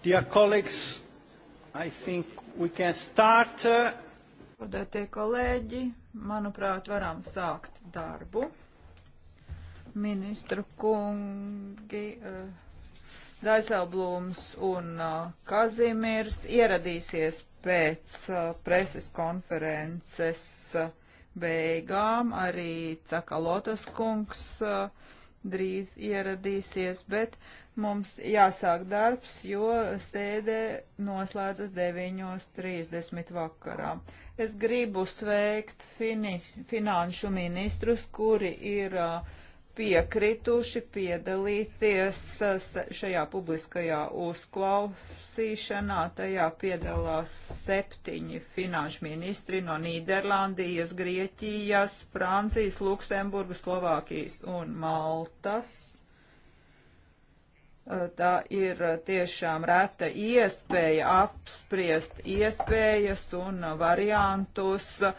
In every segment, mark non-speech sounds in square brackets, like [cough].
Dear colleagues, I think we can start. Uh, Godātie kolēģi, manuprāt, varam sākt darbu. Ministru kungi, uh, Daiselblūms un uh, Kazimirs ieradīsies pēc preses konferences beigām. Arī Cakalotas kungs drīz ieradīsies, bet uh, Mums jāsāk darbs, jo sēde noslēdzas 9.30 vakarā. Es gribu sveikt fini, finanšu ministrus, kuri ir piekrituši piedalīties šajā publiskajā uzklausīšanā. Tajā piedalās septiņi finanšu ministri no Nīderlandijas, Grieķijas, Francijas, Luksemburgas, Slovākijas un Maltas tā ir tiešām reta iespēja apspriest iespējas un variantus uh,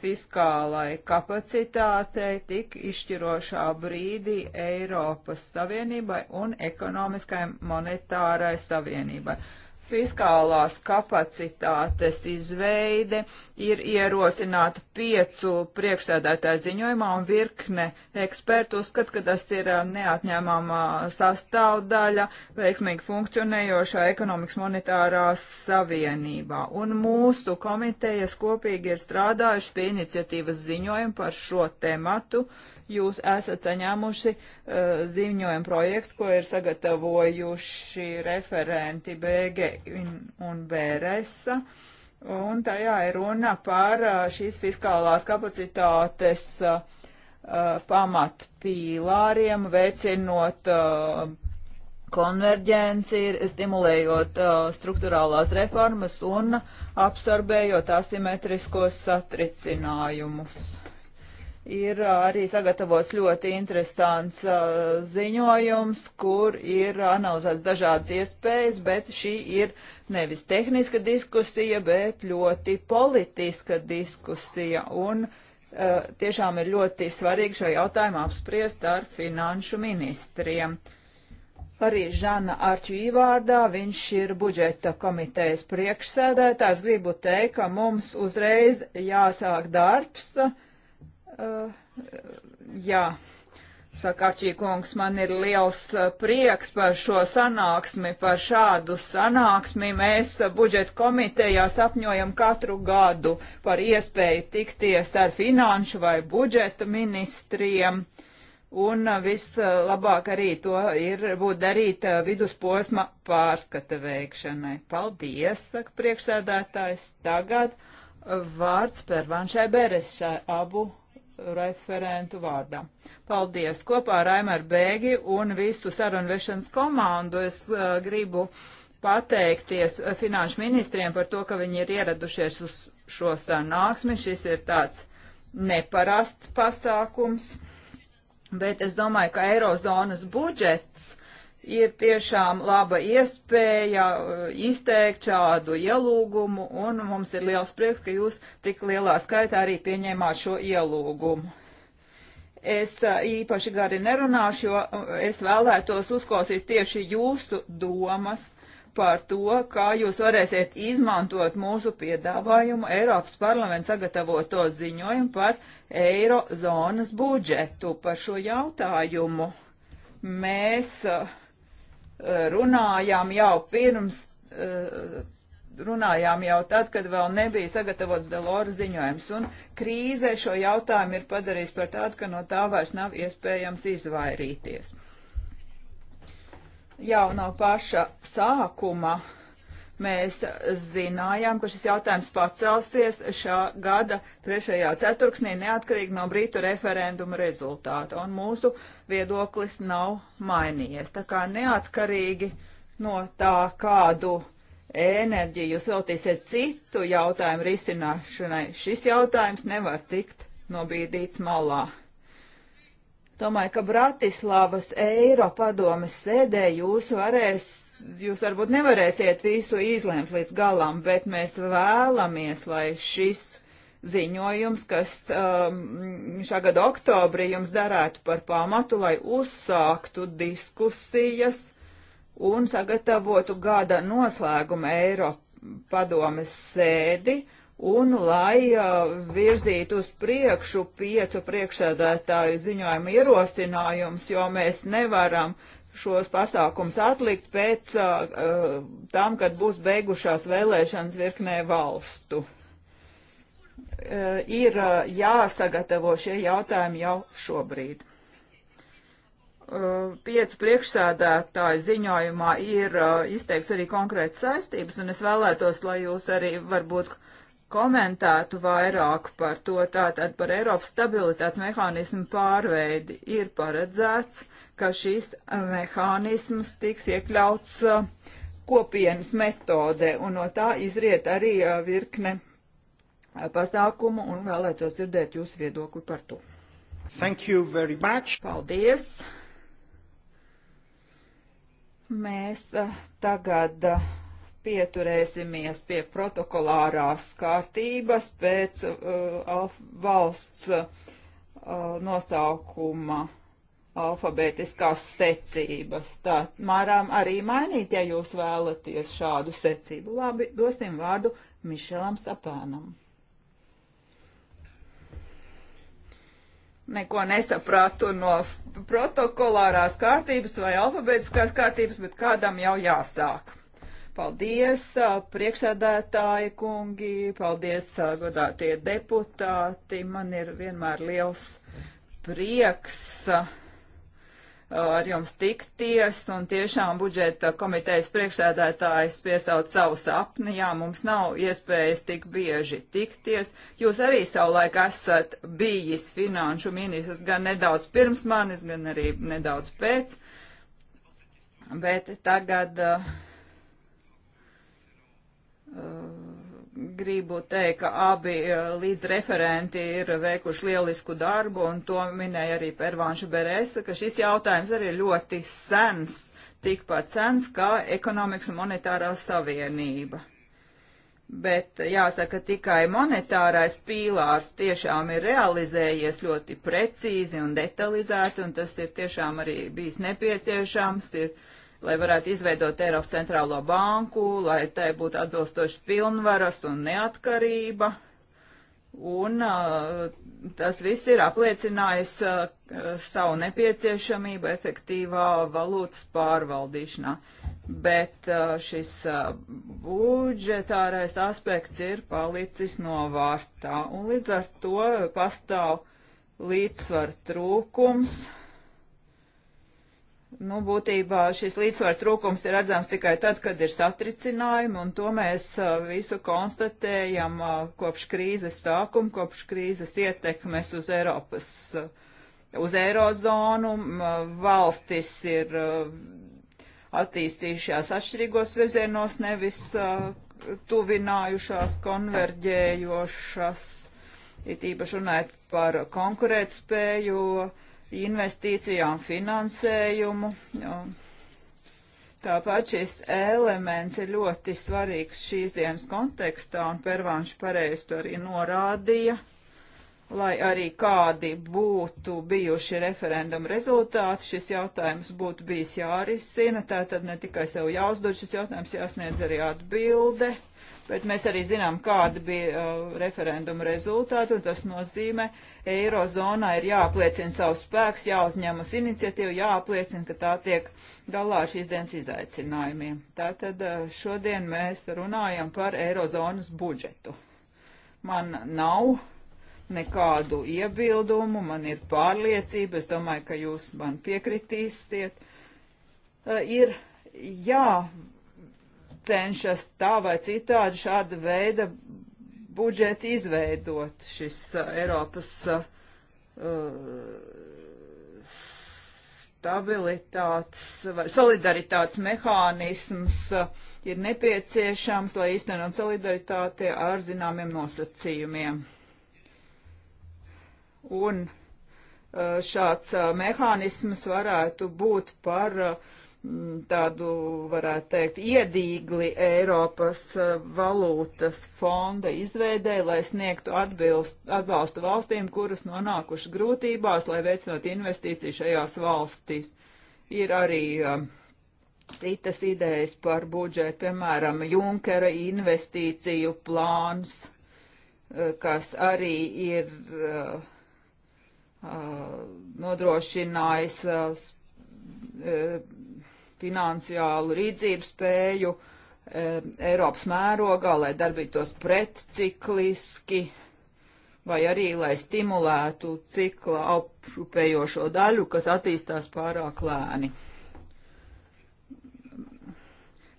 fiskālai kapacitātei tik izšķirošā brīdī Eiropas Savienībai un ekonomiskai monetārai savienībai. Fiskālās kapacitātes izveide ir ierosināta piecu priekšstādātāju ziņojumā un virkne ekspertu uzskat, ka tas ir uh, neatņēmama uh, sastāvdaļa veiksmīgi funkcionējošā ekonomikas monetārā savienībā. Un mūsu komitejas kopīgi ir strādājuši pie iniciatīvas ziņojumu par šo tematu, jūs esat saņēmuši uh, ziņojumu projektu, ko ir sagatavojuši referenti BG un BRS. Un tajā ir runa par uh, šīs fiskālās kapacitātes uh, pamatpīlāriem, veicinot konverģenci, stimulējot uh, struktūrālās reformas un absorbējot asimetriskos satricinājumus ir uh, arī sagatavots ļoti interesants uh, ziņojums, kur ir analizēts dažādas iespējas, bet šī ir nevis tehniska diskusija, bet ļoti politiska diskusija. Un uh, tiešām ir ļoti svarīgi šo jautājumu apspriest ar finanšu ministriem. Arī Žana Arķī vārdā, viņš ir budžeta komitejas priekšsēdētājs. Gribu teikt, ka mums uzreiz jāsāk darbs. Uh, Uh, jā. Saka, Arčī kungs, man ir liels uh, prieks par šo sanāksmi, par šādu sanāksmi. Mēs uh, budžeta komitejā sapņojam katru gadu par iespēju tikties ar finanšu vai budžeta ministriem. Un uh, vislabāk arī to ir būt darīt vidusposma pārskata veikšanai. Paldies, saka priekšsēdētājs. Tagad vārds per Vanšai Beresai abu referentu vārdā. Paldies! Kopā ar Aimaru Bēgi un visu sarunvešanas komandu es uh, gribu pateikties uh, finanšu ministriem par to, ka viņi ir ieradušies uz šo sanāksmi. Šis ir tāds neparasts pasākums, bet es domāju, ka Eirozonas budžets ir tiešām laba iespēja uh, izteikt šādu ielūgumu, un mums ir liels prieks, ka jūs tik lielā skaitā arī pieņēmāt šo ielūgumu. Es uh, īpaši gari nerunāšu, jo uh, es vēlētos uzklausīt tieši jūsu domas par to, kā jūs varēsiet izmantot mūsu piedāvājumu Eiropas parlamentu sagatavoto ziņojumu par eirozonas budžetu, par šo jautājumu. Mēs uh, runājām jau pirms, eh, runājām jau tad, kad vēl nebija sagatavots Delora ziņojums, un krīze šo jautājumu ir padarījis par tādu, ka no tā vairs nav iespējams izvairīties. Jau no paša sākuma uh, Mēs zinājām, ka šis jautājums pacelsies šā gada trešajā ceturksnī neatkarīgi no Britu referenduma rezultāta, un mūsu viedoklis nav mainījies. Tā kā neatkarīgi no tā, kādu enerģiju jūs veltīsiet citu jautājumu risināšanai, šis jautājums nevar tikt nobīdīts malā. Domāju, ka Bratislavas Eiropadomes sēdē jūs varēs jūs varbūt nevarēsiet visu izlēmt līdz galam, bet mēs vēlamies, lai šis ziņojums, kas um, šā gada oktobrī jums darētu par pamatu, lai uzsāktu diskusijas un sagatavotu gada noslēgumu Eiropa padomes sēdi un lai uh, virzītu uz priekšu piecu priekšsēdētāju ziņojumu ierosinājumus, jo mēs nevaram šos pasākums atlikt pēc uh, uh, tam, kad būs beigušās vēlēšanas virknē valstu. Uh, ir uh, jāsagatavo šie jautājumi jau šobrīd. Uh, piecu priekšsēdētāju ziņojumā ir uh, izteikts arī konkrētas saistības, un es vēlētos, lai jūs arī varbūt komentētu vairāk par to, tātad par Eiropas stabilitātes mehānismu pārveidi ir paredzēts ka šis mehānisms tiks iekļauts uh, kopienas metodē, un no tā izriet arī uh, virkne uh, pasākumu, un vēlētos dzirdēt jūsu viedokli par to. Thank you very much. Paldies. Mēs tagad pieturēsimies pie protokolārās kārtības pēc uh, valsts uh, nosaukuma alfabētiskās secības. Tā mārām arī mainīt, ja jūs vēlaties šādu secību. Labi, dosim vārdu Mišelam Sapēnam. Neko nesapratu no protokolārās kārtības vai alfabētiskās kārtības, bet kādam jau jāsāk. Paldies, priekšsēdētāji kungi, paldies, godātie deputāti. Man ir vienmēr liels prieks uh, ar jums tikties, un tiešām budžeta komitejas priekšsēdētājs piesauc savu sapni, jā, mums nav iespējas tik bieži tikties. Jūs arī savulaik esat bijis finanšu ministrs gan nedaudz pirms manis, gan arī nedaudz pēc, bet tagad. Uh, uh gribu teikt, ka abi eh, līdzreferenti ir veikuši lielisku darbu, un to minēja arī Pervānša Beresa, ka šis jautājums arī ir ļoti sens, tikpat sens kā ekonomikas un monetārā savienība. Bet jāsaka, tikai monetārais pīlārs tiešām ir realizējies ļoti precīzi un detalizēti, un tas ir tiešām arī bijis nepieciešams. Ir, uh, lai varētu izveidot Eiropas centrālo banku, lai tai būtu atbilstoši pilnvaras un neatkarība. Un uh, tas viss ir apliecinājis uh, savu nepieciešamību efektīvā valūtas pārvaldīšanā. Bet uh, šis uh, budžetārais aspekts ir palicis novārtā. Un līdz ar to pastāv līdzsvar trūkums. Uh, Nu, būtībā šis līdzsvars trūkums ir redzams tikai tad, kad ir satricinājumi, un to mēs uh, visu konstatējam uh, kopš krīzes sākuma, kopš krīzes ietekmes uz Eiropas, uh, uz Eirozonu. Valstis ir attīstījušās atšķirīgos virzienos, nevis tuvinājušās, konverģējošas, it īpaši runājot par konkurētspēju. spēju investīcijām, finansējumu. Tāpat šis elements ir ļoti svarīgs šīs dienas kontekstā, un Pervāns pareizi to arī norādīja, lai arī kādi būtu bijuši referendumu rezultāti, šis jautājums būtu bijis jārisina, tātad ne tikai sev jāuzdod šis jautājums, jāsniedz arī atbilde bet mēs arī zinām, kāda bija uh, referenduma rezultāti, un tas nozīmē, Eirozonā ir jāapliecina savs spēks, jāuzņemas iniciatīva, jāapliecina, ka tā tiek galā šīs dienas izaicinājumiem. Tātad uh, šodien mēs runājam par Eirozonas budžetu. Man nav nekādu iebildumu, man ir pārliecība, es domāju, ka jūs man piekritīsiet. Uh, ir jā, cenšas tā vai citādi šāda veida budžeti izveidot šis uh, Eiropas uh, stabilitātes vai solidaritātes mehānisms uh, ir nepieciešams, lai īstenot solidaritāti ar zināmiem nosacījumiem. Un uh, šāds uh, mehānisms varētu būt par uh, Mm, tādu, varētu teikt, iedīgli Eiropas eh, valūtas fonda izveidē, lai sniegtu atbilst, atbalstu valstīm, kuras nonākuši grūtībās, lai veicinot investīciju šajās valstīs. Ir arī um, citas idejas par budžetu, piemēram, Junkera investīciju plāns, eh, kas arī ir uh, uh, nodrošinājis uh, finansiālu rīdzību spēju e, Eiropas mērogā, lai darbītos pretcikliski vai arī lai stimulētu cikla apšupējošo daļu, kas attīstās pārāk lēni.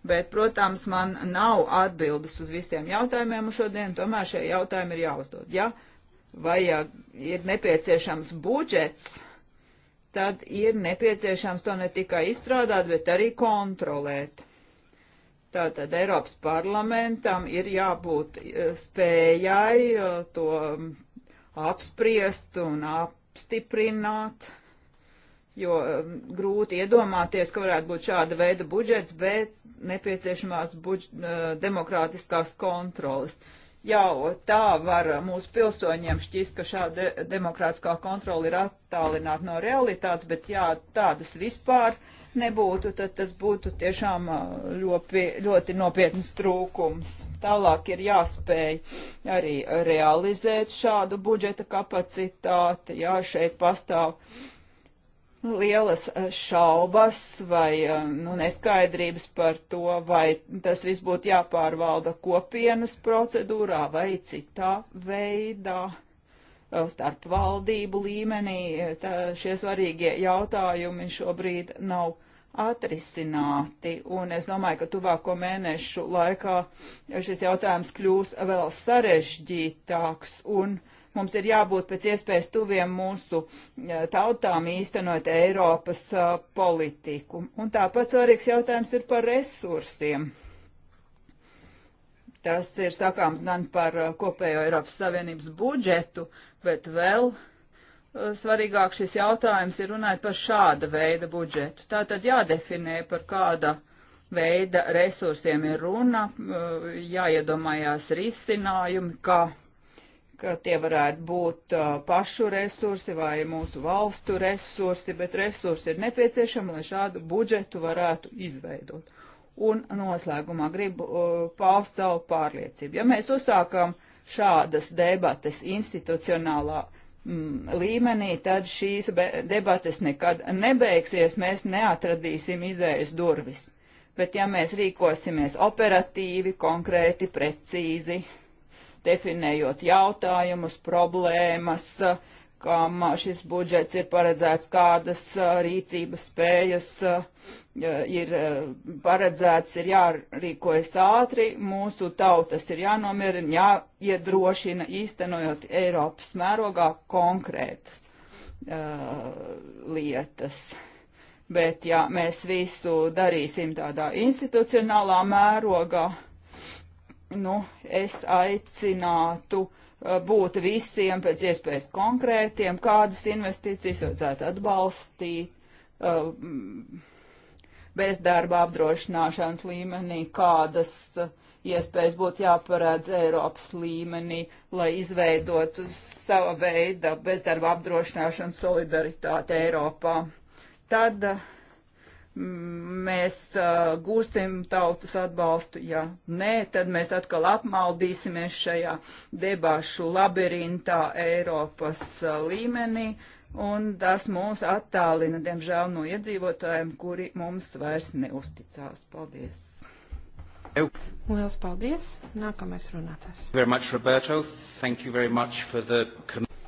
Bet, protams, man nav atbildes uz visiem jautājumiem šodien, tomēr šie jautājumi ir jāuzdod. Ja vajag, ir nepieciešams budžets, tad ir nepieciešams to ne tikai izstrādāt, bet arī kontrolēt. Tātad Eiropas parlamentam ir jābūt eh, spējai eh, to apspriest un apstiprināt, jo eh, grūti iedomāties, ka varētu būt šāda veida budžets, bet nepieciešamās budž demokrātiskās kontrolas. Uh, jau tā var uh, mūsu pilsoņiem šķist, ka šāda demokrātiskā kontrola ir attālināta no realitātes, bet jā, tādas vispār nebūtu, tad tas būtu tiešām ļopi, uh, ļoti nopietnas trūkums. Tālāk ir jāspēj arī realizēt šādu budžeta kapacitāti, jā, šeit pastāv lielas eh, šaubas vai eh, nu, neskaidrības par to, vai tas viss būtu jāpārvalda kopienas procedūrā vai citā veidā eh, starp valdību līmenī. Tā, šie svarīgie jautājumi šobrīd nav atrisināti, un es domāju, ka tuvāko mēnešu laikā šis jautājums kļūs vēl sarežģītāks un sarežģītāks Mums ir jābūt pēc iespējas tuviem mūsu tautām īstenot Eiropas uh, politiku. Un tāpat svarīgs jautājums ir par resursiem. Tas ir sakāms gan par kopējo Eiropas Savienības budžetu, bet vēl svarīgāk šis jautājums ir runāt par šāda veida budžetu. Tā tad jādefinē, par kāda veida resursiem ir runa, jāiedomājās risinājumi, kā ka tie varētu būt uh, pašu resursi vai mūsu valstu resursi, bet resursi ir nepieciešami, lai šādu budžetu varētu izveidot. Un noslēgumā gribu uh, paust savu pārliecību. Ja mēs uzsākam šādas debates institucionālā mm, līmenī, tad šīs debates nekad nebeigsies, mēs neatradīsim izējas durvis. Bet ja mēs rīkosimies operatīvi, konkrēti, precīzi, definējot jautājumus, problēmas, kam šis budžets ir paredzēts, kādas uh, rīcības spējas uh, ir uh, paredzēts, ir jārīkojas ātri, mūsu tautas ir jānomierina, jāiedrošina īstenojot Eiropas mērogā konkrētas uh, lietas. Bet ja mēs visu darīsim tādā institucionālā mērogā, uh, nu, es aicinātu uh, būt visiem pēc iespējas konkrētiem, kādas investīcijas vajadzētu atbalstīt uh, bezdarba apdrošināšanas līmenī, kādas uh, iespējas būtu jāparādz Eiropas līmenī, lai izveidotu sava veida bezdarba apdrošināšanas solidaritāti Eiropā. Tad uh, mēs uh, gūstam tautas atbalstu, ja nē, tad mēs atkal apmaldīsimies šajā debāšu labirintā Eiropas uh, līmenī, un tas mūs attālina, diemžēl, no iedzīvotājiem, kuri mums vairs neusticās. Paldies! Lielas paldies! Nākamais runātājs.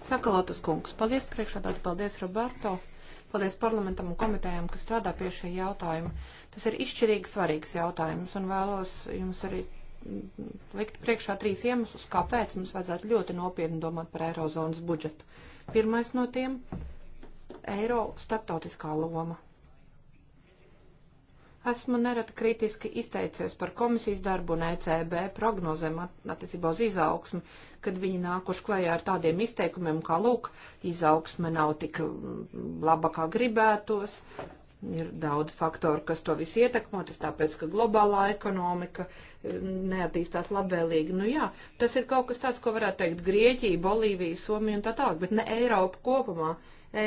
Sakalotas kungs, paldies priekšādāt, paldies Roberto! Paldies parlamentam un komitējām, kas strādā pie šī jautājuma. Tas ir izšķirīgi svarīgs jautājums un vēlos jums arī mm, likt priekšā trīs iemeslus, kāpēc mums vajadzētu ļoti nopietni domāt par Eirozonas budžetu. Pirmais no tiem - eiro starptautiskā loma. Esmu nereti kritiski izteicies par komisijas darbu un ECB prognozēm attiecībā uz izaugsmu, kad viņi nākuši klajā ar tādiem izteikumiem, kā lūk, izaugsme nav tik mm, laba, kā gribētos. Ir daudz faktoru, kas to visu ietekmo, tas tāpēc, ka globālā ekonomika mm, neattīstās labvēlīgi. Nu jā, tas ir kaut kas tāds, ko varētu teikt Grieķija, Bolīvija, Somija un tā tālāk, bet ne Eiropa kopumā.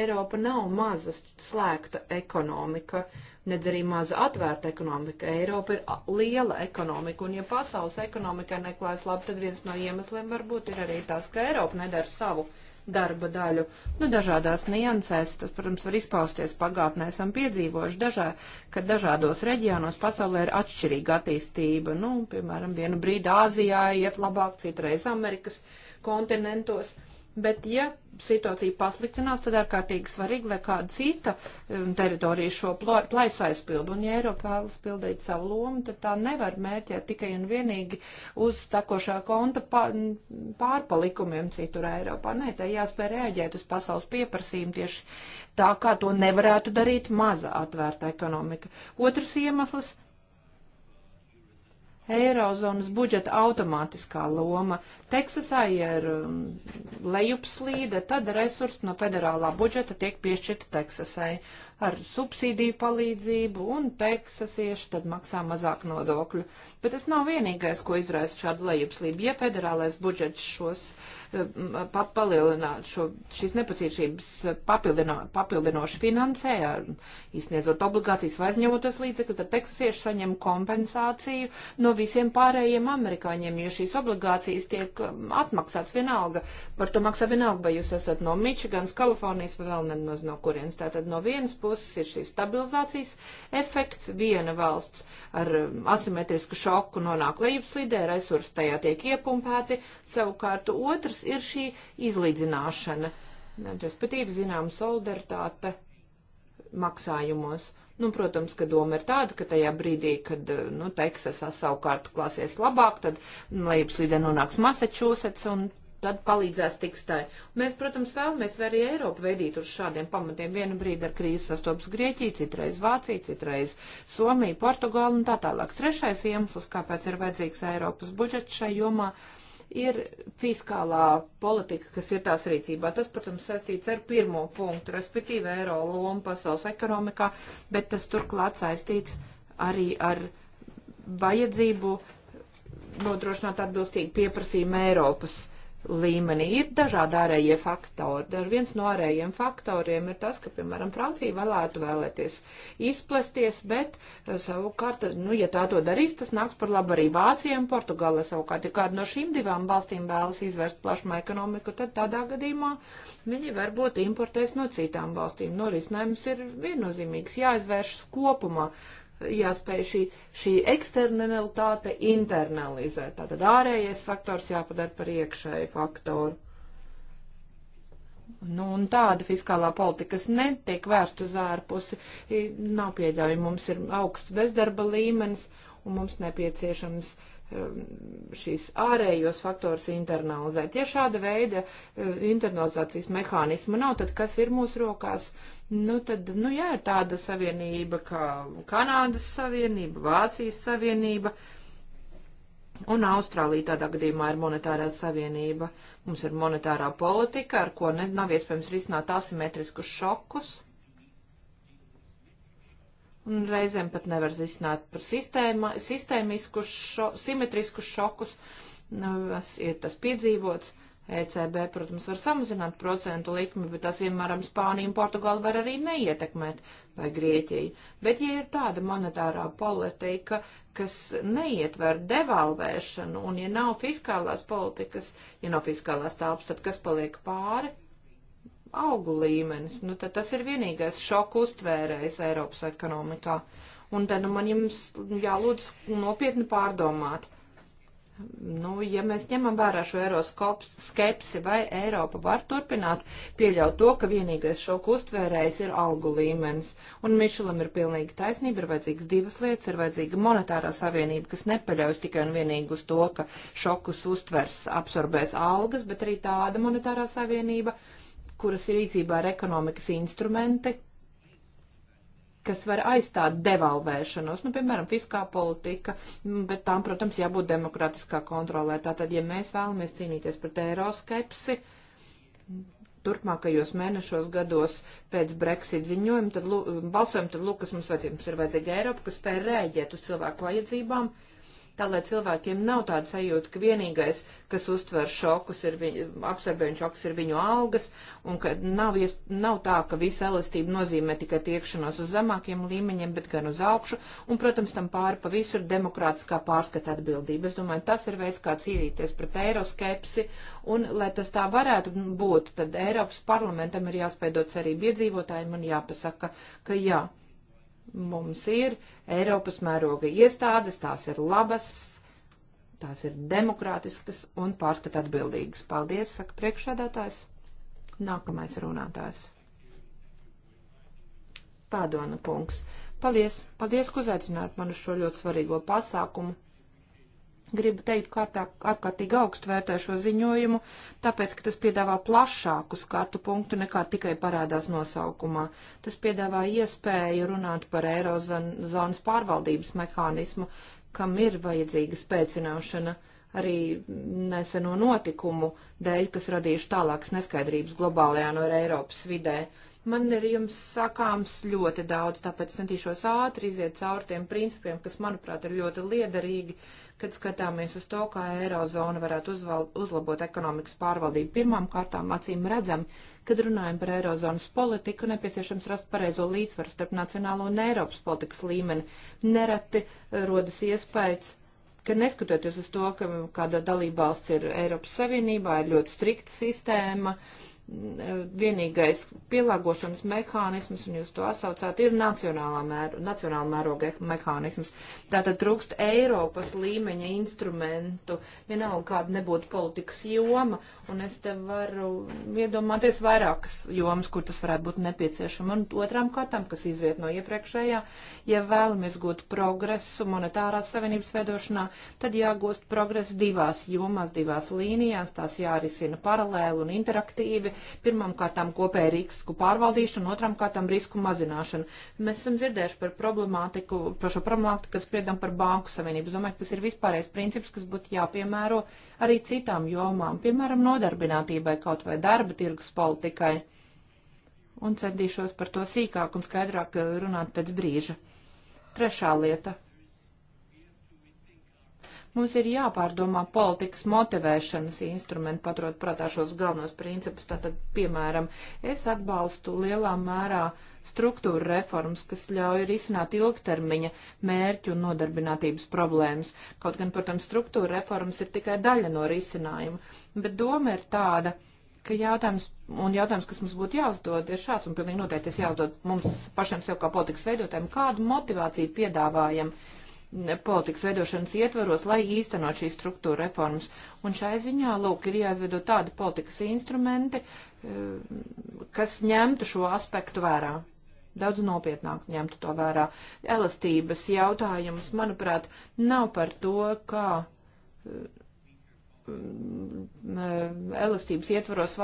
Eiropa nav maza slēgta ekonomika nedz arī maza atvērta ekonomika. Eiropa ir liela ekonomika, un ja pasaules ekonomikai neklājas labi, tad viens no iemesliem varbūt ir arī tas, ka Eiropa nedara savu darba daļu. Nu, dažādās niansēs, tas, protams, var izpausties pagātnē, esam piedzīvojuši, dažā, ka dažādos reģionos pasaulē ir atšķirīga attīstība. Nu, piemēram, vienu brīdi Āzijā iet labāk, citreiz Amerikas kontinentos. Uh, bet ja situācija pasliktinās, tad ārkārtīgi svarīgi, lai kāda cita um, teritorija šo plaisu aizpildu. Un ja Eiropa vēlas pildīt savu lomu, tad tā nevar mērķēt tikai un vienīgi uz takošā konta pārpalikumiem citur Eiropā. Nē, tā jāspēj rēģēt uz pasaules pieprasījumu tieši tā, kā to nevarētu darīt maza atvērta ekonomika. Otrs iemesls Eirozonas budžeta automātiskā loma. Teksasā, ja ir um, lejupslīde, tad resursi no federālā budžeta tiek piešķirta Teksasai ar subsīdiju palīdzību, un teksasieši tad maksā mazāk nodokļu. Bet tas nav vienīgais, ko izraisa šāda lejupslība. Ja federālais budžets šos uh, pa, palielināt šo, šīs nepacīšības papildino, papildinošu finansē, izsniedzot obligācijas vai aizņemotos līdzekļus, tad teksasieši saņem kompensāciju no visiem pārējiem amerikāņiem, jo šīs obligācijas tiek um, atmaksāts vienalga. Par to maksā vienalga, vai jūs esat no Mičiganas, Kalifornijas vai vēl nemaz no kurienes. Tātad no vienas puses ir šīs stabilizācijas efekts, viena valsts ar um, asimetrisku šoku nonāk lejupslīdē, resursi tajā tiek iepumpēti, savukārt otrs iemesls ir šī izlīdzināšana, respektīvi, zinām, solidaritāte maksājumos. Nu, protams, ka doma ir tāda, ka tajā brīdī, kad nu, Teksasā savukārt klāsies labāk, tad nu, lejupslīdē nonāks Massachusetts un tad palīdzēs tiks tai. Mēs, protams, vēlamies arī Eiropu veidīt uz šādiem pamatiem. Vienu brīdi ar krīzi sastopas Grieķija, citreiz Vācija, citreiz Somija, Portugāla un tā tālāk. Trešais iemesls, kāpēc ir vajadzīgs Eiropas budžets šai jomā, ir ir fiskālā politika, kas ir tās rīcībā. Tas, protams, saistīts ar pirmo punktu, respektīvi eiro lomu pasaules ekonomikā, bet tas turklāt saistīts arī ar vajadzību nodrošināt atbilstīgu pieprasījumu Eiropas līmenī. Ir dažādi ārējie faktori. Daž viens no ārējiem faktoriem ir tas, ka, piemēram, Francija vēlētu vēlēties izplesties, bet eh, savukārt, nu, ja tā to darīs, tas nāks par labu arī Vācijai un Portugālei savukārt. Ja kāda no šīm divām valstīm vēlas izvērst plašumā ekonomiku, tad tādā gadījumā viņi varbūt importēs no citām valstīm. Norisinājums ir viennozīmīgs, jāizvēršas kopumā. Uh, jāspēj šī, šī eksternalitāte internalizēt. Tātad ārējais faktors jāpadara par iekšēju faktoru. Nu, un tāda fiskālā politika, kas netiek vērst uz ārpusi, nav pieļaujama. Mums ir augsts bezdarba līmenis, un mums nepieciešams uh, Um, šīs ārējos faktors internalizē. Ja šāda veida um, internalizācijas mehānisma nav, tad kas ir mūsu rokās? Nu, tad, nu, jā, ir tāda savienība kā Kanādas savienība, Vācijas savienība, un Austrālija tādā gadījumā ir monetārā savienība. Mums ir monetārā politika, ar ko ne, nav iespējams risināt asimetriskus šokus un reizēm pat nevar izsnāt par sistēma, sistēmiskus, šo, simetriskus šokus. Nu, tas ir tas piedzīvots. ECB, protams, var samazināt procentu likmi, bet tas vienmēr Spāniju un Portugāli var arī neietekmēt, vai Grieķiju. Bet, ja ir tāda monetārā politika, kas neietver devalvēšanu, un ja nav fiskālās politikas, ja nav fiskālās tāps, tad kas paliek pāri? augu līmenis. Nu, tad tas ir vienīgais šoku uztvērējs Eiropas ekonomikā. Un tad nu, man jums jālūdz nopietni pārdomāt. Nu, ja mēs ņemam vērā šo eiroskops skepsi, vai Eiropa var turpināt pieļaut to, ka vienīgais šoku uztvērējs ir algu līmenis. Un Mišelam ir pilnīgi taisnība, ir vajadzīgs divas lietas, ir vajadzīga monetārā savienība, kas nepaļaujas tikai un vienīgi uz to, ka šokus uztvers absorbēs algas, bet arī tāda monetārā savienība, uh, kuras ir rīcībā ir ekonomikas instrumenti, kas var aizstāt devalvēšanos, nu, piemēram, fiskā politika, bet tām, protams, jābūt demokratiskā kontrolē. Tātad, ja mēs vēlamies cīnīties pret eiroskepsi, turpmākajos mēnešos gados pēc Brexit ziņojuma, tad balsojam, tad lūk, kas mums vajadzīgs. Mums ir vajadzīga Eiropa, kas spēj rēģēt uz cilvēku vajadzībām, uh, tā lai cilvēkiem nav tāda sajūta, ka vienīgais, kas uztver šokus, ir absorbējuši šokus, ir viņu algas, un ka nav, nav tā, ka visa elastība nozīmē tikai tiekšanos uz zemākiem līmeņiem, bet gan uz augšu, un, protams, tam pāri pa visur demokrātiskā pārskata atbildība. Es domāju, tas ir veids, kā cīnīties pret eiroskepsi, un, lai tas tā varētu būt, tad Eiropas parlamentam ir jāspēj dot cerību iedzīvotājiem un jāpasaka, ka jā Mums ir Eiropas mēroga iestādes, tās ir labas, tās ir demokrātiskas un pārskat atbildīgas. Paldies, saka priekšādātājs. Nākamais runātājs. Pādona kungs. Paldies, paldies, ka uzaicināt man uz šo ļoti svarīgo pasākumu. Gribu teikt, kā ārkārtīgi augstu vērtē šo ziņojumu, tāpēc, ka tas piedāvā plašāku skatu punktu nekā tikai parādās nosaukumā. Tas piedāvā iespēju runāt par Eirozonas pārvaldības mehānismu, kam ir vajadzīga spēcināšana arī neseno notikumu dēļ, kas radījuši tālākas neskaidrības globālajā no Eiropas vidē. Uh, Man ir jums sakāms ļoti daudz, tāpēc centīšos ātri iziet cauri tiem principiem, kas, manuprāt, ir ļoti liederīgi, kad skatāmies uz to, kā Eirozona varētu uzval, uzlabot ekonomikas pārvaldību. Pirmām kārtām acīm redzam, kad runājam par Eirozonas politiku, nepieciešams rast pareizo līdzsvaru starp nacionālo un Eiropas politikas līmeni. Nereti rodas iespējas ka neskatoties uz to, ka kāda dalībvalsts ir Eiropas Savienībā, ir ļoti strikta sistēma, uh, vienīgais pielāgošanas mehānisms, un jūs to asaucāt, ir nacionālā, mēro, nacionāla mēroga mehānisms. Tātad trūkst Eiropas līmeņa instrumentu, vienalga kāda nebūtu politikas joma, un es te varu iedomāties vairākas jomas, kur tas varētu būt nepieciešama. Un otrām kārtām, kas izriet no iepriekšējā, ja vēlamies gūt progresu monetārās savienības veidošanā, tad jāgūst progress divās jomās, divās līnijās, tās jārisina paralēli un interaktīvi Pirmām kārtām kopēja risku pārvaldīšana, otrām kārtām risku mazināšana. Mēs esam dzirdējuši par problemātiku, par šo problemātiku, kas spriedam par banku savienību. Es domāju, ka tas ir vispārējais princips, kas būtu jāpiemēro arī citām jomām, piemēram, nodarbinātībai kaut vai darba tirgus politikai. Un centīšos par to sīkāk un skaidrāk eh, runāt pēc brīža. Trešā lieta Mums ir jāpārdomā politikas motivēšanas instrumenti, paturot prātā šos galvenos principus. Tātad, piemēram, es atbalstu lielā mērā struktūra reformas, kas ļauj risināt ilgtermiņa mērķu un nodarbinātības problēmas. Kaut gan, protams, struktūra reformas ir tikai daļa no risinājuma, bet doma ir tāda, ka jautājums, un jautājums, kas mums būtu jāuzdod, ir šāds, un pilnīgi noteikti tas jāuzdod mums pašiem sev kā politikas veidotājiem, kādu motivāciju piedāvājam uh, politikas veidošanas ietvaros, lai īstenot šīs struktūra reformas. Un šai ziņā, lūk, ir jāizveido tādi politikas instrumenti, eh, kas ņemtu šo aspektu vērā. Daudz nopietnāk ņemtu to vērā. Elastības jautājums, manuprāt, nav par to, kā eh, Mm, mm, elastības ietvaros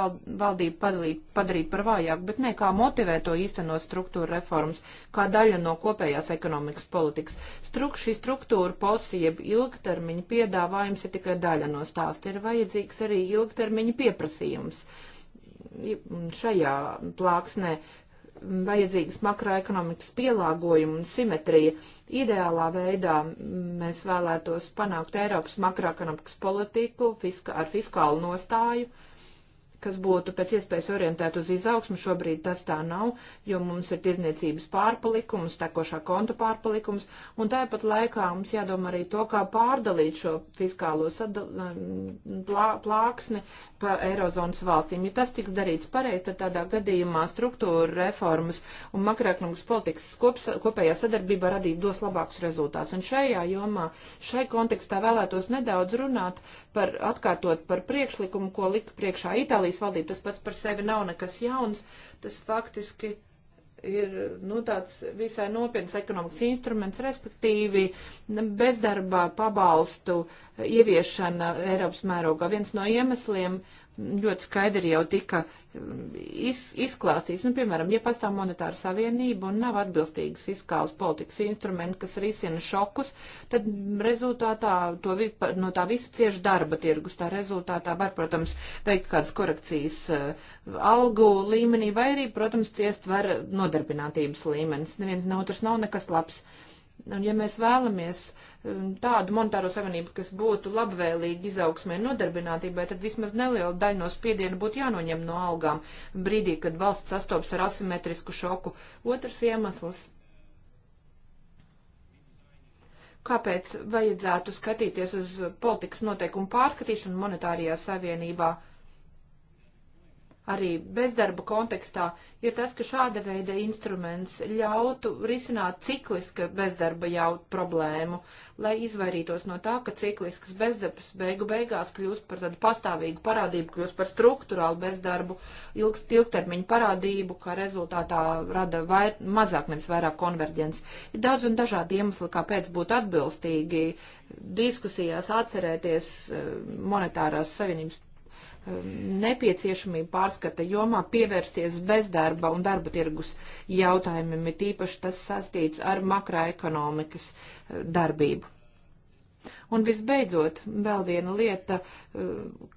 valdību padalīt, padarīt par vājāku, bet ne kā motivē to īstenot struktūra reformas, kā daļa no kopējās ekonomikas politikas. Struk, šī struktūra posība ilgtermiņa piedāvājums ir tikai daļa no stāsta, ir vajadzīgs arī ilgtermiņa pieprasījums. Šajā plāksnē vajadzīgas makroekonomikas pielāgojuma un simetrija. Ideālā veidā mēs vēlētos panākt Eiropas makroekonomikas politiku fiska, ar fiskālu nostāju, uh, kas būtu pēc iespējas orientēta uz izaugsmu. Šobrīd tas tā nav, jo mums ir tirzniecības pārpalikums, tekošā konta pārpalikums, un tāpat laikā mums jādomā arī to, kā pārdalīt šo fiskālo um, plā, plāksni pa Eirozonas valstīm. Ja tas tiks darīts pareizi, tad tādā gadījumā struktūra reformas un makroekonomikas politikas kops, kopējā sadarbība radīs dos labākus rezultātus. Un šajā jomā, šai kontekstā vēlētos nedaudz runāt par atkārtot par priekšlikumu, ko lika priekšā Itālijas Grieķijas valdību. Tas pats par sevi nav nekas jauns. Tas faktiski ir nu, tāds visai nopietns ekonomikas instruments, respektīvi bezdarba pabalstu ieviešana Eiropas mērogā. Viens no iemesliem, uh, ļoti skaidri jau tika um, iz, izklāstīts. Nu, piemēram, ja pastāv monetāra savienība un nav atbilstīgas fiskālas politikas instrumenti, kas risina šokus, tad rezultātā to, vi, no tā visa cieši darba tirgus. Tā rezultātā var, protams, veikt kādas korekcijas uh, algu līmenī vai arī, protams, ciest var nodarbinātības līmenis. Neviens nav, otrs nav nekas labs. Uh, Un ja mēs vēlamies um, tādu monetāro savienību, kas būtu labvēlīgi izaugsmē un nodarbinātībai, tad vismaz neliela daļa no spiediena būtu jānoņem no algām brīdī, kad valsts sastopas ar asimetrisku šoku. Otrs iemesls. Kāpēc vajadzētu skatīties uz politikas noteikumu pārskatīšanu monetārajā savienībā? arī bezdarba kontekstā, ir tas, ka šāda veida instruments ļautu risināt cikliska bezdarba jau problēmu, lai izvairītos no tā, ka ciklisks bezdarbs beigu beigās kļūst par tādu pastāvīgu parādību, kļūst par struktūrālu bezdarbu, ilgst ilgtermiņu parādību, kā rezultātā rada vair, mazāk nevis vairāk konverģents. Ir daudz un dažādi iemesli, kāpēc būtu atbilstīgi diskusijās atcerēties eh, monetārās savienības Um, nepieciešamību pārskata jomā pievērsties bezdarba un darba tirgus jautājumiem, ir tīpaši tas sastīts ar makroekonomikas uh, darbību. Un visbeidzot, vēl viena lieta, eh,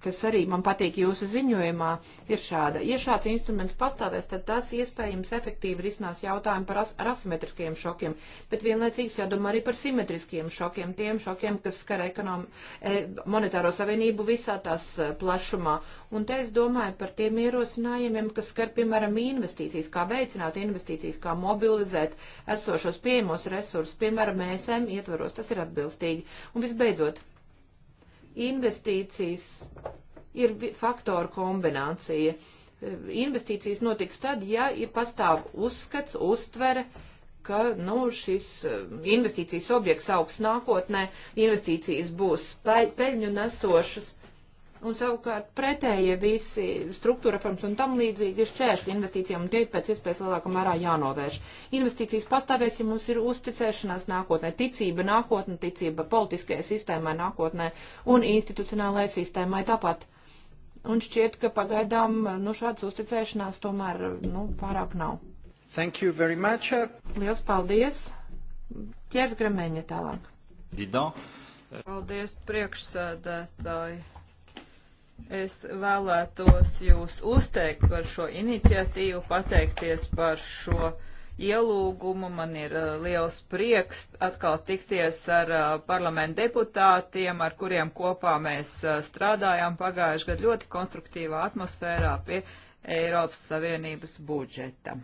kas arī man patīk jūsu ziņojumā, ir šāda. Ja šāds instruments pastāvēs, tad tas iespējams efektīvi risinās jautājumu par as asimetriskiem šokiem, bet vienlaicīgs jādomā arī par simetriskiem šokiem, tiem šokiem, kas skar ekonom, e, monetāro savienību visā tās e, plašumā. Un te es domāju par tiem ierosinājumiem, kas skar, piemēram, investīcijas, kā veicināt investīcijas, kā mobilizēt esošos pieejamos resursus, piemēram, ESM ietvaros. Tas ir atbilstīgi. Un visbeidz, Visbeidzot, investīcijas ir faktoru kombinācija. Investīcijas notiks tad, ja pastāv uzskats, uztvere, ka nu, šis eh, investīcijas objekts augs nākotnē, investīcijas būs peļņu nesošas Un savukārt pretējie visi struktūra formas un tam līdzīgi ir šķēršļi investīcijām un tie ir pēc iespējas lielākā mērā jānovērš. Investīcijas pastāvēs, ja mums ir uzticēšanās nākotnē, ticība nākotnē, ticība politiskajai sistēmai nākotnē un institucionālajai sistēmai tāpat. Un šķiet, ka pagaidām nu, šādas uzticēšanās tomēr nu, pārāk nav. Thank you very much. Liels paldies. Piers Grameņa tālāk. Didon. Paldies priekšsēdētāji. Es vēlētos jūs uzteikt par šo iniciatīvu, pateikties par šo ielūgumu. Man ir uh, liels prieks atkal tikties ar uh, parlamentu deputātiem, ar kuriem kopā mēs uh, strādājām pagājuši gadu ļoti konstruktīvā atmosfērā pie Eiropas Savienības budžeta.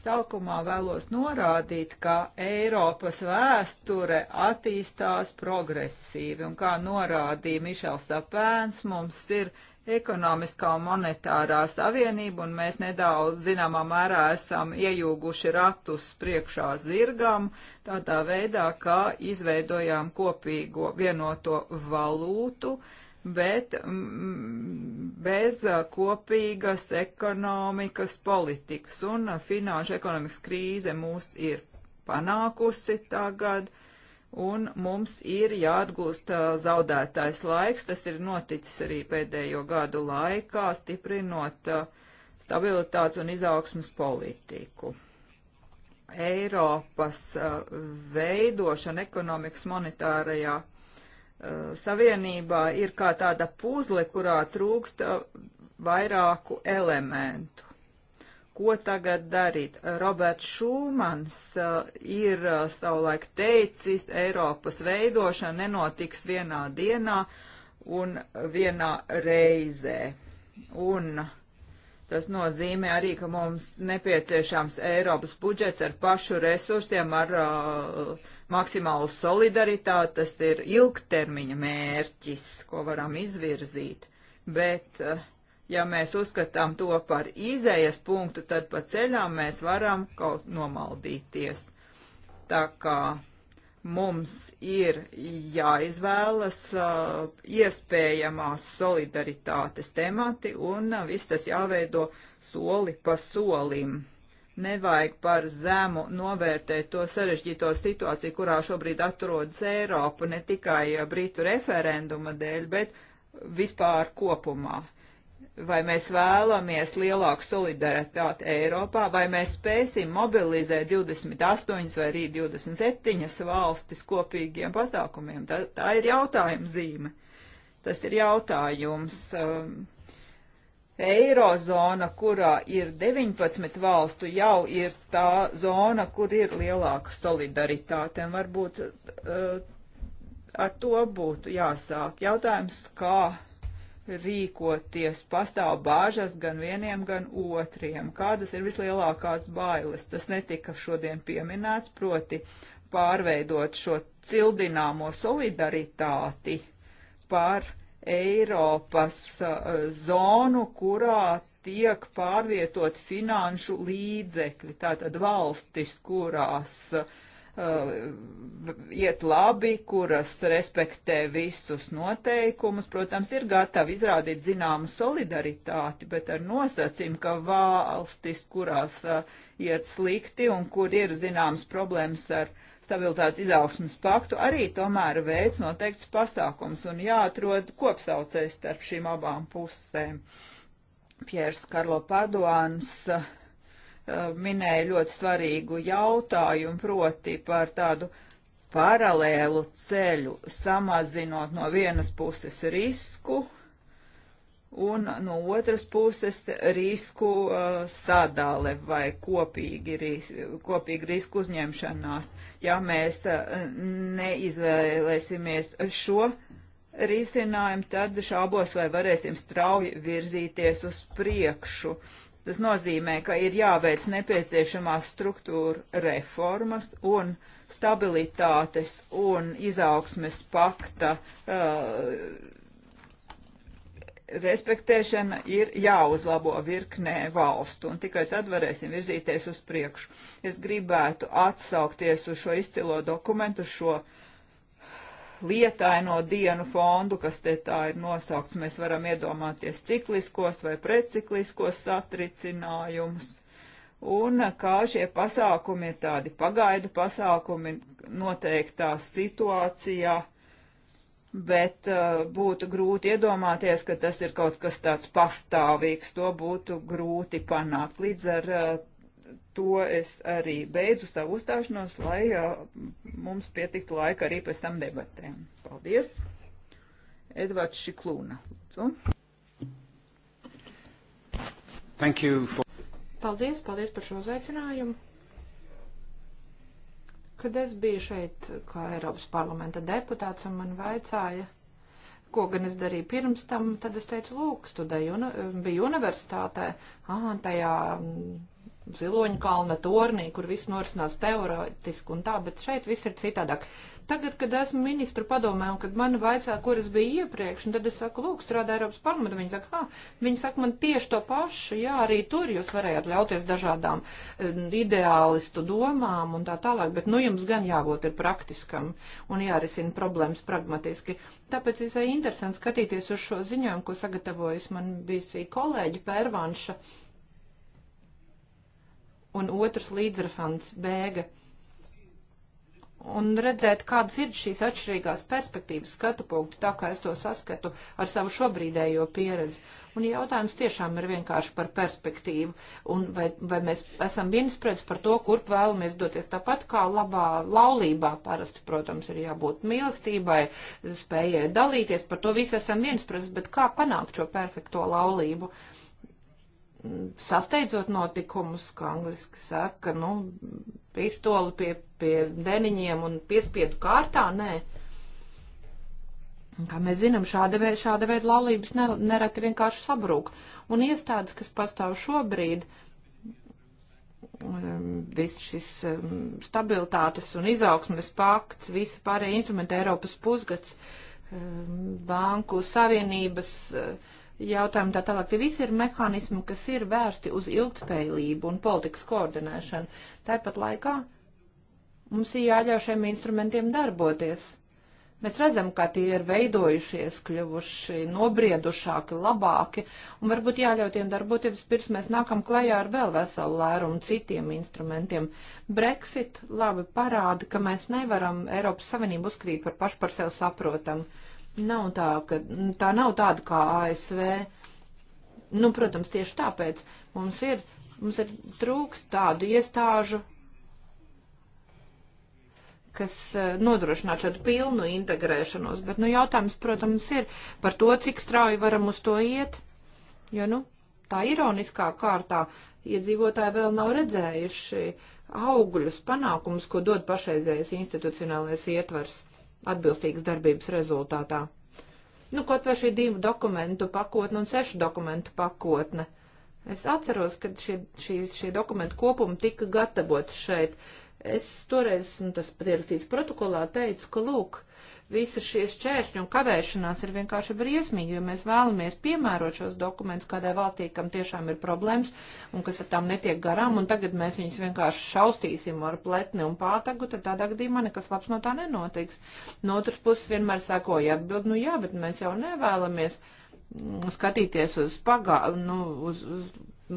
Sākumā vēlos norādīt, ka Eiropas vēsture attīstās progresīvi, un kā norādīja Mišels Apēns, mums ir ekonomiskā un monetārā savienība, un mēs nedaudz, zināmā mērā, esam iejūguši ratus priekšā zirgam, tādā veidā, kā izveidojām kopīgo vienoto valūtu, uh, bet mm, bez uh, kopīgas ekonomikas politikas. Un uh, finanšu ekonomikas krīze mūs ir panākusi tagad, un mums ir jāatgūst uh, zaudētais laiks. Tas ir noticis arī pēdējo gadu laikā, stiprinot stabilitātes un izaugsmas politiku. Eiropas veidošana ekonomikas monetārajā Eh, savienībā ir kā tāda puzle, kurā trūkst eh, vairāku elementu. Ko tagad darīt? Roberts Šūmans eh, ir savulaik teicis, Eiropas veidošana nenotiks vienā dienā un vienā reizē. Un tas nozīmē arī, ka mums nepieciešams Eiropas budžets ar pašu resursiem, ar uh, maksimālu solidaritāti, tas ir ilgtermiņa mērķis, ko varam izvirzīt, bet eh, ja mēs uzskatām to par izējas punktu, tad pa ceļām mēs varam kaut nomaldīties. Tā kā mums ir jāizvēlas uh, iespējamās solidaritātes temati un uh, viss tas jāveido soli pa solim nevajag par zemu novērtēt to sarežģīto situāciju, kurā šobrīd atrodas Eiropa, ne tikai eh, Britu referenduma dēļ, bet vispār kopumā. Vai mēs vēlamies lielāku solidaritāti Eiropā, vai mēs spēsim mobilizēt 28 vai arī 27 valstis kopīgiem pasākumiem? Tā, tā ir jautājuma zīme. Tas ir jautājums. Um, Eirozona, kurā ir 19 valstu, jau ir tā zona, kur ir lielāka solidaritāte. Un varbūt uh, ar to būtu jāsāk. Jautājums, kā rīkoties, pastāv bāžas gan vieniem, gan otriem. Kādas ir vislielākās bailes? Tas netika šodien pieminēts, proti pārveidot šo cildināmo solidaritāti par Eiropas zonu, kurā tiek pārvietot finanšu līdzekļi, tātad valstis, kurās uh, iet labi, kuras respektē visus noteikumus. Protams, ir gatavi izrādīt zināmu solidaritāti, bet ar nosacījumu, ka valstis, kurās uh, iet slikti un kur ir zināmas problēmas ar uh, stabilitātes izaugsmas paktu arī tomēr veids noteikts pasākums un jāatrod kopsaucējs starp šīm abām pusēm. Piers Karlo Paduāns uh, eh, minēja ļoti svarīgu jautājumu proti par tādu paralēlu ceļu, samazinot no vienas puses risku, un no otras puses risku uh, sadale vai kopīgi, ris kopīgi risku uzņemšanās. Ja mēs uh, neizvēlēsimies šo risinājumu, tad šābos vai varēsim strauji virzīties uz priekšu. Tas nozīmē, ka ir jāveic nepieciešamās struktūra reformas un stabilitātes un izaugsmes pakta uh, respektēšana ir jāuzlabo virknē valstu, un tikai tad varēsim virzīties uz priekšu. Es gribētu atsaukties uz šo izcilo dokumentu, šo lietaino dienu fondu, kas te tā ir nosaukts. Mēs varam iedomāties cikliskos vai precikliskos satricinājumus. Un kā šie pasākumi ir tādi pagaidu pasākumi noteiktā situācijā bet uh, būtu grūti iedomāties, ka tas ir kaut kas tāds pastāvīgs, to būtu grūti panākt. Līdz ar uh, to es arī beidzu savu uzstāšanos, lai uh, mums pietiktu laika arī pēc tam debatēm. Paldies! Edvards Šiklūna. Lūdzu. Thank you for... Paldies, paldies par šo uzaicinājumu. Kad es biju šeit kā Eiropas parlamenta deputāts un man vaicāja, ko gan es darīju pirms tam, tad es teicu, lūk, studēju, un, biju universitātē, ah, tajā mm, ziloņkalna tornī, kur viss norisinās teoretiski un tā, bet šeit viss ir citādāk. Tagad, kad esmu ministru padomē un kad man vaicā, kur es biju iepriekš, un tad es saku, lūk, strādā Eiropas parlamenta, viņi saka, ah, viņi saka man tieši to pašu, jā, arī tur jūs varējāt ļauties dažādām eh, ideālistu domām un tā tālāk, bet nu jums gan jābūt ir praktiskam un jārisina problēmas pragmatiski. Tāpēc visai interesanti skatīties uz šo ziņojumu, ko sagatavojas man bijusi kolēģi Pērvanša un otrs līdzrafants Bēga un redzēt, kādas ir šīs atšķirīgās perspektīvas skatu punkti, tā kā es to saskatu ar savu šobrīdējo pieredzi. Un jautājums tiešām ir vienkārši par perspektīvu, un vai, vai mēs esam viensprāts par to, kurp vēlamies doties. Tāpat kā labā laulībā parasti, protams, ir jābūt mīlestībai, spējai dalīties, par to visu esam viensprāts, bet kā panākt šo perfekto laulību? Uh, sasteidzot notikumus, kā angliski saka, nu, pistoli pie, pie deniņiem un piespiedu kārtā, nē. Kā mēs zinām, šāda veida, šāda veida laulības nereti vienkārši sabrūk. Un iestādes, kas pastāv šobrīd, um, viss šis um, stabilitātes un izaugsmes pakts, visi pārējie instrumenti Eiropas pusgads, um, banku savienības, uh, jautājumi tā tālāk. Tie visi ir mehānismi, kas ir vērsti uz ilgspējību un politikas koordinēšanu. Tāpat laikā mums ir jāļauj šiem instrumentiem darboties. Mēs redzam, ka tie ir veidojušies, kļuvuši nobriedušāki, labāki, un varbūt jāļauj tiem darboties pirms mēs nākam klajā ar vēl veselu lērumu citiem instrumentiem. Brexit labi parāda, ka mēs nevaram Eiropas Savienību uzskrīt par pašu par sev saprotamu Nav tā, ka nu, tā nav tāda kā ASV. Nu, protams, tieši tāpēc mums ir, mums ir trūks tādu iestāžu, kas eh, nodrošinātu šādu pilnu integrēšanos. Bet, nu, jautājums, protams, ir par to, cik strauji varam uz to iet. Jo, nu, tā ironiskā kārtā iedzīvotāji vēl nav redzējuši augļus, panākumus, ko dod pašreizējais institucionālais ietvers atbilstīgas darbības rezultātā. Nu, kaut vai šī divu dokumentu pakotne un sešu dokumentu pakotne. Es atceros, ka šie, šīs, šie dokumenti kopumi tika gatavot šeit. Es toreiz, nu, tas pierakstīts protokolā, teicu, ka, lūk, uh, Visa šie šķēršļi un kavēšanās ir vienkārši briesmīgi, jo mēs vēlamies piemērot šos dokumentus kādai valstī, kam tiešām ir problēmas un kas ar tām netiek garām, un tagad mēs viņus vienkārši šaustīsim ar pletni un pātagu, tad tādā gadījumā nekas labs no tā nenotiks. No otras puses vienmēr sākoja atbild, nu jā, bet mēs jau nevēlamies mm, skatīties uz, pagā, nu, uz, uz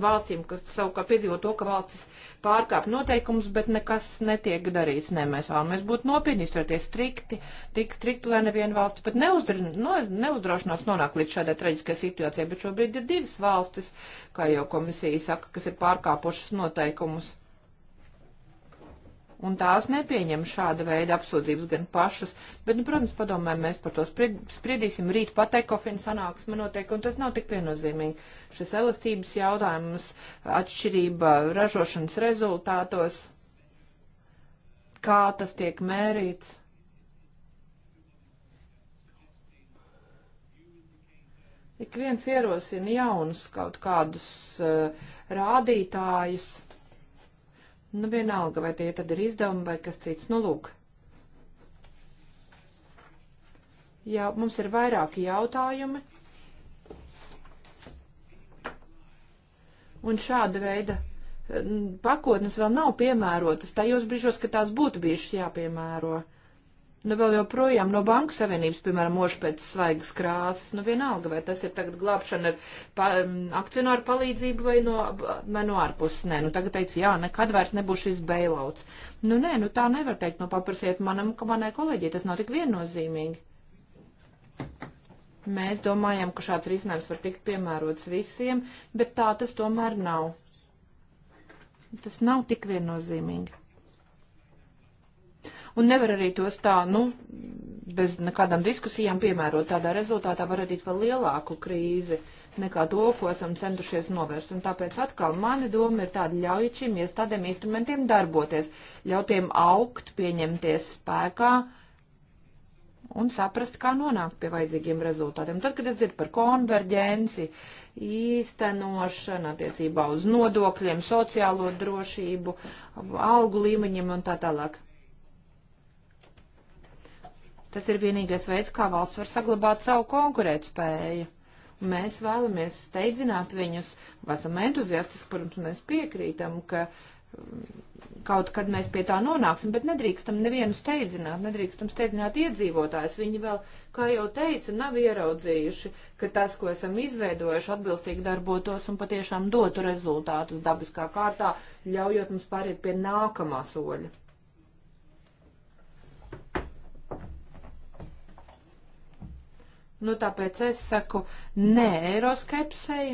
valstīm, kas savukārt piedzīvo to, ka valstis pārkāp noteikumus, bet nekas netiek darīts. Nē, mēs vēlamies būt nopietni, izturēties strikti, tik strikti, lai neviena valsts pat neuzdr, no, neuzdrošinās nonākt līdz šādai traģiskai situācijai, bet šobrīd ir divas valstis, kā jau komisija saka, kas ir pārkāpušas noteikumus. Un tās nepieņem šāda veida apsūdzības gan pašas, bet, nu, protams, padomājam, mēs par to spriedīsim, rīt pateikt, kofina sanāksme noteikti, un tas nav tik viennozīmīgi šis elastības jautājums, atšķirība ražošanas rezultātos, kā tas tiek mērīts. Ik viens ierosina jaunus kaut kādus uh, rādītājus. Nu, vienalga, vai tie tad ir izdevumi vai kas cits. Nu, lūk. Jā, mums ir vairāki jautājumi. Un šāda veida eh, pakotnes vēl nav piemērotas tajos brīžos, ka tās būtu bijušas jāpiemēro. Nu, vēl joprojām no Banku Savienības, piemēram, mož pēc svaigas krāsas. Nu, vienalga, vai tas ir tagad glābšana ar pa, akcionāru palīdzību vai no, vai no ārpuses. Nē, nu, tagad teica, jā, nekad vairs nebūs šis bailouts. Nu, nē, nu, tā nevar teikt. Nu, paprasiet manam, ka manai kolēģi, tas nav tik viennozīmīgi. Mēs domājam, ka šāds risinājums var tikt piemērots visiem, bet tā tas tomēr nav. Tas nav tik viennozīmīgi. Un nevar arī tos tā, nu, bez nekādām diskusijām piemērot. Tādā rezultātā var radīt vēl lielāku krīzi nekā to, ko esam centušies novērst. Un tāpēc atkal mani doma ir tāda ļaujušiem iestādēm instrumentiem darboties, ļautiem augt, pieņemties spēkā, uh, un saprast, kā nonākt pie vajadzīgiem rezultātiem. Tad, kad es dzirdu par konverģenci, īstenošanu attiecībā uz nodokļiem, sociālo drošību, algu līmeņiem un tā tālāk. Tas ir vienīgais veids, kā valsts var saglabāt savu konkurētspēju. Mēs vēlamies steidzināt viņus, esam entuziastiski, protams, mēs piekrītam, ka uh, kaut kad mēs pie tā nonāksim, bet nedrīkstam nevienu steidzināt, nedrīkstam steidzināt iedzīvotājs. Viņi vēl, kā jau teicu, nav ieraudzījuši, ka tas, ko esam izveidojuši, atbilstīgi darbotos un patiešām dotu rezultātus dabiskā kārtā, ļaujot mums pāriet pie nākamā soļa. Nu, tāpēc es saku nē eiroskepsei,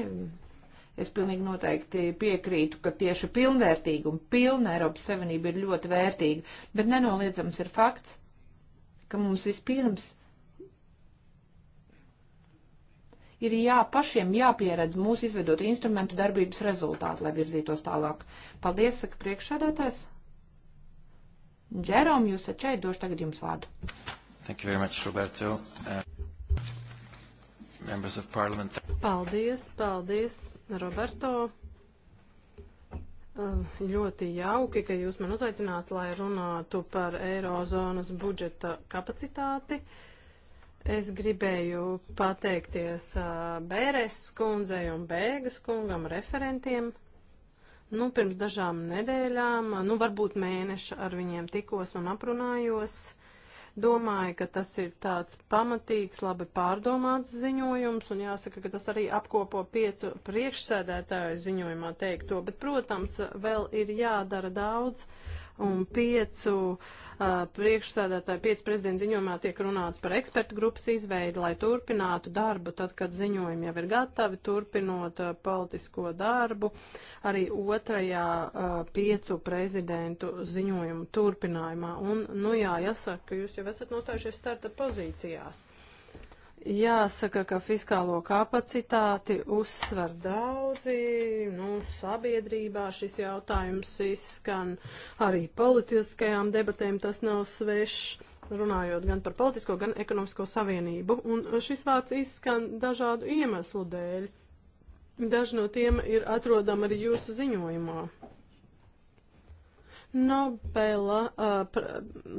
Es pilnīgi noteikti piekrītu, ka tieši pilnvērtīga un pilna Eiropas Savienība ir ļoti vērtīga, bet nenoliedzams ir fakts, ka mums vispirms ir jā, pašiem jāpieredz mūsu izvedot instrumentu darbības rezultāti, lai virzītos tālāk. Paldies, saka priekšsēdētājs. Džerom, jūs šeit došu tagad jums vārdu. Thank you very much, Roberto. Uh, members of parliament. Paldies, paldies. Roberto. Eh, ļoti jauki, ka jūs man uzaicināt, lai runātu par Eirozonas budžeta kapacitāti. Es gribēju pateikties eh, Bēres kundzei un Bēgas kungam referentiem Nu, pirms dažām nedēļām, nu, varbūt mēneša ar viņiem tikos un aprunājos. Domāju, ka tas ir tāds pamatīgs, labi pārdomāts ziņojums, un jāsaka, ka tas arī apkopo piecu priekšsēdētāju ziņojumā teikto, bet, protams, vēl ir jādara daudz. Uh, un piecu uh, priekšsēdētāju, piecu prezidentu ziņojumā tiek runāts par ekspertu grupas izveidi, lai turpinātu darbu, tad, kad ziņojumi jau ir gatavi, turpinot uh, politisko darbu, arī otrajā uh, piecu prezidentu ziņojumu turpinājumā. Un, nu jā, jāsaka, ka jūs jau esat nostājušies starta pozīcijās. Jāsaka, ka fiskālo kapacitāti uzsver daudzi, nu, sabiedrībā šis jautājums izskan arī politiskajām debatēm, tas nav svešs, runājot gan par politisko, gan ekonomisko savienību, un šis vārds izskan dažādu iemeslu dēļ. Daži no tiem ir atrodami arī jūsu ziņojumā. Nobela uh,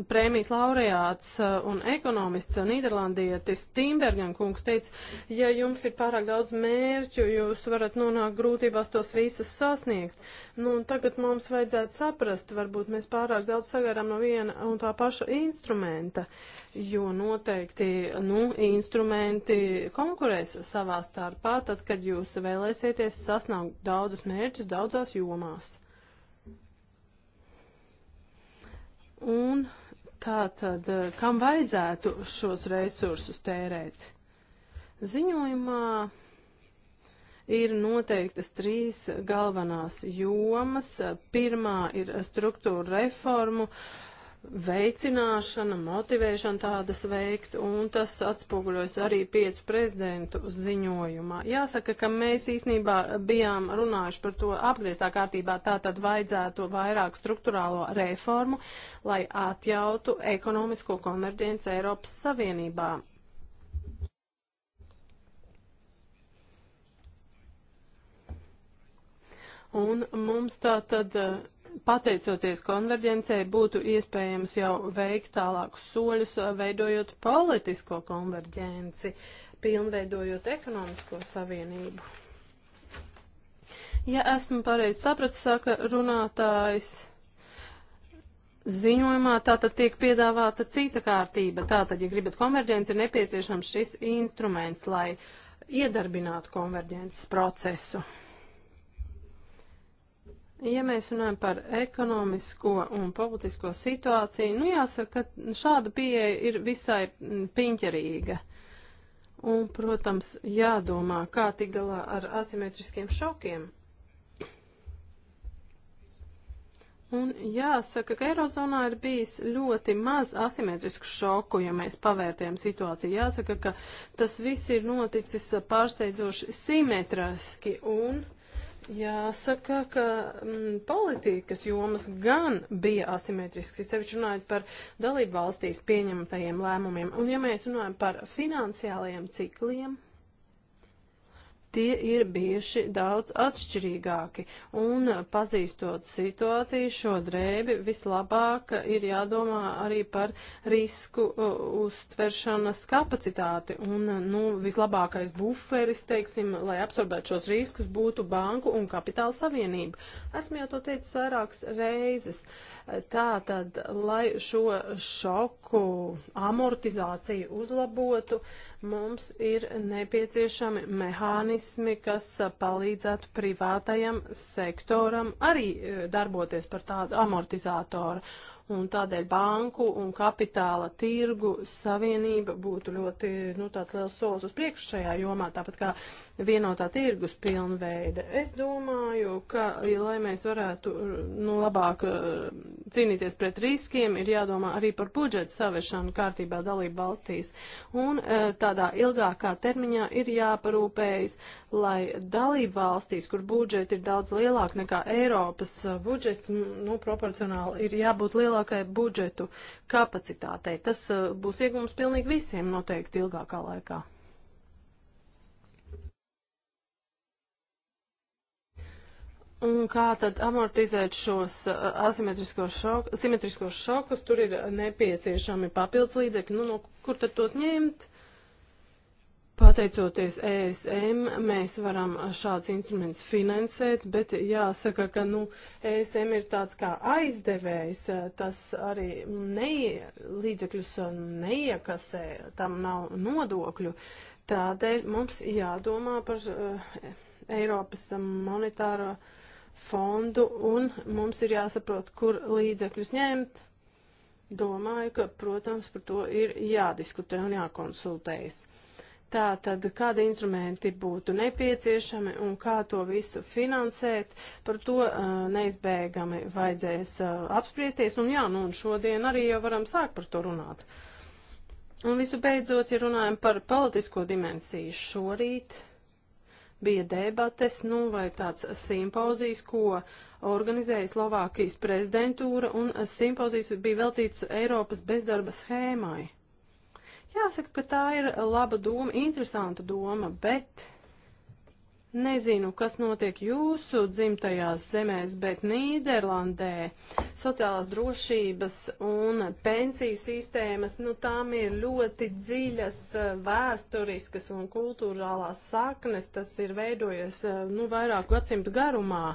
prēmijas laureāts uh, un ekonomists Nīderlandietis Timbergan kungs teica, ja jums ir pārāk daudz mērķu, jūs varat nonākt grūtībās tos visus sasniegt. Nu, un tagad mums vajadzētu saprast, varbūt mēs pārāk daudz sagaidām no viena un tā paša instrumenta, jo noteikti, nu, instrumenti konkurēs savā starpā, tad, kad jūs vēlēsieties sasniegt daudzus mērķus daudzās jomās. Un tā tad, eh, kam vajadzētu šos resursus tērēt? Ziņojumā ir noteiktas trīs galvenās jomas. Pirmā ir struktūra reformu uh, veicināšana, motivēšana tādas veikt, un tas atspoguļojas arī piecu prezidentu ziņojumā. Jāsaka, ka mēs īsnībā bijām runājuši par to apgrieztā kārtībā, tā tad vajadzētu vairāk struktūrālo reformu, lai atjautu ekonomisko konverģenci Eiropas Savienībā. Un mums tā tad uh, pateicoties konverģencei, būtu iespējams jau veikt tālākus soļus, veidojot politisko konverģenci, pilnveidojot ekonomisko savienību. Ja esmu pareizi sapratis, saka runātājs, ziņojumā tātad tiek piedāvāta cita kārtība. Tātad, ja gribat konverģenci, ir nepieciešams šis instruments, lai iedarbinātu konverģences procesu. Ja mēs runājam par ekonomisko un politisko situāciju, nu jāsaka, ka šāda pieeja ir visai mm, piņķerīga. Un, protams, jādomā, kā tik galā ar asimetriskiem šokiem. Un jāsaka, ka Eirozonā ir bijis ļoti maz asimetrisku šoku, ja mēs pavērtējam situāciju. Jāsaka, ka tas viss ir noticis pārsteidzoši simetriski un Jāsaka, ka m, mm, politikas jomas gan bija asimetrisks, it sevišķi runājot par dalību valstīs pieņemtajiem lēmumiem. Un ja mēs runājam par finansiālajiem cikliem, tie ir bijuši daudz atšķirīgāki. Un pazīstot situāciju, šo drēbi, vislabāk ir jādomā arī par risku uh, uztveršanas kapacitāti. Un uh, nu, vislabākais buferis, teiksim, lai absorbētu šos riskus, būtu banku un kapitāla savienība. Esmu jau to teicis vairākas reizes. Uh, Tā tad, lai šo šoku amortizāciju uzlabotu, mums ir nepieciešami mehānismi, kas palīdzētu privātajam sektoram arī eh, darboties par tādu amortizātoru. Un tādēļ banku un kapitāla tirgu savienība būtu ļoti nu, tāds liels solis uz priekšu šajā jomā, tāpat kā vienotā tirgus pilnveida. Es domāju, ka, ja, lai mēs varētu nu, labāk eh, cīnīties pret riskiem, ir jādomā arī par budžetu saviešanu kārtībā dalību valstīs. Un eh, tādā ilgākā termiņā ir jāparūpējas, lai dalību valstīs, kur budžeti ir daudz lielāk nekā Eiropas budžets, nu, proporcionāli ir jābūt lielāk lielākai budžetu kapacitātei. Tas uh, būs iegums pilnīgi visiem noteikti ilgākā laikā. Un kā tad amortizēt šos uh, asimetriskos šok, simetriskos šokus? Tur ir nepieciešami papildus līdzekļi. Nu, no kur tad tos ņemt? Pateicoties ESM, mēs varam šāds instruments finansēt, bet jāsaka, ka nu, ESM ir tāds kā aizdevējs, tas arī neie, līdzekļus neiekasē, tam nav nodokļu. Tādēļ mums jādomā par uh, Eiropas monetāro fondu un mums ir jāsaprot, kur līdzekļus ņemt. Domāju, ka, protams, par to ir jādiskutē un jākonsultējas. Tā tad, kādi instrumenti būtu nepieciešami un kā to visu finansēt, par to uh, neizbēgami vajadzēs uh, apspriesties. Un jā, nu un šodien arī jau varam sākt par to runāt. Un visu beidzot, ja runājam par politisko dimensiju, šorīt bija debates, nu vai tāds simpozijas, ko organizēja Slovākijas prezidentūra, un simpozijas bija veltīts Eiropas bezdarba schēmai. Jāsaka, ka tā ir laba doma, interesanta doma, bet nezinu, kas notiek jūsu dzimtajās zemēs, bet Nīderlandē sociālās drošības un pensiju sistēmas, nu tām ir ļoti dziļas eh, vēsturiskas un kultūrālās saknes, tas ir veidojies, eh, nu, vairāku gadsimtu garumā.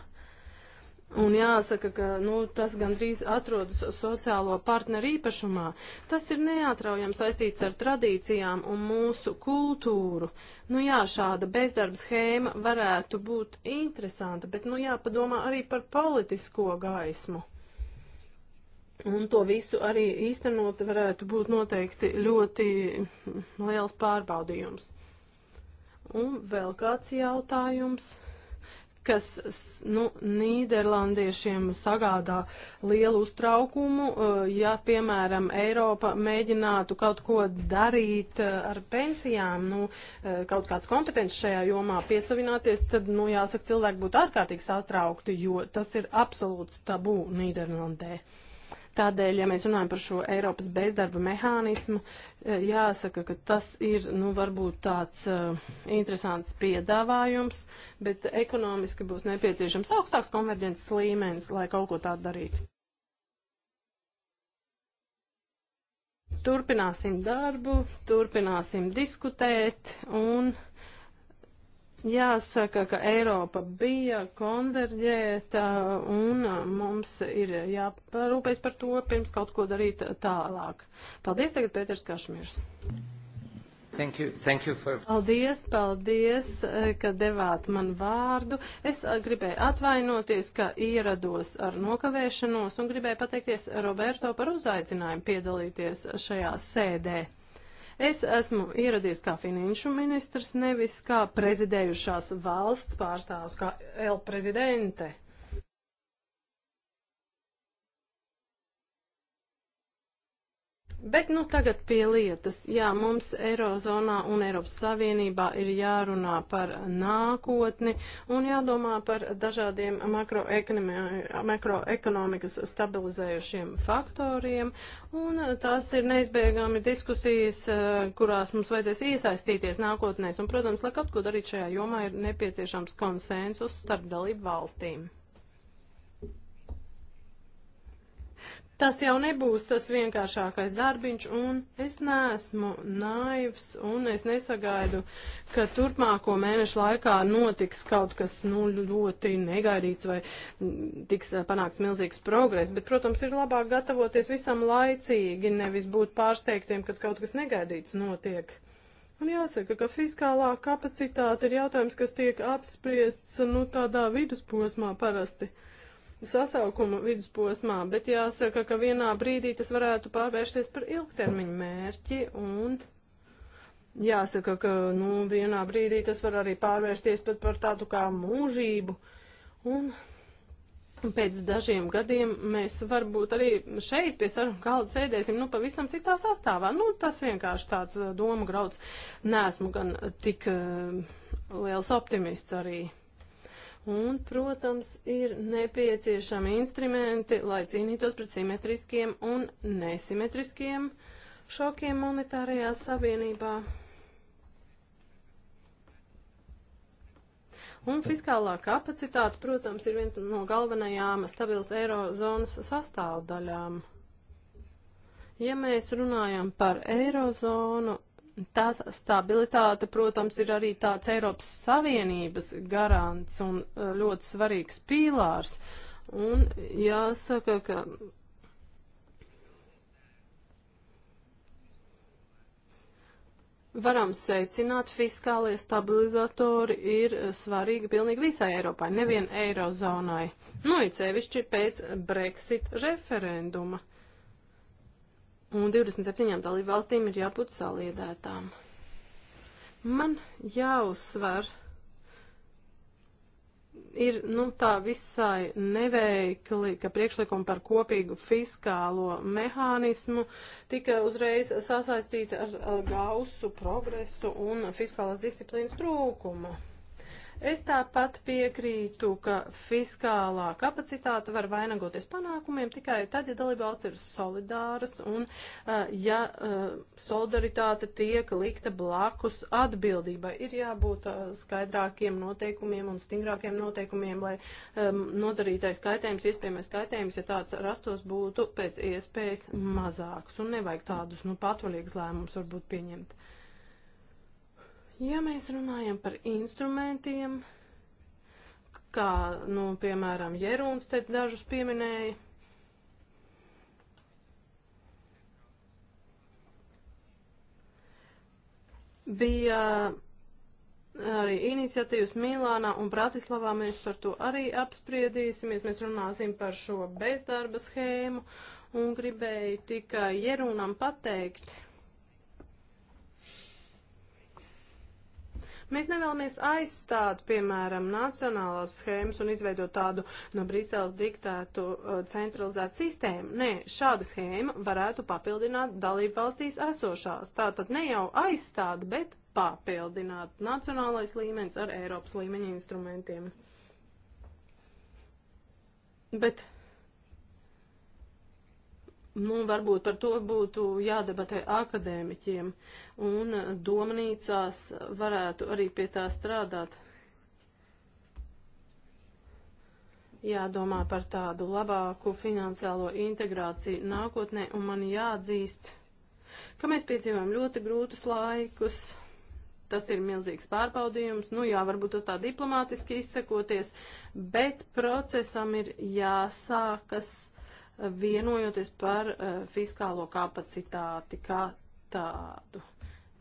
Un jāsaka, ka nu, tas gandrīz atrodas sociālo partneru īpašumā. Tas ir neatraujami saistīts ar tradīcijām un mūsu kultūru. Nu jā, šāda bezdarba schēma varētu būt interesanta, bet nu jāpadomā arī par politisko gaismu. Un to visu arī īstenot varētu būt noteikti ļoti liels pārbaudījums. Un vēl kāds jautājums kas nu, Nīderlandiešiem sagādā lielu uztraukumu, eh, ja, piemēram, Eiropa mēģinātu kaut ko darīt eh, ar pensijām, nu, eh, kaut kāds kompetences šajā jomā piesavināties, tad, nu, jāsaka, cilvēki būtu ārkārtīgi satraukti, jo tas ir absolūts tabū Nīderlandē. Tādēļ, ja mēs runājam par šo Eiropas bezdarba mehānismu, e, jāsaka, ka tas ir, nu, varbūt tāds uh, interesants piedāvājums, bet ekonomiski būs nepieciešams augstāks konverģences līmenis, lai kaut ko tādu darītu. Turpināsim darbu, turpināsim diskutēt un. Jāsaka, ka Eiropa bija konverģēta un mums ir jāparūpēs par to, pirms kaut ko darīt tālāk. Paldies tagad, Pēters Kašmirs. Thank you, thank you for... Paldies, paldies, ka devāt man vārdu. Es gribēju atvainoties, ka ierados ar nokavēšanos un gribēju pateikties Roberto par uzaicinājumu piedalīties šajā sēdē. Es esmu ieradies kā finanšu ministrs, nevis kā prezidējušās valsts pārstāvs, kā L prezidente. Bet nu tagad pie lietas. Jā, mums Eirozonā un Eiropas Savienībā ir jārunā par nākotni un jādomā par dažādiem makroekonomikas stabilizējušiem faktoriem. Un tās ir neizbēgami diskusijas, eh, kurās mums vajadzēs iesaistīties nākotnēs. Un, protams, lai kaut ko darīt šajā jomā, ir nepieciešams konsensus starp dalību valstīm. Tas jau nebūs tas vienkāršākais darbiņš, un es neesmu naivs, un es nesagaidu, ka turpmāko mēnešu laikā notiks kaut kas nu, ļoti negaidīts vai tiks eh, panāks milzīgs progress. Bet, protams, ir labāk gatavoties visam laicīgi, nevis būt pārsteigtiem, kad kaut kas negaidīts notiek. Un jāsaka, ka fiskālā kapacitāte ir jautājums, kas tiek apspriests nu, tādā vidusposmā parasti. Uh, sasaukuma vidusposmā, bet jāsaka, ka vienā brīdī tas varētu pārvērsties par ilgtermiņu mērķi un jāsaka, ka nu, vienā brīdī tas var arī pārvērsties pat par tādu kā mūžību. Un pēc dažiem gadiem mēs varbūt arī šeit pie sarunu galda sēdēsim, nu, pavisam citā sastāvā. Nu, tas vienkārši tāds doma grauds. Nesmu gan tik uh, liels optimists arī. Un, protams, ir nepieciešami instrumenti, lai cīnītos pret simetriskiem un nesimetriskiem šokiem monetārajā savienībā. Un fiskālā kapacitāte, protams, ir viens no galvenajām stabilas eirozonas sastāvdaļām. Ja mēs runājam par eirozonu Tās stabilitāte, protams, ir arī tāds Eiropas Savienības garants un e, ļoti svarīgs pīlārs. Un jāsaka, ka varam secināt, fiskālie stabilizatori ir svarīgi pilnīgi visai Eiropai, nevien Eirozonai. Nu, it sevišķi pēc Brexit referenduma. Uh, un 27 dalību valstīm ir jābūt saliedētām. Man jāuzsver, ir nu, tā visai neveikli, ka priekšlikumi par kopīgu fiskālo mehānismu tika uzreiz sasaistīti ar gausu progresu un fiskālās disciplīnas trūkumu. Es tāpat piekrītu, ka fiskālā kapacitāte var vainagoties panākumiem tikai tad, ja dalībvalsts ir solidāras un ja solidaritāte tiek likta blakus atbildībai. Ir jābūt skaidrākiem noteikumiem un stingrākiem noteikumiem, lai nodarītais kaitējums, iespējamais kaitējums, ja tāds rastos, būtu pēc iespējas mazāks. Un nevajag tādus, nu, patvaļīgus lēmumus varbūt pieņemt. Ja mēs runājam par instrumentiem, kā, nu, piemēram, Jeruns te dažus pieminēja, bija arī iniciatīvas Milānā un Bratislavā. Mēs par to arī apspriedīsimies. Mēs runāsim par šo bezdarba schēmu un gribēju tikai Jerunam pateikt, Mēs nevēlamies aizstāt, piemēram, nacionālās schēmas un izveidot tādu no Briseles diktētu uh, centralizētu sistēmu. Nē, šāda schēma varētu papildināt dalību valstīs esošās. Tātad ne jau aizstāt, bet papildināt nacionālais līmenis ar Eiropas līmeņa instrumentiem. Bet Nu, varbūt par to būtu jādebatē akadēmiķiem, un domnīcās varētu arī pie tā strādāt. Jādomā par tādu labāku finansiālo integrāciju nākotnē, un man jāatzīst, ka mēs piedzīvojam ļoti grūtus laikus. Tas ir milzīgs pārbaudījums. Nu jā, varbūt tas tā diplomātiski izsakoties, bet procesam ir jāsākas vienojoties par uh, fiskālo kapacitāti kā tādu,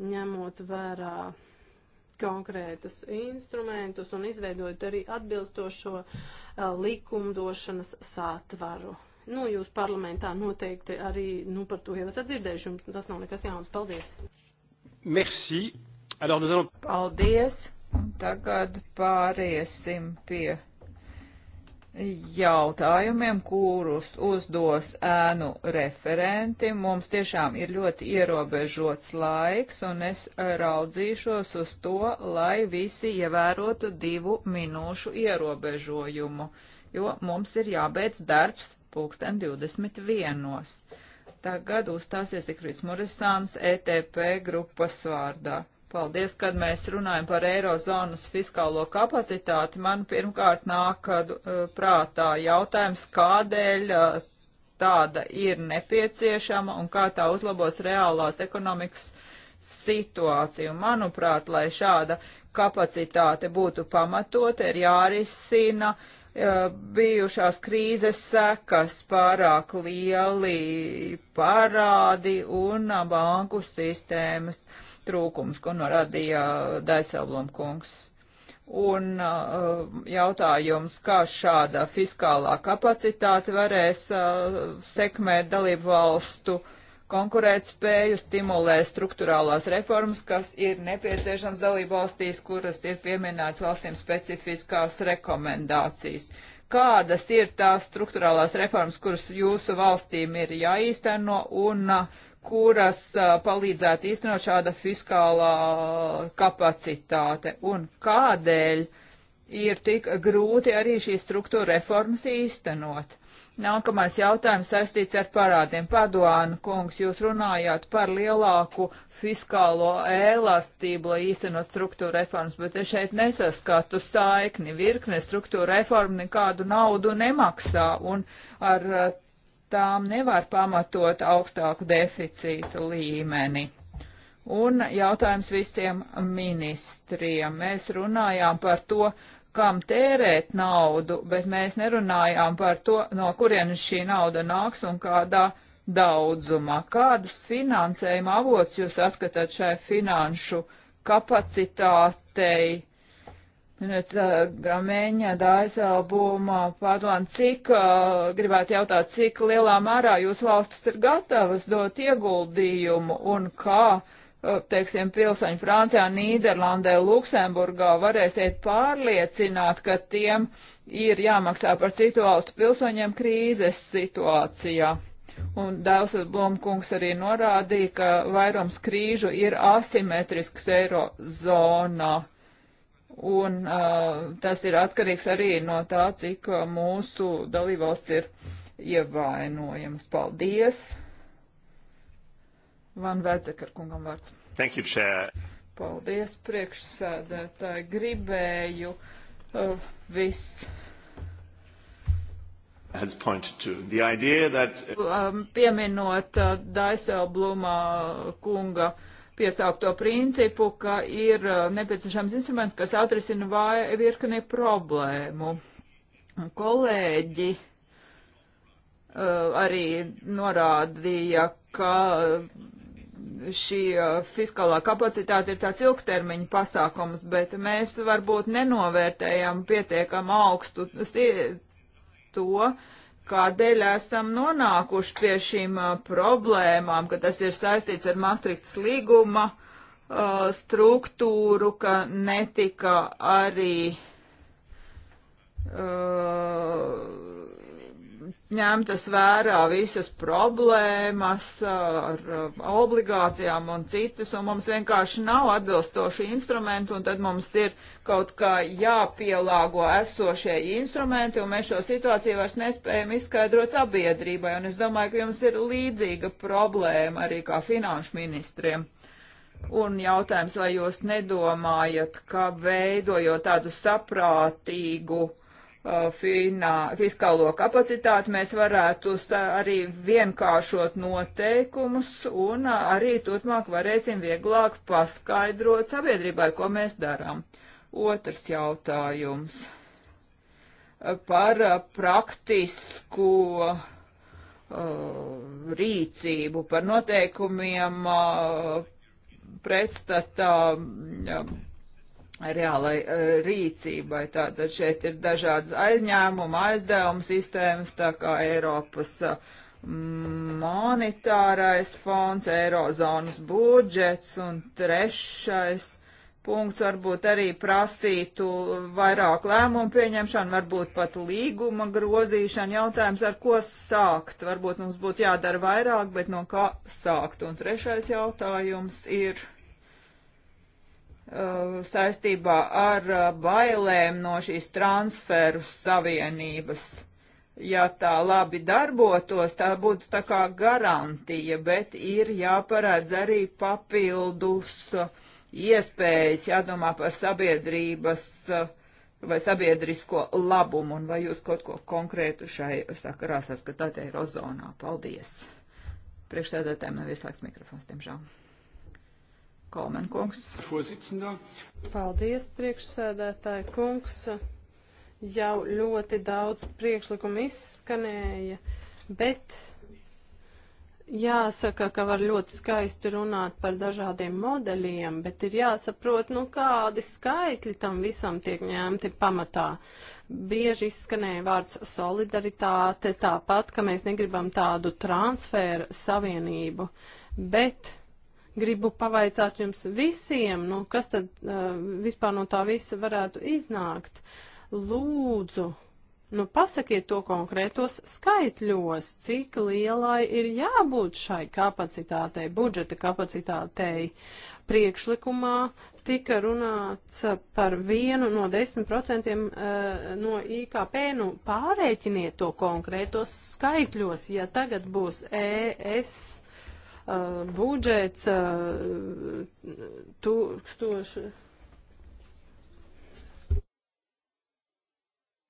ņemot vērā konkrētus instrumentus un izveidojot arī atbilstošo uh, likumdošanas sātvaru. Nu, jūs parlamentā noteikti arī nu, par to jau esat dzirdējuši, un tas nav nekas jauns. Paldies! Merci! Alors, nous allons... Paldies! Tagad pāriesim pie jautājumiem, kurus uzdos ēnu referenti. Mums tiešām ir ļoti ierobežots laiks, un es raudzīšos uz to, lai visi ievērotu divu minūšu ierobežojumu, jo mums ir jābeidz darbs pulksten 21. Tagad uzstāsies Ikrits Murisāns ETP grupas vārdā. Paldies, kad mēs runājam par eirozonas fiskālo kapacitāti. Man pirmkārt nāk uh, prātā jautājums, kādēļ uh, tāda ir nepieciešama un kā tā uzlabos reālās ekonomikas situāciju. Manuprāt, lai šāda kapacitāte būtu pamatota, ir jārisina uh, bijušās krīzes sekas pārāk lieli parādi un banku sistēmas trūkums, ko norādīja Daiselblom kungs. Un uh, jautājums, kā šāda fiskālā kapacitāte varēs uh, sekmēt dalību valstu uh, konkurētspēju, stimulē struktūrālās reformas, kas ir nepieciešams dalību valstīs, kuras ir pieminētas valstīm specifiskās rekomendācijas. Kādas ir tās struktūrālās reformas, kuras jūsu valstīm ir jāīsteno un kuras uh, palīdzētu īstenot šāda fiskālā kapacitāte un kādēļ ir tik grūti arī šīs struktūra reformas īstenot? Nākamais jautājums saistīts ar parādiem. Paduāna kungs, jūs runājāt par lielāku fiskālo elastību, lai īstenot struktūra reformas, bet es šeit nesaskatu saikni. Virkne struktūra reforma nekādu naudu nemaksā un ar eh, tām nevar pamatot augstāku deficīta līmeni. Un jautājums visiem ministriem. Mēs runājām par to, uh, kam tērēt naudu, bet mēs nerunājām par to, no kurienes šī nauda nāks un kādā daudzumā. Kādas finansējuma avots jūs saskatāt šai finanšu kapacitātei? Minēts Grameņa daisalbumā padomā, cik, gribētu jautāt, cik lielā mērā jūs valstis ir gatavas dot ieguldījumu un kā teiksim, pilsoņi Francijā, Nīderlandē, Luksemburgā varēsiet pārliecināt, ka tiem ir jāmaksā par citu valstu pilsoņiem krīzes situācijā. Un Dēls Blomkungs arī norādīja, ka vairums krīžu ir asimetrisks eirozonā. Un uh, tas ir atkarīgs arī no tā, cik mūsu dalībvalsts ir ievainojamas. Paldies! Van Vēdzekar kungam vārds. Thank you, Chair. Paldies, priekšsēdētāji. Gribēju uh, viss. Has pointed to the idea that. Uh, um, pieminot uh, Daiselblumā kunga piesaukto principu, ka ir uh, nepieciešams instruments, kas atrisina vai virkni problēmu. Un kolēģi uh, arī norādīja, ka uh, šī uh, fiskālā kapacitāte ir tāds ilgtermiņa pasākums, bet mēs varbūt nenovērtējam pietiekam augstu to, kādēļ esam nonākuši pie šīm uh, problēmām, ka tas ir saistīts ar Maastrichtas līguma uh, struktūru, ka netika arī uh, ņemtas vērā visas problēmas ar obligācijām un citas, un mums vienkārši nav atbilstoši instrumenti, un tad mums ir kaut kā jāpielāgo esošie instrumenti, un mēs šo situāciju vairs nespējam izskaidrot sabiedrībai, un es domāju, ka jums ir līdzīga problēma arī kā finanšu ministriem. Un jautājums, vai jūs nedomājat, ka veidojot tādu saprātīgu uh, Uh, finā, fiskālo kapacitāti, mēs varētu arī vienkāršot noteikumus un uh, arī turpmāk varēsim vieglāk paskaidrot sabiedrībai, ko mēs darām. Otrs jautājums uh, par praktisku uh, rīcību, par noteikumiem uh, pretstatā uh, reālai eh, rīcībai. Tātad šeit ir dažādas aizņēmuma, aizdevuma sistēmas, tā kā Eiropas eh, monetārais fonds, Eirozonas budžets un trešais punkts varbūt arī prasītu vairāk lēmumu pieņemšanu, varbūt pat līguma grozīšanu. Jautājums, ar ko sākt? Varbūt mums būtu jādara vairāk, bet no kā sākt? Un trešais jautājums ir Uh, saistībā ar uh, bailēm no šīs transferu savienības. Ja tā labi darbotos, tā būtu tā kā garantija, bet ir jāparādz arī papildus uh, iespējas, jādomā par sabiedrības vai sabiedrisko labumu, un vai jūs kaut ko konkrētu šai sakarā saskatāt Eirozonā. Paldies! Priekšsēdētājiem nav ieslēgts mikrofons, diemžēl. Kolmen kungs. Paldies, priekšsēdētāji kungs. Jau ļoti daudz priekšlikumu izskanēja, bet Jāsaka, ka var ļoti skaisti runāt par dažādiem modeļiem, bet ir jāsaprot, nu kādi skaitļi tam visam tiek ņemti pamatā. Bieži izskanēja vārds solidaritāte, tāpat, ka mēs negribam tādu transferu savienību, bet gribu pavaicāt jums visiem, nu, kas tad uh, vispār no tā visa varētu iznākt. Lūdzu, nu, pasakiet to konkrētos skaitļos, cik lielai ir jābūt šai kapacitātei, budžeta kapacitātei. Priekšlikumā tika runāts par vienu no 10% uh, no IKP, nu, pārēķiniet to konkrētos skaitļos, ja tagad būs ES uh, budžets uh, tūkstoši.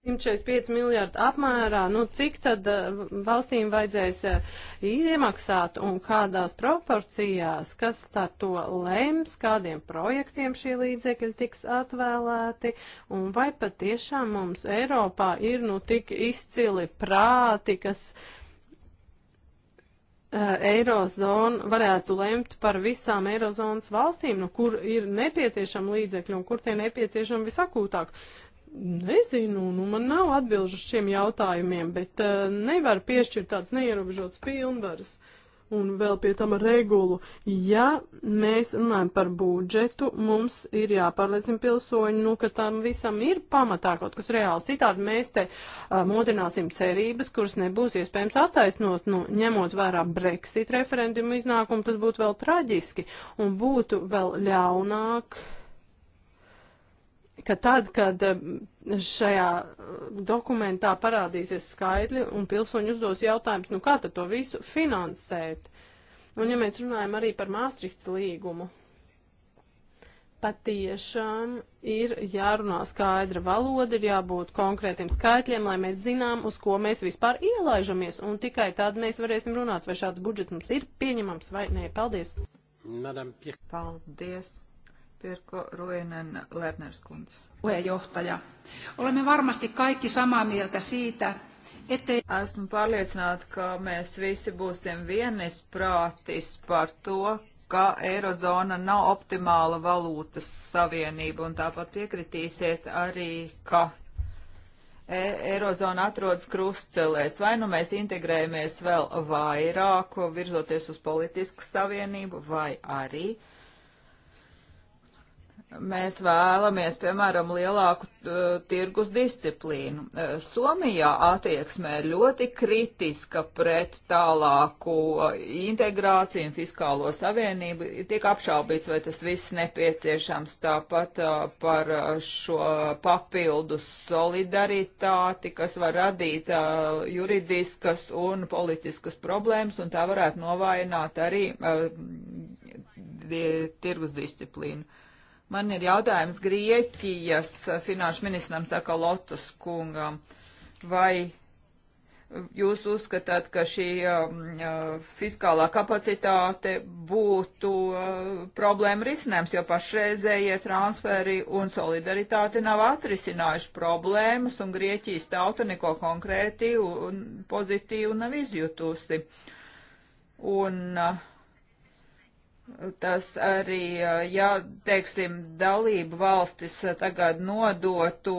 145 miljārdu apmērā, nu cik tad uh, valstīm vajadzēs uh, iemaksāt un kādās proporcijās, kas tā to lems, kādiem projektiem šie līdzekļi tiks atvēlēti un vai patiešām mums Eiropā ir nu tik izcili prāti, kas uh, Uh, Eirozona varētu lemt par visām Eirozonas valstīm, no kur ir nepieciešama līdzekļa un kur tie nepieciešami visakūtāk. Nezinu, nu man nav atbilžu šiem jautājumiem, bet uh, nevar piešķirt tāds neierobežots pilnvaras un vēl pie tam regulu. Ja mēs runājam par budžetu, mums ir jāpārliecina pilsoņi, nu, ka tam visam ir pamatā kaut kas reāls. Citādi mēs te uh, modināsim cerības, kuras nebūs iespējams attaisnot, nu, ņemot vērā Brexit referendumu iznākumu, tas būtu vēl traģiski un būtu vēl ļaunāk. Uh, ka tad, kad um, šajā uh, dokumentā parādīsies skaidri un pilsoņi uzdos jautājums, nu kā tad to visu finansēt? Un ja mēs runājam arī par Māstrihts līgumu, patiešām ir jārunā skaidra valoda, ir jābūt konkrētiem skaitļiem, lai mēs zinām, uz ko mēs vispār ielaižamies, un tikai tad mēs varēsim runāt, vai šāds budžets mums ir pieņemams vai nē. Paldies! Paldies! Pirko Ruinen Lernerskunts. Puheenjohtaja, olemme varmasti kaikki samaa mieltä siitä, ettei... Esmu pārliecināta, ka mēs visi būsim vienisprātis par to, ka Eirozona nav optimāla valūtas savienība, un tāpat piekritīsiet arī, ka e- Eirozona atrodas krustcelēs. Vai nu mēs integrējamies vēl vairāk, virzoties uz politisku savienību, vai arī uh, mēs vēlamies, piemēram, lielāku uh, tirgus disciplīnu. Uh, Somijā attieksme ir ļoti kritiska pret tālāku uh, integrāciju un fiskālo savienību. Tiek apšaubīts, vai tas viss nepieciešams tāpat par šo papildus solidaritāti, kas var radīt juridiskas un politiskas problēmas, un tā varētu novainot arī tirgus disciplīnu. Man ir jautājums Grieķijas finanšu ministram Sakalotus kungam. Vai jūs uzskatāt, ka šī um, uh, fiskālā kapacitāte būtu uh, problēma risinājums, jo pašreizējie transferi un solidaritāte nav atrisinājuši problēmas, un Grieķijas tauta neko konkrēti un pozitīvu nav izjutusi. Un, uh, Tas arī, ja, teiksim, dalību valstis tagad nodotu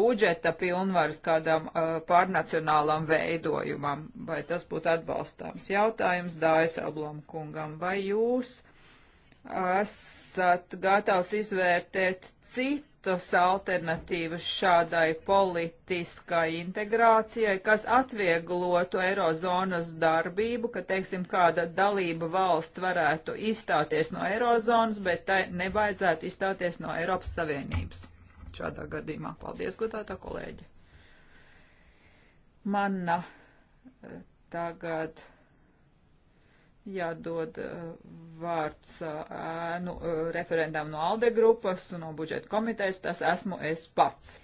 budžeta pilnvaras kādam pārnacionālam veidojumam, vai tas būtu atbalstāms jautājums Dāiselblom kungam, vai jūs esat gatavs izvērtēt citu citas alternatīvas šādai politiskai integrācijai, kas atvieglotu Eirozonas darbību, ka, teiksim, kāda dalība valsts varētu izstāties no Eirozonas, bet tai nevajadzētu izstāties no Eiropas Savienības. Šādā gadījumā paldies, godātā kolēģi. Manna eh, tagad jādod uh, vārds uh, ēnu uh, referendām no ALDE grupas un no budžeta komitejas, tas esmu es pats.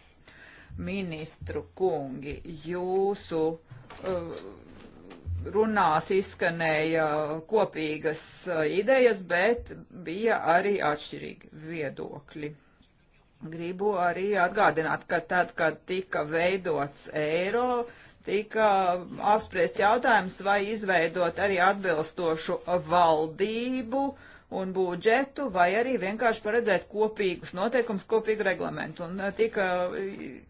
Ministru kungi, jūsu runās izskanēja kopīgas idejas, bet bija arī atšķirīgi viedokļi. Gribu arī atgādināt, ka tad, kad tika veidots eiro, uh, tika apspriests jautājums, vai izveidot arī atbilstošu valdību un budžetu, vai arī vienkārši paredzēt kopīgus noteikumus, kopīgu reglamentu. Un eh, tika eh,